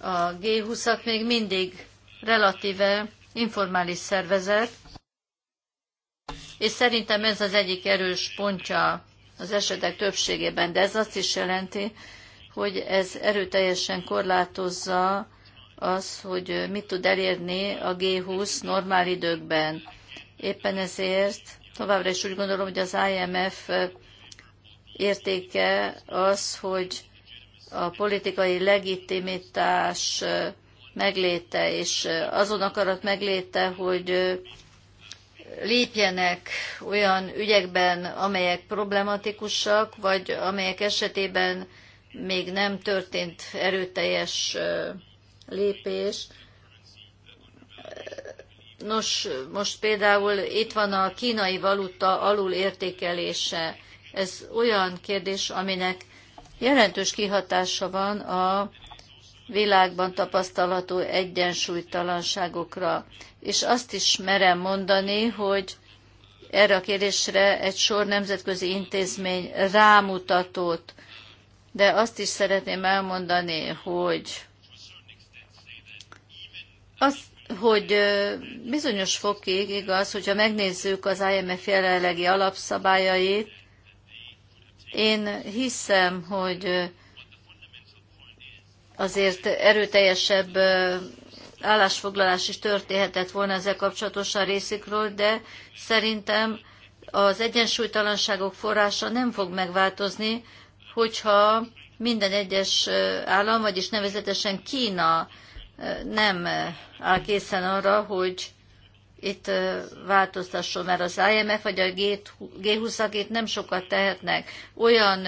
a G20-ak még mindig relatíve informális szervezet, és szerintem ez az egyik erős pontja az esetek többségében, de ez azt is jelenti, hogy ez erőteljesen korlátozza az, hogy mit tud elérni a G20 normál időkben. Éppen ezért továbbra is úgy gondolom, hogy az IMF értéke az, hogy a politikai legitimitás megléte, és azon akarat megléte, hogy lépjenek olyan ügyekben, amelyek problematikusak, vagy amelyek esetében még nem történt erőteljes lépés. Nos, most például itt van a kínai valuta alulértékelése. Ez olyan kérdés, aminek jelentős kihatása van a világban tapasztalható egyensúlytalanságokra. És azt is merem mondani, hogy erre a kérdésre egy sor nemzetközi intézmény rámutatott, de azt is szeretném elmondani, hogy az, hogy bizonyos fokig igaz, hogyha megnézzük az IMF jelenlegi alapszabályait, én hiszem, hogy azért erőteljesebb állásfoglalás is történhetett volna ezzel kapcsolatosan részükről, de szerintem az egyensúlytalanságok forrása nem fog megváltozni, hogyha minden egyes állam, vagyis nevezetesen Kína nem áll készen arra, hogy itt változtasson, mert az IMF vagy a G20-ak nem sokat tehetnek. Olyan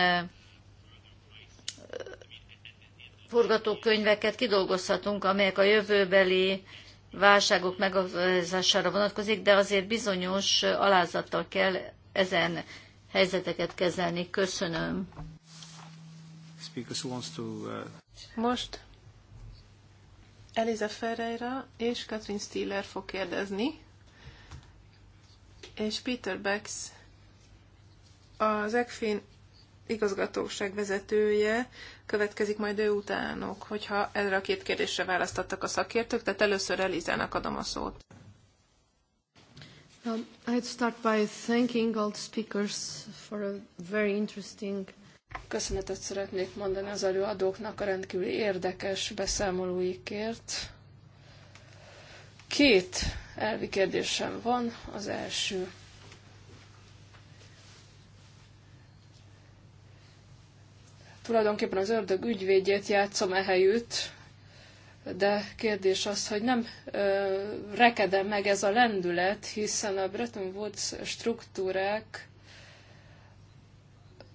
forgatókönyveket kidolgozhatunk, amelyek a jövőbeli válságok megoldására vonatkozik, de azért bizonyos alázattal kell ezen helyzeteket kezelni. Köszönöm. Uh, Most Eliza Ferreira és Catherine Stiller fog kérdezni, és Peter Becks az ECFIN igazgatóság vezetője következik majd ő utánok, hogyha erre a két kérdésre választottak a szakértők, tehát először Elizának adom a szót. Um, I'd start by thanking all speakers for a very interesting Köszönetet szeretnék mondani az előadóknak a rendkívül érdekes beszámolóikért. Két elvi kérdésem van. Az első Tulajdonképpen az ördög ügyvédjét játszom ehelyütt, de kérdés az, hogy nem ö, rekede meg ez a lendület, hiszen a Bretton Woods struktúrák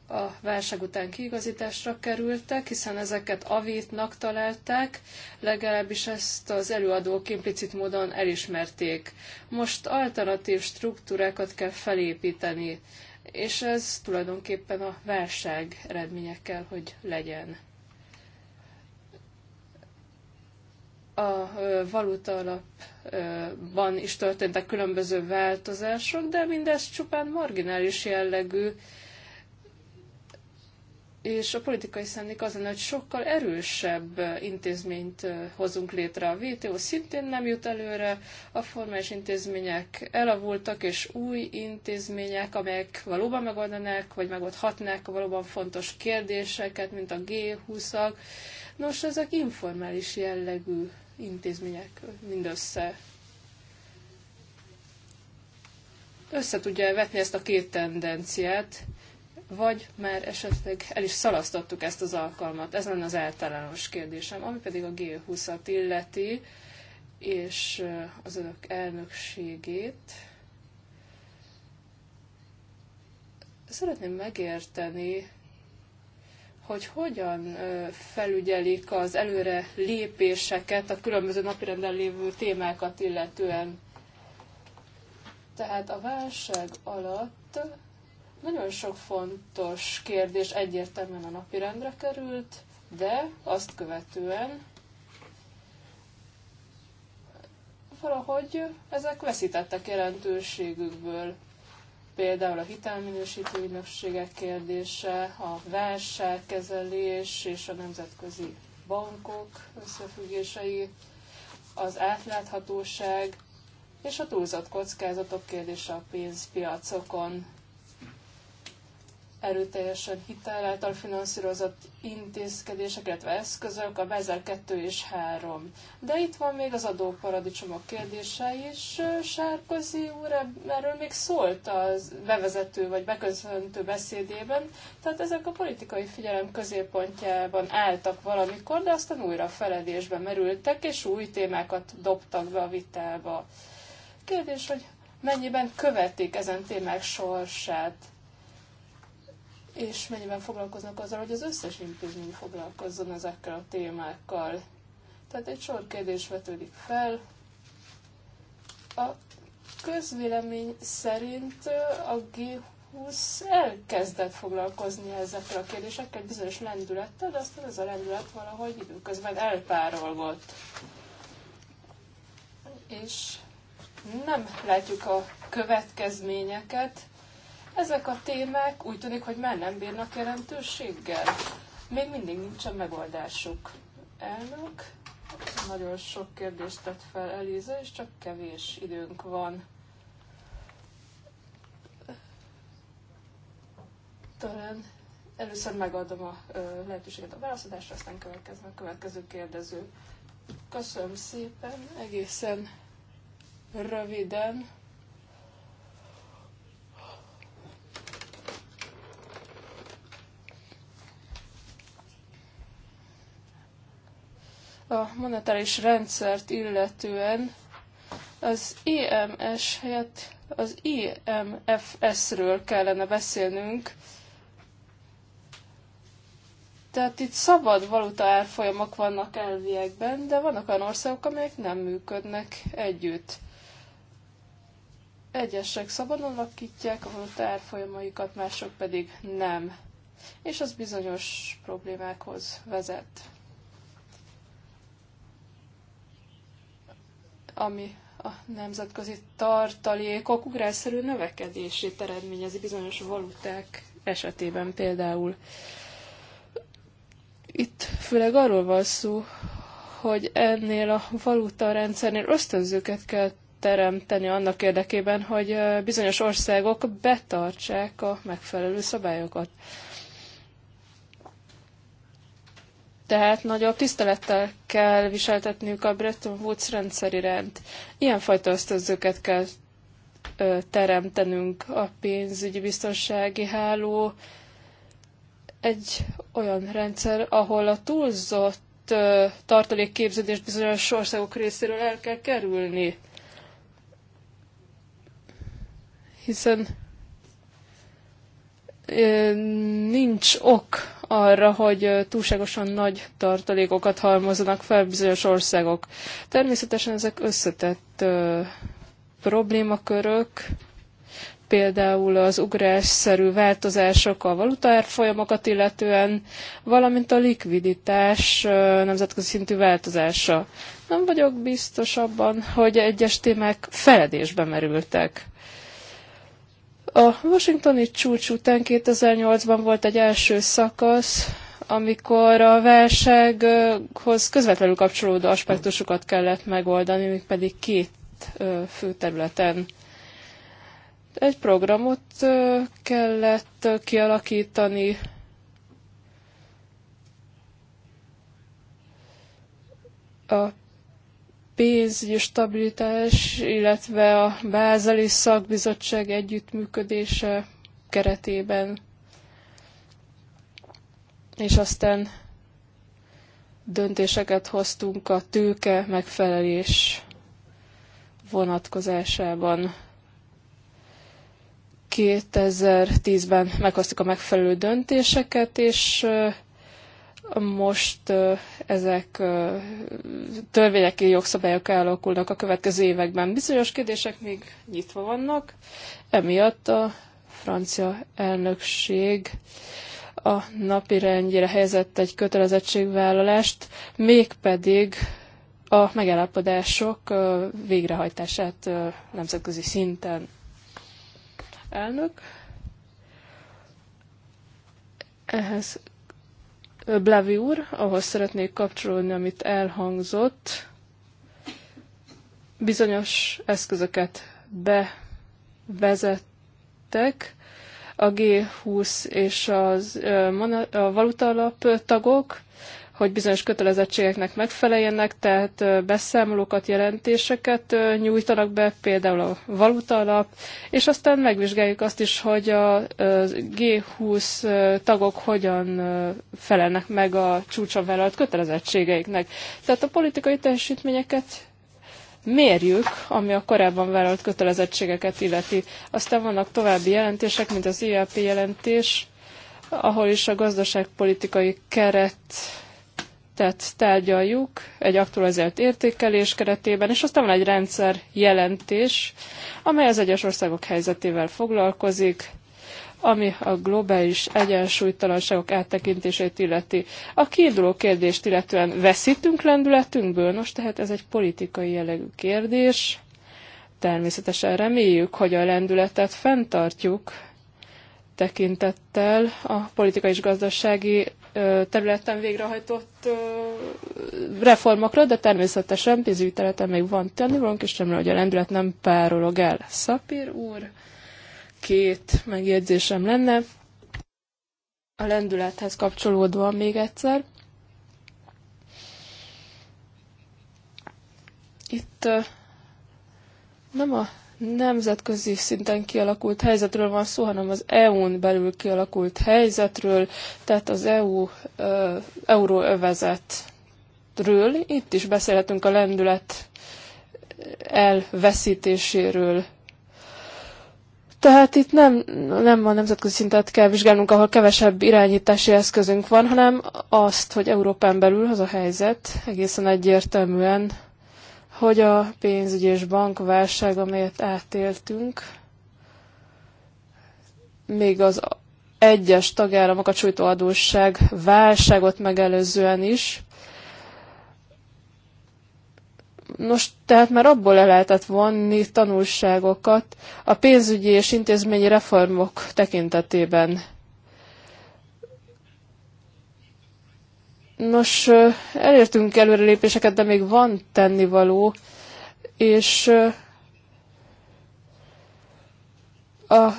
a válság után kiigazításra kerültek, hiszen ezeket avétnak találták, legalábbis ezt az előadók implicit módon elismerték. Most alternatív struktúrákat kell felépíteni és ez tulajdonképpen a válság eredményekkel, hogy legyen. a valuta alapban is történtek különböző változások, de mindez csupán marginális jellegű, és a politikai szándék az lenne, hogy sokkal erősebb intézményt hozunk létre. A WTO szintén nem jut előre, a formális intézmények elavultak, és új intézmények, amelyek valóban megoldanák, vagy megoldhatnák a valóban fontos kérdéseket, mint a G20-ak. Nos, ezek informális jellegű intézmények mindössze. Össze tudja vetni ezt a két tendenciát, vagy már esetleg el is szalasztottuk ezt az alkalmat? Ez lenne az általános kérdésem. Ami pedig a G20-at illeti, és az önök elnökségét, szeretném megérteni, hogy hogyan felügyelik az előre lépéseket a különböző napirenden lévő témákat illetően. Tehát a válság alatt nagyon sok fontos kérdés egyértelműen a napirendre került, de azt követően valahogy ezek veszítettek jelentőségükből. Például a hitelminősítő ügynökségek kérdése, a válságkezelés és a nemzetközi bankok összefüggései, az átláthatóság és a túlzott kockázatok kérdése a pénzpiacokon erőteljesen hitel által finanszírozott intézkedések, illetve eszközök, a Bezer 2 és 3. De itt van még az adóparadicsomok kérdése is. Sárkozi úr erről még szólt a bevezető vagy beköszöntő beszédében, tehát ezek a politikai figyelem középpontjában álltak valamikor, de aztán újra feledésbe merültek, és új témákat dobtak be a vitába. Kérdés, hogy mennyiben követik ezen témák sorsát és mennyiben foglalkoznak azzal, hogy az összes intézmény foglalkozzon ezekkel a témákkal. Tehát egy sor kérdés vetődik fel. A közvélemény szerint a G20 elkezdett foglalkozni ezekkel a kérdésekkel bizonyos lendülettel, de aztán ez a lendület valahogy időközben elpárolgott. És nem látjuk a következményeket, ezek a témák úgy tűnik, hogy már nem bírnak jelentőséggel. Még mindig nincs a megoldásuk. Elnök, nagyon sok kérdést tett fel Eliza, és csak kevés időnk van. Talán először megadom a lehetőséget a válaszadásra, aztán következnek, a következő kérdező. Köszönöm szépen, egészen röviden a monetáris rendszert illetően az EMS helyett az IMFS-ről e kellene beszélnünk. Tehát itt szabad valuta árfolyamok vannak elviekben, de vannak olyan országok, amelyek nem működnek együtt. Egyesek szabadon alakítják a valuta árfolyamaikat, mások pedig nem. És az bizonyos problémákhoz vezet. ami a nemzetközi tartalékok ugrásszerű növekedését eredményezi bizonyos valuták esetében például. Itt főleg arról van szó, hogy ennél a valuta rendszernél ösztönzőket kell teremteni annak érdekében, hogy bizonyos országok betartsák a megfelelő szabályokat. Tehát nagyobb tisztelettel kell viseltetniük a Bretton Woods rendszer iránt. Ilyenfajta ösztönzőket kell ö, teremtenünk a pénzügyi biztonsági háló. Egy olyan rendszer, ahol a túlzott ö, tartalékképződést bizonyos országok részéről el kell kerülni. Hiszen ö, nincs ok arra, hogy túlságosan nagy tartalékokat halmozanak fel bizonyos országok. Természetesen ezek összetett ö, problémakörök, például az ugrásszerű változások a valutaárfolyamokat illetően, valamint a likviditás nemzetközi szintű változása. Nem vagyok biztos abban, hogy egyes témák feledésbe merültek. A washingtoni csúcs után 2008-ban volt egy első szakasz, amikor a válsághoz közvetlenül kapcsolódó aspektusokat kellett megoldani, még pedig két fő területen. Egy programot kellett kialakítani, a pénzügyi stabilitás, illetve a Bázeli Szakbizottság együttműködése keretében. És aztán döntéseket hoztunk a tőke megfelelés vonatkozásában. 2010-ben meghoztuk a megfelelő döntéseket, és most ezek törvények, jogszabályok elalakulnak a következő években. Bizonyos kérdések még nyitva vannak, emiatt a francia elnökség a napi rendjére helyezett egy kötelezettségvállalást, mégpedig a megállapodások végrehajtását nemzetközi szinten. Elnök, ehhez Blavi úr, ahhoz szeretnék kapcsolódni, amit elhangzott. Bizonyos eszközöket bevezettek a G20 és az, a valutalap tagok, hogy bizonyos kötelezettségeknek megfeleljenek, tehát beszámolókat, jelentéseket nyújtanak be, például a valuta alap, és aztán megvizsgáljuk azt is, hogy a G20 tagok hogyan felelnek meg a csúcson vállalt kötelezettségeiknek. Tehát a politikai teljesítményeket mérjük, ami a korábban vállalt kötelezettségeket illeti. Aztán vannak további jelentések, mint az IAP jelentés, ahol is a gazdaságpolitikai keret tett tárgyaljuk egy aktualizált értékelés keretében, és aztán van egy rendszer jelentés, amely az egyes országok helyzetével foglalkozik, ami a globális egyensúlytalanságok áttekintését illeti. A kiinduló kérdést illetően veszítünk lendületünkből, nos tehát ez egy politikai jellegű kérdés. Természetesen reméljük, hogy a lendületet fenntartjuk tekintettel a politikai és gazdasági területen végrehajtott reformokra, de természetesen pénzügyi területen még van tennivalónk, és remélem, hogy a lendület nem párolog el. Szapír úr, két megjegyzésem lenne. A lendülethez kapcsolódva még egyszer. Itt nem a nemzetközi szinten kialakult helyzetről van szó, hanem az EU-n belül kialakult helyzetről, tehát az EU e, euróövezetről. Itt is beszélhetünk a lendület elveszítéséről. Tehát itt nem, nem a nemzetközi szintet kell vizsgálnunk, ahol kevesebb irányítási eszközünk van, hanem azt, hogy Európán belül az a helyzet egészen egyértelműen hogy a pénzügyi és bankválság, amelyet átéltünk, még az egyes tagállamokat csújtó adósság válságot megelőzően is. Nos, tehát már abból le lehetett vonni tanulságokat a pénzügyi és intézményi reformok tekintetében. Nos, elértünk előrelépéseket, de még van tennivaló, és a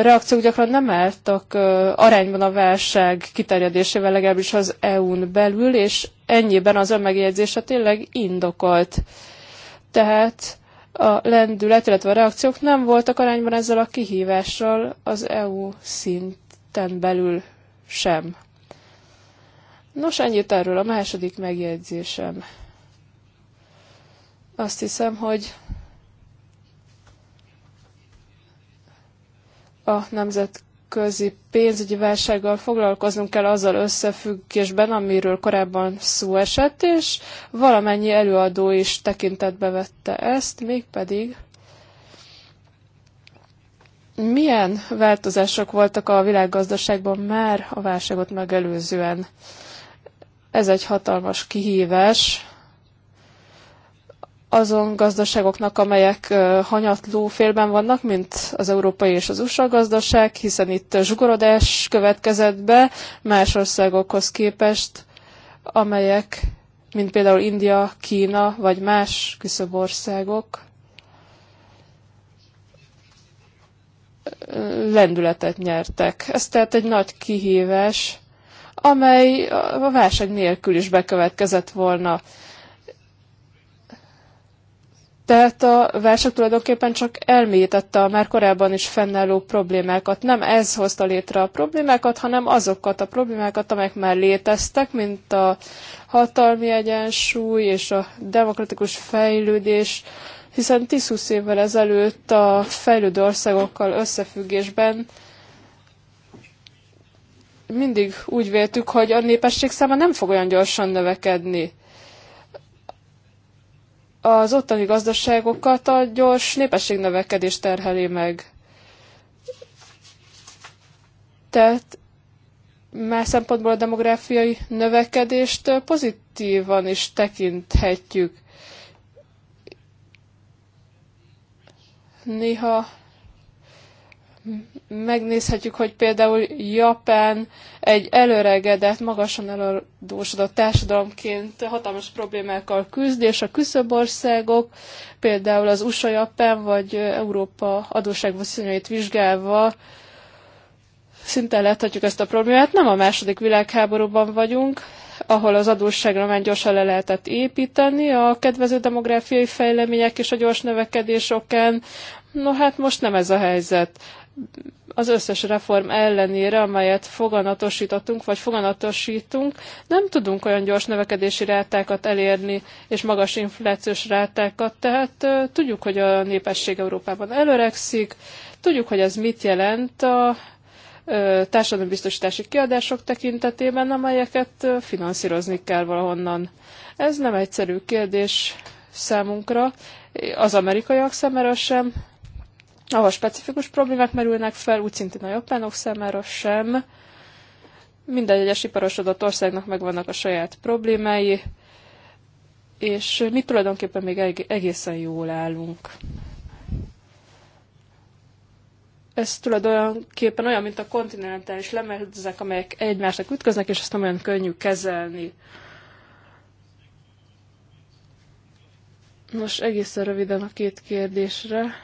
reakciók gyakran nem álltak arányban a válság kiterjedésével, legalábbis az EU-n belül, és ennyiben az önmegjegyzése tényleg indokolt. Tehát a lendület, illetve a reakciók nem voltak arányban ezzel a kihívással az EU szinten belül sem. Nos, ennyit erről a második megjegyzésem. Azt hiszem, hogy a nemzetközi pénzügyi válsággal foglalkoznunk kell azzal összefüggésben, amiről korábban szó esett, és valamennyi előadó is tekintetbe vette ezt, mégpedig milyen változások voltak a világgazdaságban már a válságot megelőzően? Ez egy hatalmas kihívás azon gazdaságoknak, amelyek hanyatló félben vannak, mint az európai és az USA gazdaság, hiszen itt zsugorodás következett be más országokhoz képest, amelyek, mint például India, Kína vagy más küszöbországok, lendületet nyertek. Ez tehát egy nagy kihívás, amely a válság nélkül is bekövetkezett volna. Tehát a válság tulajdonképpen csak elmélyítette a már korábban is fennálló problémákat. Nem ez hozta létre a problémákat, hanem azokat a problémákat, amelyek már léteztek, mint a hatalmi egyensúly és a demokratikus fejlődés, hiszen 10-20 évvel ezelőtt a fejlődő országokkal összefüggésben mindig úgy véltük, hogy a népesség száma nem fog olyan gyorsan növekedni. Az ottani gazdaságokat a gyors népességnövekedés terheli meg. Tehát más szempontból a demográfiai növekedést pozitívan is tekinthetjük. Néha megnézhetjük, hogy például Japán egy előregedett, magasan eladósodott társadalomként hatalmas problémákkal küzd, és a küszöbországok, például az USA, Japán vagy Európa adósságviszonyait vizsgálva szinte láthatjuk ezt a problémát. Nem a második világháborúban vagyunk, ahol az adósságra már gyorsan le lehetett építeni, a kedvező demográfiai fejlemények és a gyors növekedés okán, no hát most nem ez a helyzet az összes reform ellenére, amelyet foganatosítottunk, vagy foganatosítunk, nem tudunk olyan gyors növekedési rátákat elérni, és magas inflációs rátákat, tehát tudjuk, hogy a népesség Európában előrekszik, tudjuk, hogy ez mit jelent a társadalombiztosítási kiadások tekintetében, amelyeket finanszírozni kell valahonnan. Ez nem egyszerű kérdés számunkra, az amerikaiak szemére sem, ahol specifikus problémák merülnek fel, úgy szintén a japánok számára sem. Minden egyes iparosodott országnak megvannak a saját problémái, és mi tulajdonképpen még egészen jól állunk. Ez tulajdonképpen olyan, mint a kontinentális lemezek, amelyek egymásnak ütköznek, és ezt nem olyan könnyű kezelni. Nos, egészen röviden a két kérdésre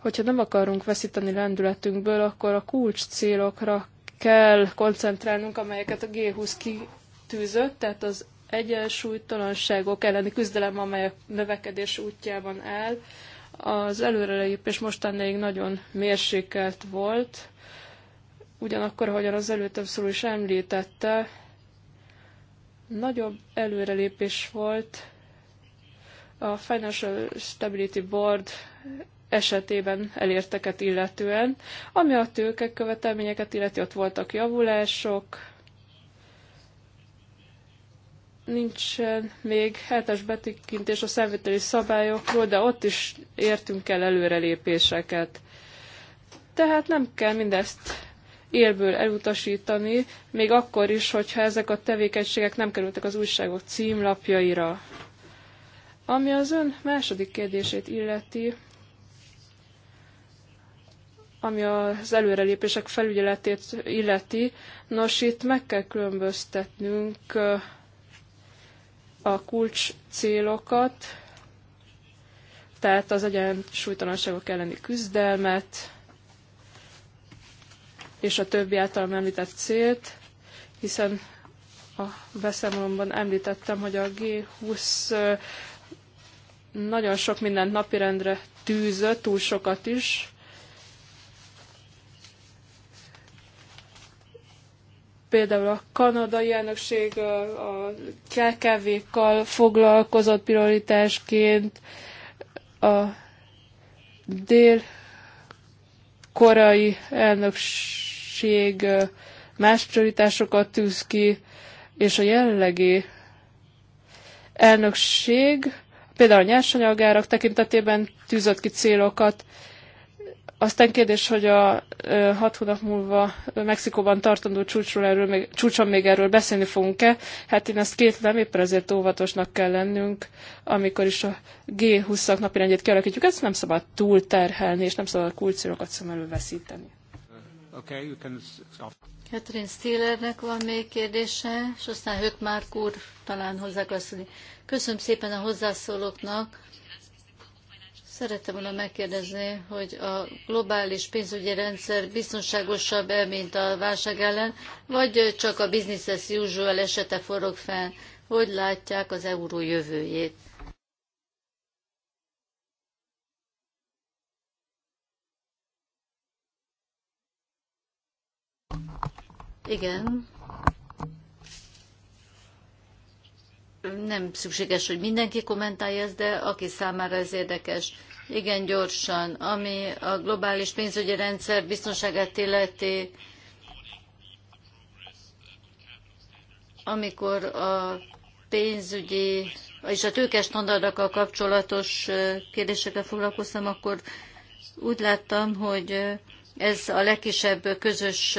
hogyha nem akarunk veszíteni lendületünkből, akkor a kulcs célokra kell koncentrálnunk, amelyeket a G20 kitűzött, tehát az egyensúlytalanságok elleni küzdelem, amely a növekedés útjában áll. Az előrelépés mostanáig nagyon mérsékelt volt, ugyanakkor, ahogyan az előttem szóló is említette, nagyobb előrelépés volt a Financial Stability Board esetében elérteket illetően. Ami a tőke követelményeket illeti, ott voltak javulások, nincsen még hetes betekintés a számviteli szabályokról, de ott is értünk el előrelépéseket. Tehát nem kell mindezt élből elutasítani, még akkor is, hogyha ezek a tevékenységek nem kerültek az újságok címlapjaira. Ami az ön második kérdését illeti, ami az előrelépések felügyeletét illeti. Nos, itt meg kell különböztetnünk a kulcs célokat, tehát az egyensúlytalanságok elleni küzdelmet, és a többi általam említett célt, hiszen a beszámolomban említettem, hogy a G20 nagyon sok mindent napirendre tűzött, túl sokat is, Például a kanadai elnökség a KKV-kkal foglalkozott prioritásként, a dél-korai elnökség más prioritásokat tűz ki, és a jelenlegi elnökség például a nyersanyagárak tekintetében tűzött ki célokat, aztán kérdés, hogy a hat hónap múlva Mexikóban tartandó csúcsról erről még, csúcson még erről beszélni fogunk-e? Hát én ezt kétlem, éppen ezért óvatosnak kell lennünk, amikor is a G20-ak rendjét kialakítjuk. Ezt nem szabad túlterhelni, és nem szabad a kulcsirokat szem elől veszíteni. Okay, you can stop. Catherine Steelernek van még kérdése, és aztán Márk úr talán hozzá Köszönöm szépen a hozzászólóknak Szerettem volna megkérdezni, hogy a globális pénzügyi rendszer biztonságosabb-e, eh, mint a válság ellen, vagy csak a business as usual esete forog fel? Hogy látják az euró jövőjét? Igen. Nem szükséges, hogy mindenki kommentálja ezt, de aki számára ez érdekes igen gyorsan. Ami a globális pénzügyi rendszer biztonságát illeti, amikor a pénzügyi, és a standardokkal kapcsolatos kérdésekkel foglalkoztam, akkor úgy láttam, hogy ez a legkisebb közös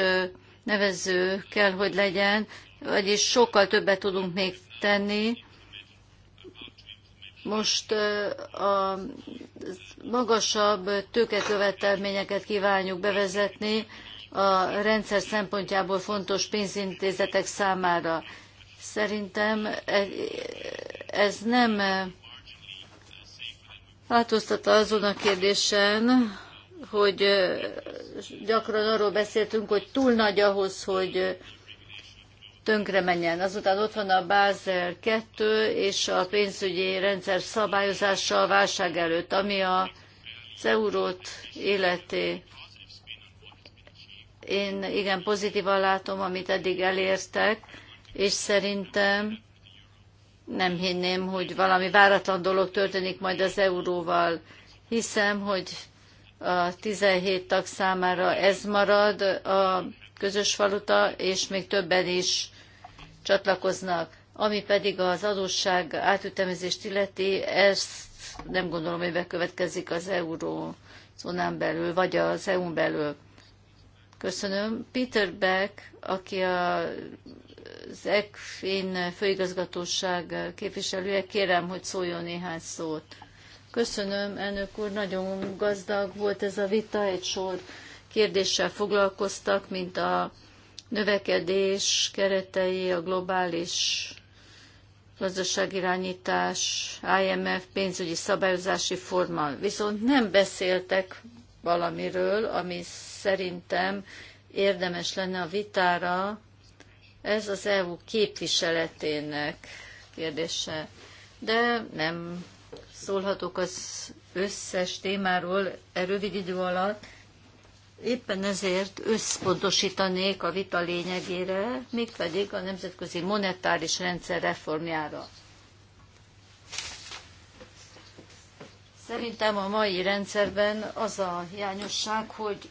nevező kell, hogy legyen, vagyis sokkal többet tudunk még tenni, most a magasabb tőkekövetelményeket kívánjuk bevezetni a rendszer szempontjából fontos pénzintézetek számára. Szerintem e, ez nem változtat azon a kérdésen, hogy gyakran arról beszéltünk, hogy túl nagy ahhoz, hogy tönkre menjen. Azután ott van a Bázel 2 és a pénzügyi rendszer szabályozása a válság előtt, ami a, az eurót életé. Én igen pozitívan látom, amit eddig elértek, és szerintem nem hinném, hogy valami váratlan dolog történik majd az euróval. Hiszem, hogy a 17 tag számára ez marad a közös valuta, és még többen is csatlakoznak. Ami pedig az adósság átütemezést illeti, ezt nem gondolom, hogy bekövetkezik az eurózónán belül, vagy az EU-n belül. Köszönöm. Peter Beck, aki a az ECFIN főigazgatóság képviselője, kérem, hogy szóljon néhány szót. Köszönöm, elnök úr, nagyon gazdag volt ez a vita, egy sor kérdéssel foglalkoztak, mint a növekedés keretei, a globális gazdaságirányítás, IMF pénzügyi szabályozási forma. Viszont nem beszéltek valamiről, ami szerintem érdemes lenne a vitára. Ez az EU képviseletének kérdése. De nem szólhatok az összes témáról e rövid idő alatt, Éppen ezért összpontosítanék a vita lényegére, mégpedig a nemzetközi monetáris rendszer reformjára. Szerintem a mai rendszerben az a hiányosság, hogy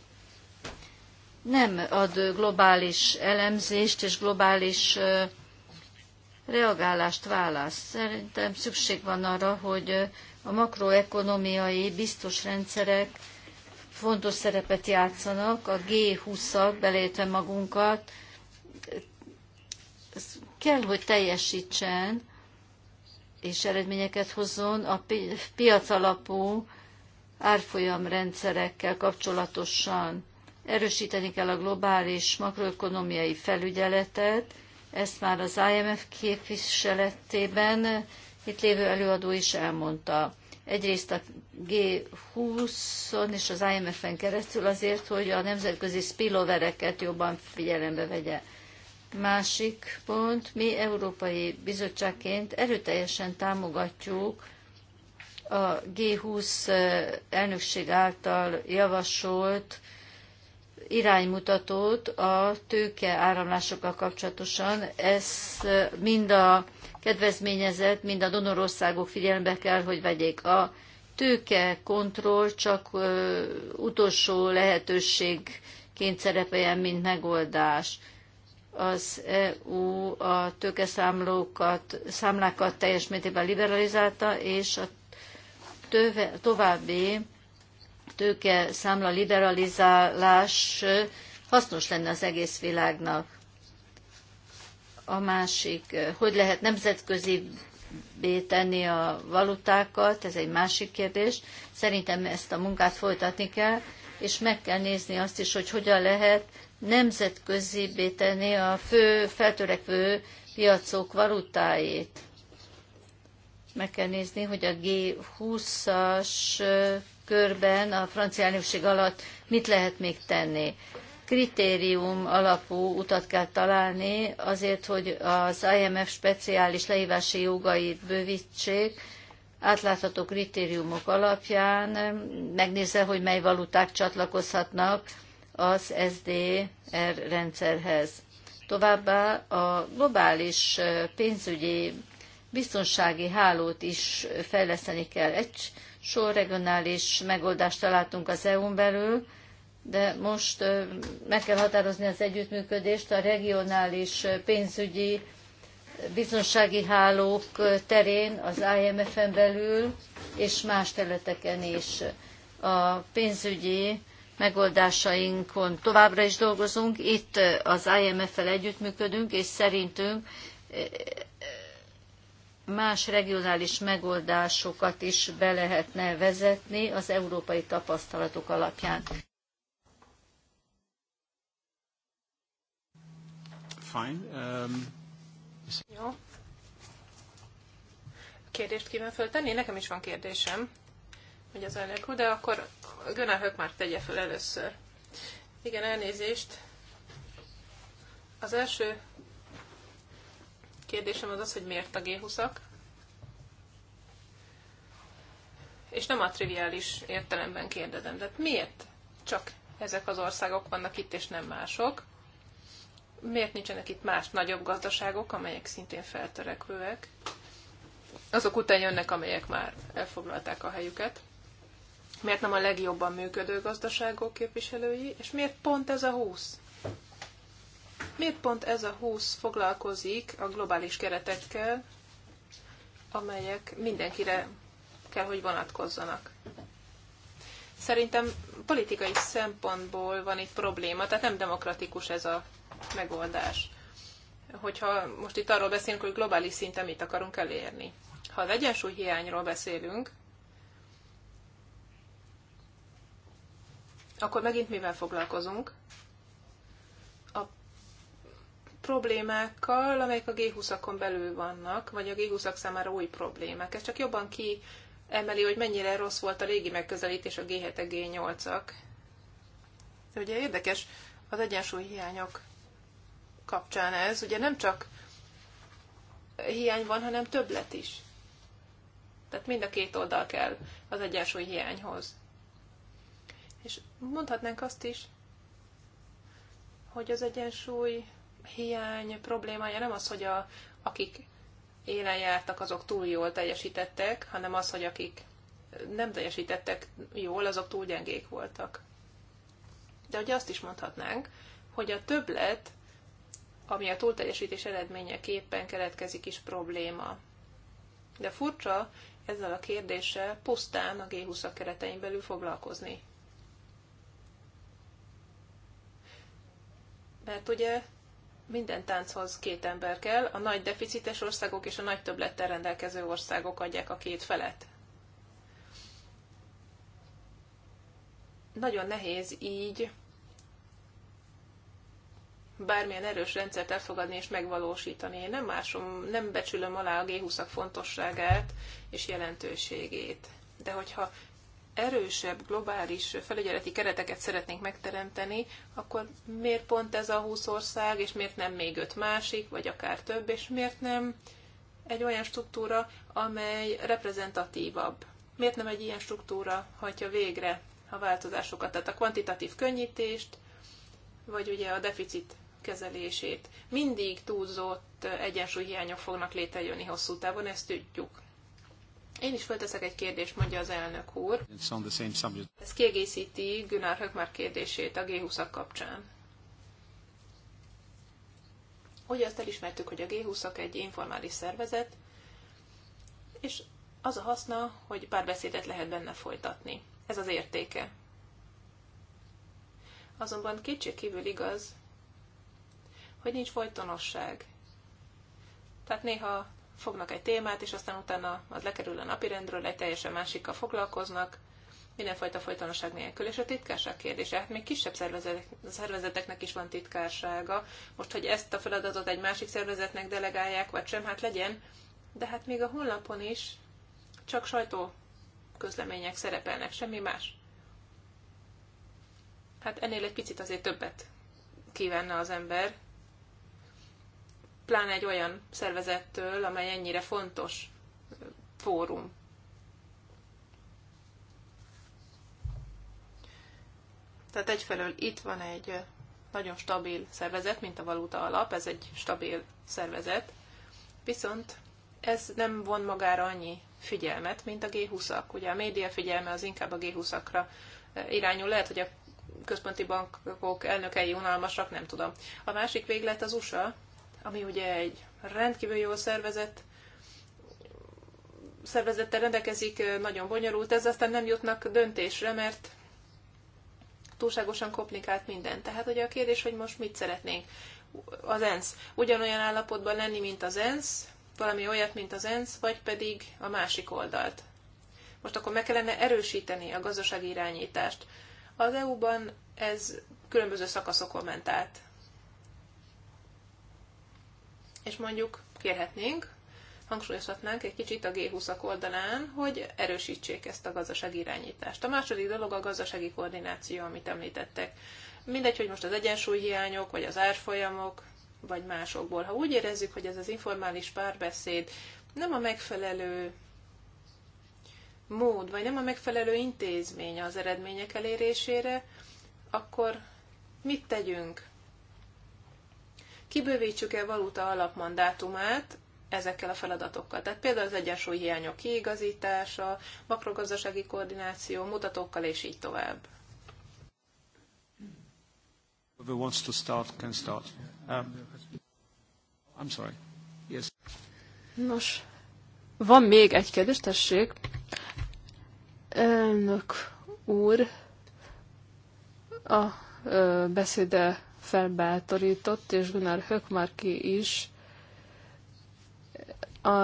nem ad globális elemzést és globális reagálást választ. Szerintem szükség van arra, hogy a makroekonomiai biztos rendszerek fontos szerepet játszanak, a G20-ak, belétve magunkat, kell, hogy teljesítsen, és eredményeket hozzon a piac alapú árfolyamrendszerekkel kapcsolatosan. Erősíteni kell a globális makroökonomiai felügyeletet, ezt már az IMF képviseletében itt lévő előadó is elmondta egyrészt a G20-on és az IMF-en keresztül azért, hogy a nemzetközi spillovereket jobban figyelembe vegye. Másik pont, mi Európai Bizottságként erőteljesen támogatjuk a G20 elnökség által javasolt iránymutatót a tőke áramlásokkal kapcsolatosan. Ez mind a kedvezményezett, mind a donorországok figyelembe kell, hogy vegyék. A tőke kontroll csak ö, utolsó lehetőségként szerepeljen, mint megoldás. Az EU a számlókat számlákat teljes mértékben liberalizálta, és a töve, további tőke számla liberalizálás hasznos lenne az egész világnak a másik, eh, hogy lehet nemzetközi tenni a valutákat, ez egy másik kérdés. Szerintem ezt a munkát folytatni kell, és meg kell nézni azt is, hogy hogyan lehet nemzetközi tenni a fő feltörekvő piacok valutáit. Meg kell nézni, hogy a G20-as eh, körben a francia elnökség alatt mit lehet még tenni kritérium alapú utat kell találni azért, hogy az IMF speciális lehívási jogait bővítsék, átlátható kritériumok alapján megnézze, hogy mely valuták csatlakozhatnak az SDR rendszerhez. Továbbá a globális pénzügyi biztonsági hálót is fejleszteni kell. Egy sor regionális megoldást találtunk az EU-n belül, de most meg kell határozni az együttműködést a regionális pénzügyi biztonsági hálók terén, az IMF-en belül és más területeken is. A pénzügyi megoldásainkon továbbra is dolgozunk, itt az imf el együttműködünk, és szerintünk más regionális megoldásokat is be lehetne vezetni az európai tapasztalatok alapján. fine. Um... Jó. Kérdést kíván föltenni? Nekem is van kérdésem, hogy az elnök de akkor Gunnar Hök már tegye föl először. Igen, elnézést. Az első kérdésem az az, hogy miért a G20-ak? És nem a triviális értelemben kérdezem, de miért csak ezek az országok vannak itt, és nem mások? miért nincsenek itt más nagyobb gazdaságok, amelyek szintén feltörekvőek? Azok után jönnek, amelyek már elfoglalták a helyüket. Miért nem a legjobban működő gazdaságok képviselői, és miért pont ez a 20? Miért pont ez a 20 foglalkozik a globális keretekkel, amelyek mindenkire kell, hogy vonatkozzanak? Szerintem politikai szempontból van itt probléma, tehát nem demokratikus ez a megoldás. Hogyha most itt arról beszélünk, hogy globális szinten mit akarunk elérni. Ha az egyensúly hiányról beszélünk, akkor megint mivel foglalkozunk? A problémákkal, amelyek a G20-akon belül vannak, vagy a G20-ak számára új problémák. Ez csak jobban ki emeli, hogy mennyire rossz volt a régi megközelítés a G7-ek, G8-ak. Ugye érdekes az egyensúly hiányok kapcsán ez, ugye nem csak hiány van, hanem többlet is. Tehát mind a két oldal kell az egyensúly hiányhoz. És mondhatnánk azt is, hogy az egyensúly hiány problémája nem az, hogy a, akik élen jártak, azok túl jól teljesítettek, hanem az, hogy akik nem teljesítettek jól, azok túl gyengék voltak. De ugye azt is mondhatnánk, hogy a többlet ami a túlteljesítés eredményeképpen keletkezik is probléma. De furcsa ezzel a kérdéssel pusztán a G20-ak keretein belül foglalkozni. Mert ugye minden tánchoz két ember kell, a nagy deficites országok és a nagy többlettel rendelkező országok adják a két felet. Nagyon nehéz így bármilyen erős rendszert elfogadni és megvalósítani. Én nem másom, nem becsülöm alá a G20-ak fontosságát és jelentőségét. De hogyha erősebb globális felügyeleti kereteket szeretnénk megteremteni, akkor miért pont ez a 20 ország, és miért nem még öt másik, vagy akár több, és miért nem egy olyan struktúra, amely reprezentatívabb? Miért nem egy ilyen struktúra hagyja végre a változásokat, tehát a kvantitatív könnyítést, vagy ugye a deficit kezelését. Mindig túlzott egyensúlyhiányok fognak létrejönni hosszú távon, ezt tudjuk. Én is fölteszek egy kérdést, mondja az elnök úr. Ez kiegészíti Günár Hökmár kérdését a G20-ak kapcsán. Ugye azt elismertük, hogy a G20-ak egy informális szervezet, és az a haszna, hogy párbeszédet lehet benne folytatni. Ez az értéke. Azonban kétségkívül igaz, hogy nincs folytonosság. Tehát néha fognak egy témát, és aztán utána az lekerül a napirendről, egy teljesen másikkal foglalkoznak, mindenfajta folytonosság nélkül. És a titkárság kérdése, hát még kisebb szervezetek, szervezeteknek is van titkársága. Most, hogy ezt a feladatot egy másik szervezetnek delegálják, vagy sem, hát legyen. De hát még a honlapon is csak sajtó közlemények szerepelnek, semmi más. Hát ennél egy picit azért többet kívánna az ember, pláne egy olyan szervezettől, amely ennyire fontos fórum. Tehát egyfelől itt van egy nagyon stabil szervezet, mint a valuta alap, ez egy stabil szervezet, viszont ez nem von magára annyi figyelmet, mint a G20-ak. Ugye a média figyelme az inkább a G20-akra irányul. Lehet, hogy a központi bankok elnökei unalmasak, nem tudom. A másik véglet az USA, ami ugye egy rendkívül jól szervezett szervezettel rendelkezik, nagyon bonyolult, ez aztán nem jutnak döntésre, mert túlságosan komplikált minden. Tehát ugye a kérdés, hogy most mit szeretnénk az ENSZ. Ugyanolyan állapotban lenni, mint az ENSZ, valami olyat, mint az ENSZ, vagy pedig a másik oldalt. Most akkor meg kellene erősíteni a gazdasági irányítást. Az EU-ban ez különböző szakaszokon ment át és mondjuk kérhetnénk, hangsúlyozhatnánk egy kicsit a G20-ak oldalán, hogy erősítsék ezt a gazdasági irányítást. A második dolog a gazdasági koordináció, amit említettek. Mindegy, hogy most az egyensúlyhiányok, vagy az árfolyamok, vagy másokból. Ha úgy érezzük, hogy ez az informális párbeszéd nem a megfelelő mód, vagy nem a megfelelő intézmény az eredmények elérésére, akkor mit tegyünk? kibővítsük-e valuta alapmandátumát ezekkel a feladatokkal. Tehát például az egyensúly hiányok kiigazítása, makrogazdasági koordináció, mutatókkal és így tovább. Whoever wants to start can start. Um, I'm sorry. Yes. Nos, van még egy kérdés, tessék. Elnök úr, a ö, beszéde felbátorított, és Gunnar Hökmarki is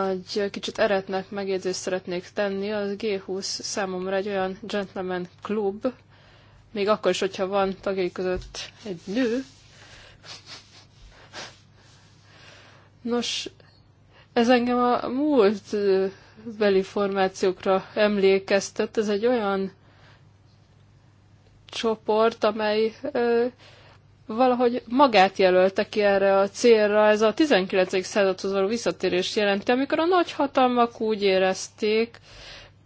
egy kicsit eretnek megjegyzést szeretnék tenni. A G20 számomra egy olyan gentleman klub, még akkor is, hogyha van tagjai között egy nő. Nos, ez engem a múlt beli formációkra emlékeztet. Ez egy olyan csoport, amely valahogy magát jelölte ki erre a célra, ez a 19. századhoz való visszatérés jelenti, amikor a nagyhatalmak úgy érezték,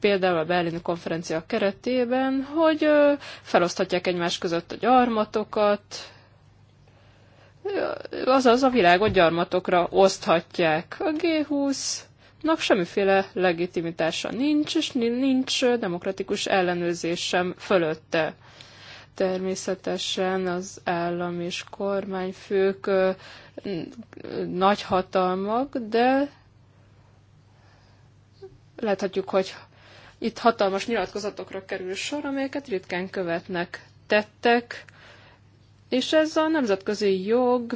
például a berlini konferencia keretében, hogy feloszthatják egymás között a gyarmatokat, azaz a világot gyarmatokra oszthatják. A G20-nak semmiféle legitimitása nincs, és nincs demokratikus ellenőrzés sem fölötte. Természetesen az állam és kormányfők nagy hatalmak, de láthatjuk, hogy itt hatalmas nyilatkozatokra kerül sor, amelyeket ritkán követnek tettek, és ez a nemzetközi jog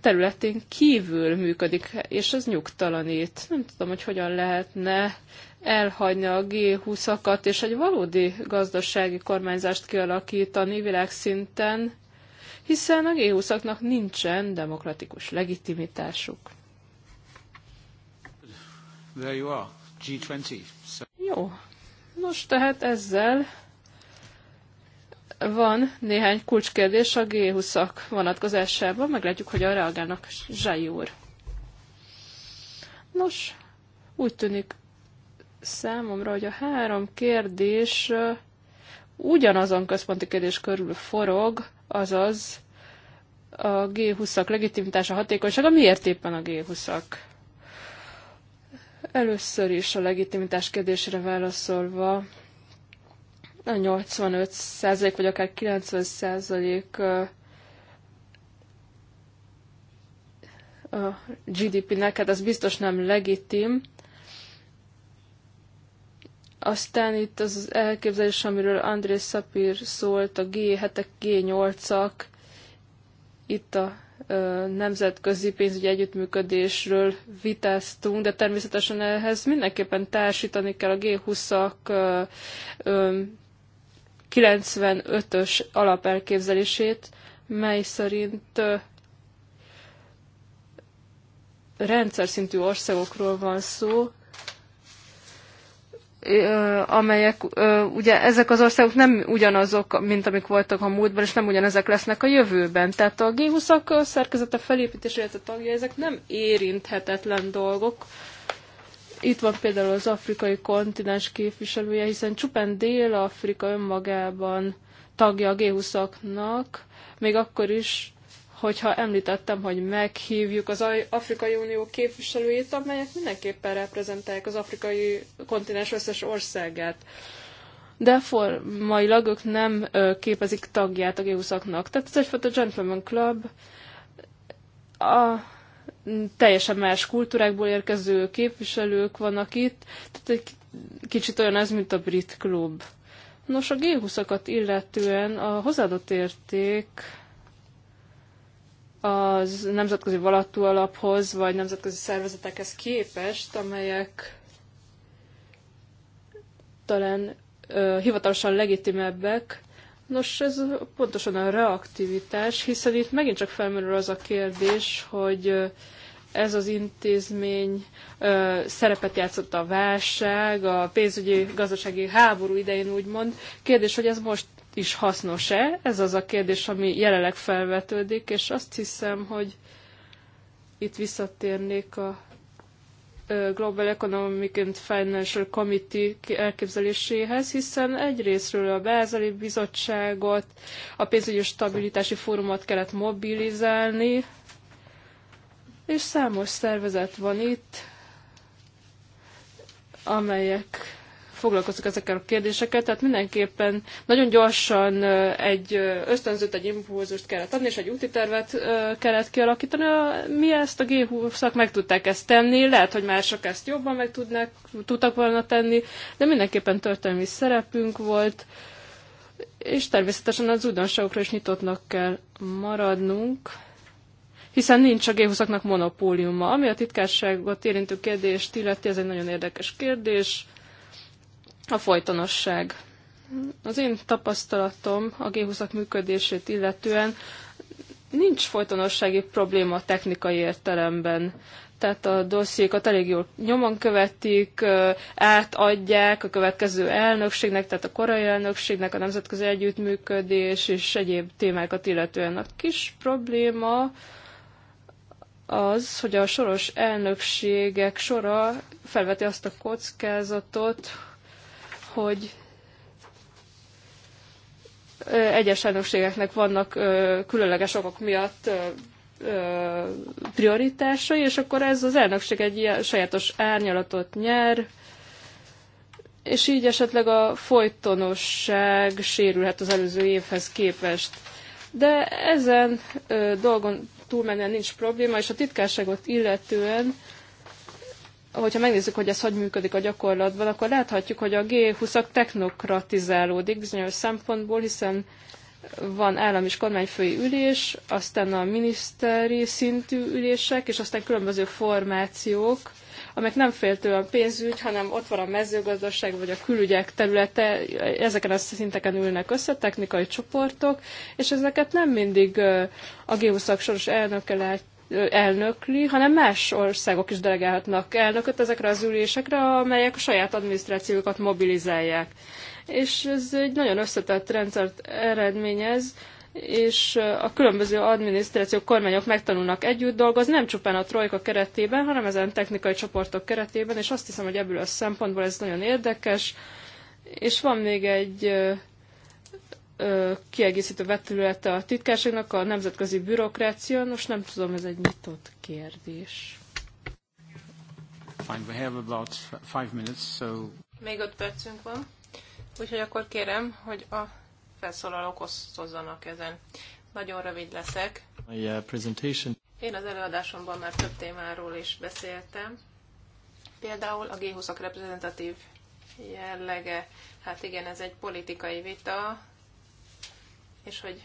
területén kívül működik, és ez nyugtalanít. Nem tudom, hogy hogyan lehetne elhagyni a G20-akat, és egy valódi gazdasági kormányzást kialakítani világszinten, hiszen a G20-aknak nincsen demokratikus legitimitásuk. There you are. G20. So... Jó. Nos, tehát ezzel van néhány kulcskérdés a G20-ak vonatkozásában. Meglátjuk, hogyan reagálnak Zsai úr. Nos, úgy tűnik, számomra, hogy a három kérdés ugyanazon központi kérdés körül forog, azaz a G20-ak legitimitása, hatékonysága. Miért éppen a G20-ak? Először is a legitimitás kérdésére válaszolva, a 85% vagy akár 90% a GDP-nek, hát az biztos nem legitim, aztán itt az, elképzelés, amiről Andrés Szapír szólt, a G7-ek, G8-ak, itt a ö, nemzetközi pénzügyi együttműködésről vitáztunk, de természetesen ehhez mindenképpen társítani kell a G20-ak 95-ös alapelképzelését, mely szerint ö, rendszer szintű országokról van szó, amelyek, ugye ezek az országok nem ugyanazok, mint amik voltak a múltban, és nem ugyanezek lesznek a jövőben. Tehát a G20-ak szerkezete felépítése, illetve tagja, ezek nem érinthetetlen dolgok. Itt van például az afrikai kontinens képviselője, hiszen csupán Dél-Afrika önmagában tagja a G20-aknak, még akkor is, hogyha említettem, hogy meghívjuk az Afrikai Unió képviselőjét, amelyek mindenképpen reprezentálják az afrikai kontinens összes országát. De formailag ők nem képezik tagját a g Tehát ez egyfajta gentleman club, a teljesen más kultúrákból érkező képviselők vannak itt, tehát egy kicsit olyan ez, mint a brit klub. Nos, a G20-akat illetően a hozzáadott érték az nemzetközi valattú alaphoz, vagy nemzetközi szervezetekhez képest, amelyek talán ö, hivatalosan legitimebbek. Nos, ez pontosan a reaktivitás, hiszen itt megint csak felmerül az a kérdés, hogy ez az intézmény ö, szerepet játszott a válság, a pénzügyi, gazdasági háború idején úgymond. Kérdés, hogy ez most is hasznos-e? Ez az a kérdés, ami jelenleg felvetődik, és azt hiszem, hogy itt visszatérnék a Global Economic and Financial Committee elképzeléséhez, hiszen egyrésztről a Bázali Bizottságot, a pénzügyi stabilitási fórumot kellett mobilizálni, és számos szervezet van itt, amelyek foglalkozik ezekkel a kérdésekkel, tehát mindenképpen nagyon gyorsan egy ösztönzőt, egy impulzust kellett adni, és egy úti tervet kellett kialakítani. Mi ezt a g 20 meg tudták ezt tenni, lehet, hogy mások ezt jobban meg tudnak tudtak volna tenni, de mindenképpen történelmi szerepünk volt, és természetesen az újdonságokra is nyitottnak kell maradnunk hiszen nincs a g monopóliuma. Ami a titkárságot érintő kérdést illeti, ez egy nagyon érdekes kérdés a folytonosság. Az én tapasztalatom a g 20 működését illetően nincs folytonossági probléma technikai értelemben. Tehát a dossziékat elég jól nyomon követik, átadják a következő elnökségnek, tehát a korai elnökségnek, a nemzetközi együttműködés és egyéb témákat illetően. A kis probléma az, hogy a soros elnökségek sora felveti azt a kockázatot, hogy egyes elnökségeknek vannak különleges okok miatt prioritásai, és akkor ez az elnökség egy ilyen sajátos árnyalatot nyer, és így esetleg a folytonosság sérülhet az előző évhez képest. De ezen ö, dolgon túlmenően nincs probléma, és a titkárságot illetően hogyha megnézzük, hogy ez hogy működik a gyakorlatban, akkor láthatjuk, hogy a G20-ak technokratizálódik bizonyos szempontból, hiszen van állam és kormányfői ülés, aztán a miniszteri szintű ülések, és aztán különböző formációk, amelyek nem féltően pénzügy, hanem ott van a mezőgazdaság vagy a külügyek területe, ezeken a szinteken ülnek össze technikai csoportok, és ezeket nem mindig a G20-ak soros elnöke látja, elnökli, hanem más országok is delegálhatnak elnököt ezekre az ülésekre, amelyek a saját adminisztrációkat mobilizálják. És ez egy nagyon összetett rendszert eredményez, és a különböző adminisztrációk, kormányok megtanulnak együtt dolgozni, nem csupán a trojka keretében, hanem ezen technikai csoportok keretében, és azt hiszem, hogy ebből a szempontból ez nagyon érdekes. És van még egy kiegészítő vetülete a titkárságnak a nemzetközi bürokrácia. Nos, nem tudom, ez egy nyitott kérdés. Fine, we have about five minutes, so... Még öt percünk van, úgyhogy akkor kérem, hogy a felszólalók osztozzanak ezen. Nagyon rövid leszek. My, uh, presentation. Én az előadásomban már több témáról is beszéltem. Például a G20-ak reprezentatív jellege. Hát igen, ez egy politikai vita, és hogy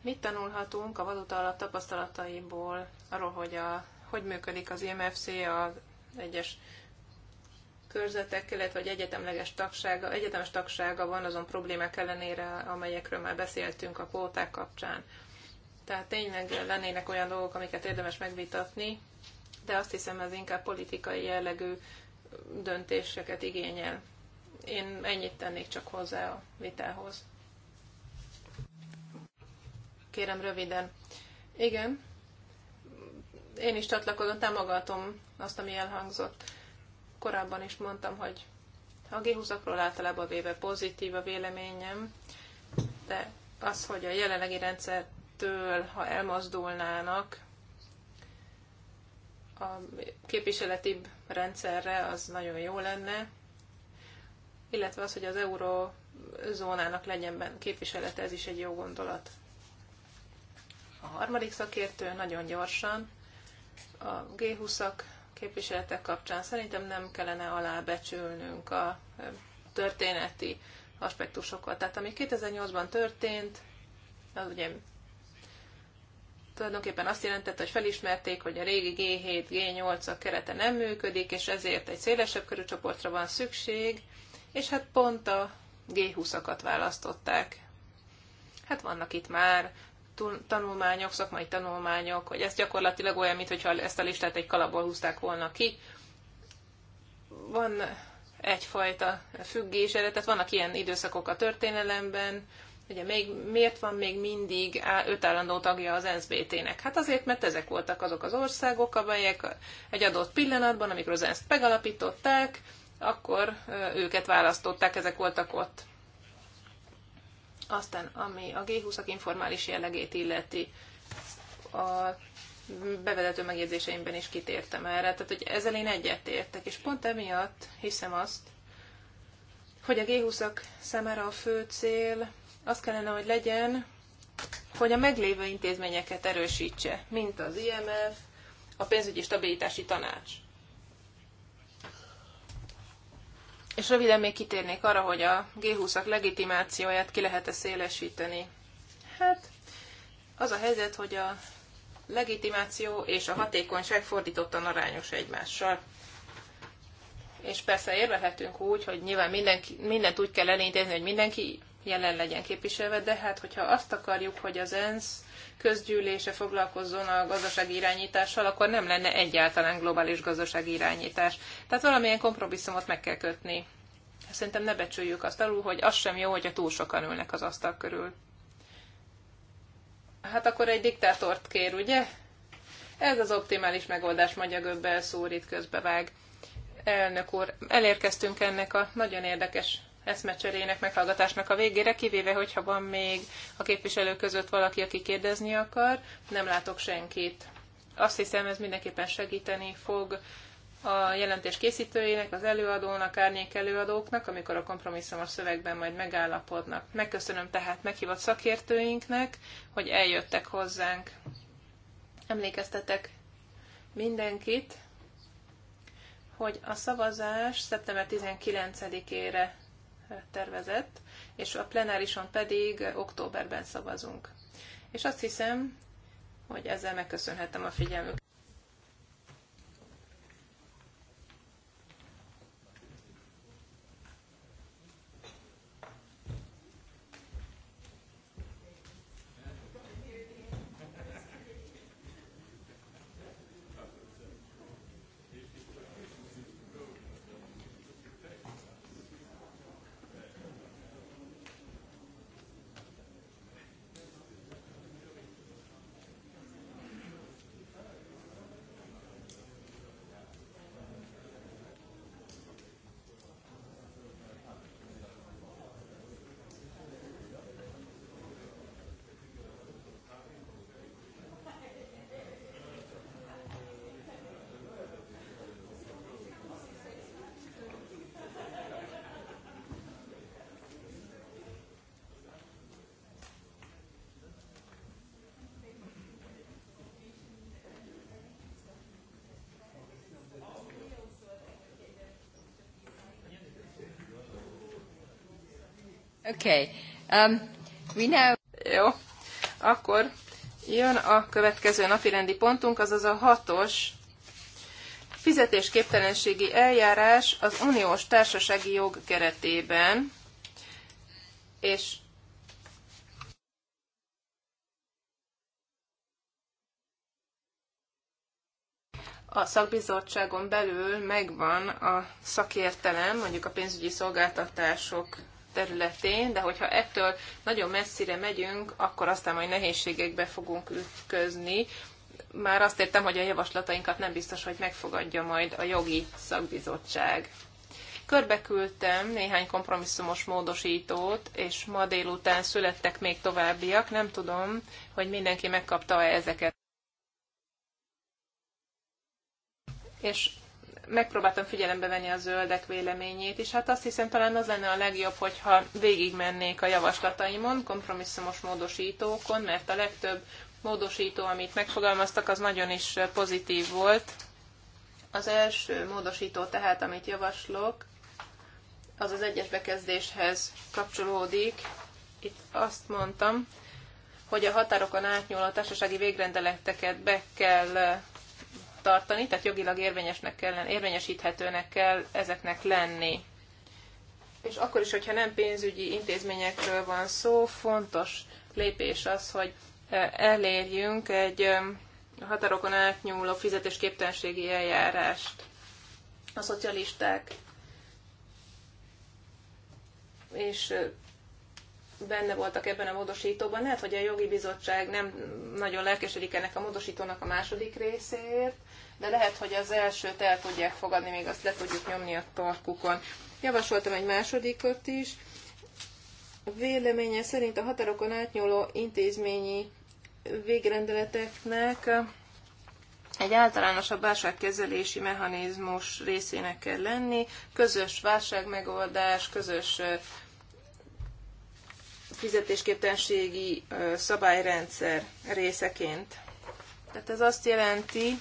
mit tanulhatunk a valuta alatt tapasztalataiból, arról, hogy a, hogy működik az IMFC, az egyes körzetek, illetve hogy egyetemleges tagsága, egyetemes tagsága van azon problémák ellenére, amelyekről már beszéltünk a kvóták kapcsán. Tehát tényleg lennének olyan dolgok, amiket érdemes megvitatni, de azt hiszem ez inkább politikai jellegű döntéseket igényel. Én ennyit tennék csak hozzá a vitához. Kérem röviden. Igen, én is csatlakozom, támogatom azt, ami elhangzott. Korábban is mondtam, hogy a g 20 általában véve pozitív a véleményem, de az, hogy a jelenlegi rendszertől, ha elmozdulnának, a képviseleti rendszerre, az nagyon jó lenne, illetve az, hogy az euró legyen képviselete, ez is egy jó gondolat a harmadik szakértő nagyon gyorsan a G20-ak képviseletek kapcsán szerintem nem kellene alábecsülnünk a e, történeti aspektusokat. Tehát ami 2008-ban történt, az ugye tulajdonképpen azt jelentette, hogy felismerték, hogy a régi G7, G8-ak kerete nem működik, és ezért egy szélesebb körű csoportra van szükség, és hát pont a G20-akat választották. Hát vannak itt már tanulmányok, szakmai tanulmányok, hogy ez gyakorlatilag olyan, mintha ezt a listát egy kalapból húzták volna ki. Van egyfajta függés erre, tehát vannak ilyen időszakok a történelemben, Ugye még, miért van még mindig öt állandó tagja az NSZBT-nek? Hát azért, mert ezek voltak azok az országok, amelyek egy adott pillanatban, amikor az ENSZ-t megalapították, akkor őket választották, ezek voltak ott. Aztán, ami a G20-ak informális jellegét illeti, a bevezető megjegyzéseimben is kitértem erre, tehát hogy ezzel én egyetértek, és pont emiatt hiszem azt, hogy a G20-ak számára a fő cél az kellene, hogy legyen, hogy a meglévő intézményeket erősítse, mint az IMF, a pénzügyi stabilitási tanács. És röviden még kitérnék arra, hogy a G20-ak legitimációját ki lehet-e szélesíteni. Hát az a helyzet, hogy a legitimáció és a hatékonyság fordítottan arányos egymással. És persze érvelhetünk úgy, hogy nyilván mindenki, mindent úgy kell elintézni, hogy mindenki jelen legyen képviselve, de hát hogyha azt akarjuk, hogy az ENSZ közgyűlése foglalkozzon a gazdasági irányítással, akkor nem lenne egyáltalán globális gazdasági irányítás. Tehát valamilyen kompromisszumot meg kell kötni. Szerintem ne becsüljük azt alul, hogy az sem jó, a túl sokan ülnek az asztal körül. Hát akkor egy diktátort kér, ugye? Ez az optimális megoldás, mondja Göbbel, szúr közbevág. Elnök úr, elérkeztünk ennek a nagyon érdekes eszmecserének, meghallgatásnak a végére, kivéve, hogyha van még a képviselők között valaki, aki kérdezni akar, nem látok senkit. Azt hiszem, ez mindenképpen segíteni fog a jelentés készítőjének, az előadónak, árnyék előadóknak, amikor a kompromisszumos szövegben majd megállapodnak. Megköszönöm tehát meghívott szakértőinknek, hogy eljöttek hozzánk. Emlékeztetek mindenkit, hogy a szavazás szeptember 19-ére tervezett, és a plenárison pedig októberben szavazunk. És azt hiszem, hogy ezzel megköszönhetem a figyelmüket. Okay. Um, we know... Jó. Akkor jön a következő napirendi pontunk, azaz a hatos fizetésképtelenségi eljárás az uniós társasági jog keretében, és a szakbizottságon belül megvan a szakértelem, mondjuk a pénzügyi szolgáltatások területén, de hogyha ettől nagyon messzire megyünk, akkor aztán majd nehézségekbe fogunk ütközni. Már azt értem, hogy a javaslatainkat nem biztos, hogy megfogadja majd a jogi szakbizottság. Körbeküldtem néhány kompromisszumos módosítót, és ma délután születtek még továbbiak. Nem tudom, hogy mindenki megkapta -e ezeket. És megpróbáltam figyelembe venni a zöldek véleményét, és hát azt hiszem talán az lenne a legjobb, hogyha végigmennék a javaslataimon, kompromisszumos módosítókon, mert a legtöbb módosító, amit megfogalmaztak, az nagyon is pozitív volt. Az első módosító tehát, amit javaslok, az az egyes bekezdéshez kapcsolódik. Itt azt mondtam, hogy a határokon átnyúló társasági végrendeleteket be kell tartani, tehát jogilag érvényesnek kell, érvényesíthetőnek kell ezeknek lenni. És akkor is, hogyha nem pénzügyi intézményekről van szó, fontos lépés az, hogy e, elérjünk egy e, határokon átnyúló fizetésképtelenségi eljárást. A szocialisták és e, benne voltak ebben a módosítóban. Lehet, hogy a jogi bizottság nem nagyon lelkesedik ennek a módosítónak a második részéért, de lehet, hogy az elsőt el tudják fogadni, még azt le tudjuk nyomni a tarkukon. Javasoltam egy másodikot is. Véleménye szerint a határokon átnyúló intézményi végrendeleteknek egy általánosabb válságkezelési mechanizmus részének kell lenni, közös válságmegoldás, közös fizetésképtenségi szabályrendszer részeként. Tehát ez azt jelenti,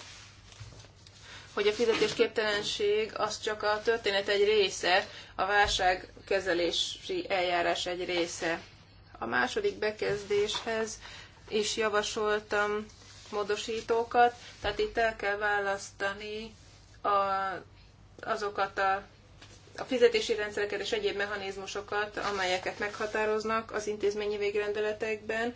hogy a fizetésképtelenség az csak a történet egy része, a válságkezelési eljárás egy része. A második bekezdéshez is javasoltam módosítókat, tehát itt el kell választani a, azokat a a fizetési rendszereket és egyéb mechanizmusokat, amelyeket meghatároznak az intézményi végrendeletekben,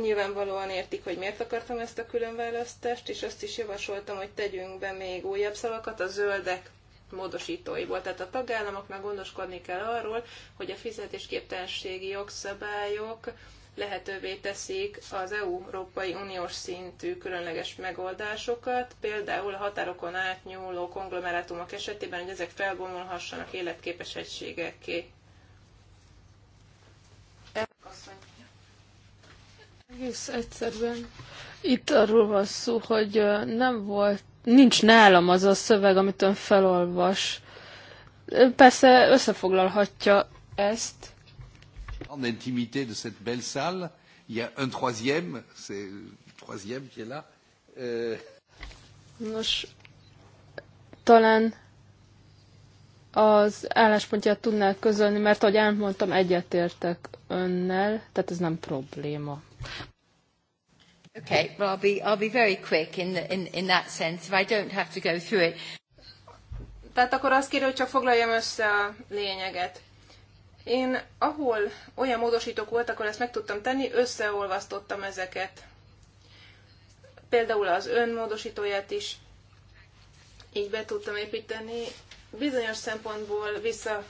nyilvánvalóan értik, hogy miért akartam ezt a különválasztást, és azt is javasoltam, hogy tegyünk be még újabb szavakat a zöldek módosítóiból. Tehát a tagállamoknak gondoskodni kell arról, hogy a fizetésképtelenségi jogszabályok lehetővé teszik az Európai Uniós szintű különleges megoldásokat, például a határokon átnyúló konglomerátumok esetében, hogy ezek felbomolhassanak életképes egységekké. Köszönöm. Egész egyszerűen itt arról van szó, hogy nem volt, nincs nálam az a szöveg, amit ön felolvas. Persze összefoglalhatja ezt. En intimité de cette belle salle, il y a un troisième, c'est le troisième qui est là. Euh... Nos, talán az álláspontját tudnál közölni, mert ahogy elmondtam, egyetértek önnel, tehát ez nem probléma. Okay, well, I'll be, I'll be very quick in, the, in, in that sense, if I don't have to go through it. Tehát akkor azt kérem, hogy csak foglaljam össze a lényeget. Én ahol olyan módosítók voltak, akkor ezt meg tudtam tenni, összeolvasztottam ezeket. Például az módosítóját is így be tudtam építeni, Bizonyos szempontból vissza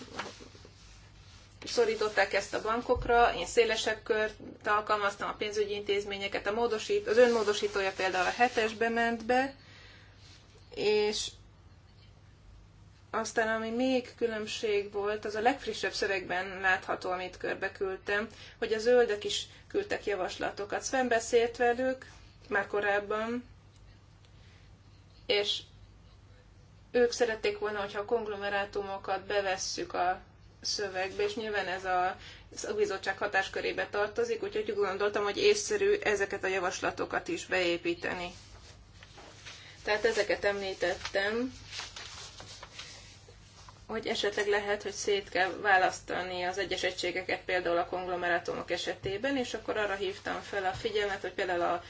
szorították ezt a bankokra, én szélesebb kört alkalmaztam a pénzügyi intézményeket, a módosít, az önmódosítója például a hetesbe ment be, és aztán ami még különbség volt, az a legfrissebb szövegben látható, amit körbeküldtem, hogy a zöldek is küldtek javaslatokat. Sven beszélt velük már korábban, és ők szerették volna, hogyha a konglomerátumokat bevesszük a szövegbe, és nyilván ez a, ez a bizottság hatáskörébe tartozik, úgyhogy gondoltam, hogy észszerű ezeket a javaslatokat is beépíteni. Tehát ezeket említettem hogy esetleg lehet, hogy szét kell választani az egyes egységeket például a konglomerátumok esetében, és akkor arra hívtam fel a figyelmet, hogy például a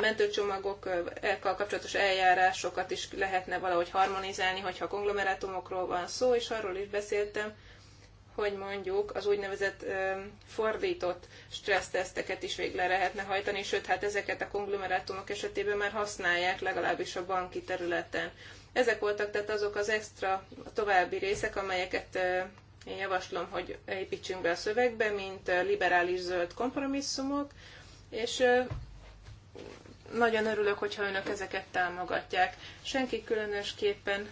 mentőcsomagokkal kapcsolatos eljárásokat is lehetne valahogy harmonizálni, hogyha konglomerátumokról van szó, és arról is beszéltem, hogy mondjuk az úgynevezett fordított stresszteszteket is végre lehetne hajtani, sőt, hát ezeket a konglomerátumok esetében már használják legalábbis a banki területen. Ezek voltak tehát azok az extra további részek, amelyeket én javaslom, hogy építsünk be a szövegbe, mint liberális zöld kompromisszumok, és nagyon örülök, hogyha önök ezeket támogatják. Senki különösképpen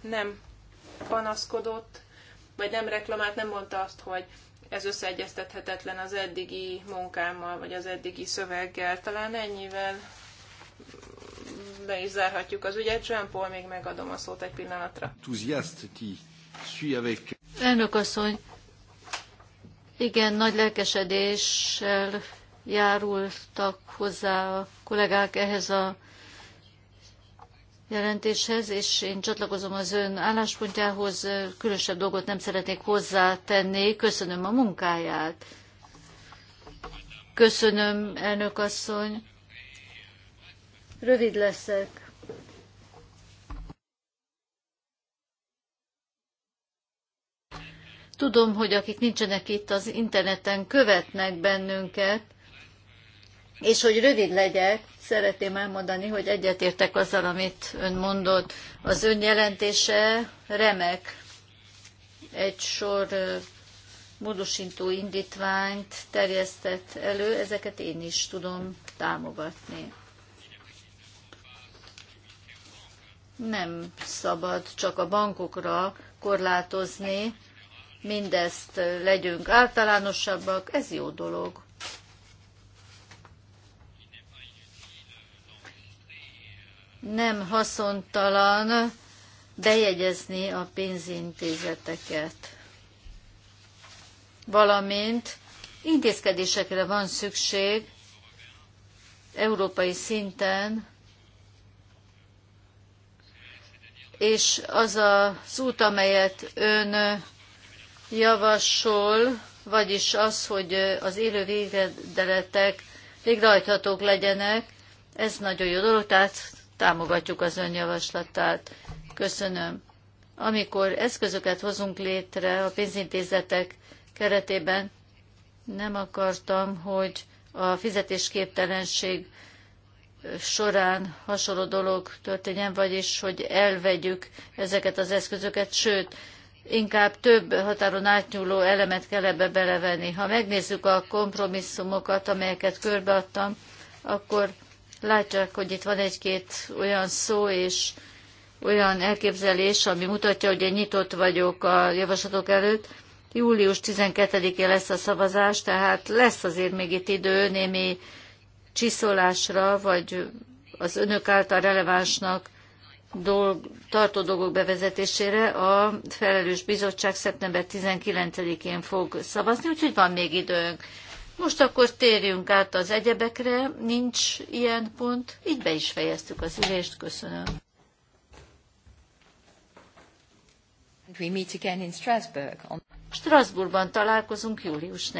nem panaszkodott, vagy nem reklamált, nem mondta azt, hogy ez összeegyeztethetetlen az eddigi munkámmal, vagy az eddigi szöveggel. Talán ennyivel le is zárhatjuk az ügyet. Jean Paul, még megadom a szót egy pillanatra. Elnök asszony, igen, nagy lelkesedéssel járultak hozzá a kollégák ehhez a jelentéshez, és én csatlakozom az ön álláspontjához, különösebb dolgot nem szeretnék hozzátenni. Köszönöm a munkáját. Köszönöm, elnök asszony. Rövid leszek. Tudom, hogy akik nincsenek itt az interneten, követnek bennünket, és hogy rövid legyek, szeretném elmondani, hogy egyetértek azzal, amit ön mondott. Az ön jelentése remek. Egy sor módosító indítványt terjesztett elő, ezeket én is tudom támogatni. nem szabad csak a bankokra korlátozni, mindezt legyünk általánosabbak, ez jó dolog. Nem haszontalan bejegyezni a pénzintézeteket, valamint intézkedésekre van szükség európai szinten, és az az út, amelyet ön javasol, vagyis az, hogy az élő végredeletek végrehajthatók legyenek, ez nagyon jó dolog, tehát támogatjuk az ön javaslatát. Köszönöm. Amikor eszközöket hozunk létre a pénzintézetek keretében, nem akartam, hogy a fizetésképtelenség során hasonló dolog történjen, vagyis hogy elvegyük ezeket az eszközöket, sőt, inkább több határon átnyúló elemet kell ebbe belevenni. Ha megnézzük a kompromisszumokat, amelyeket körbeadtam, akkor látják, hogy itt van egy-két olyan szó és olyan elképzelés, ami mutatja, hogy én nyitott vagyok a javaslatok előtt. Július 12-én lesz a szavazás, tehát lesz azért még itt idő némi csiszolásra, vagy az önök által relevánsnak dolg, tartó dolgok bevezetésére a felelős bizottság szeptember 19-én fog szavazni, úgyhogy van még időnk. Most akkor térjünk át az egyebekre, nincs ilyen pont, így be is fejeztük az ülést, köszönöm. We meet again in Strasbourg. Strasbourgban találkozunk július 4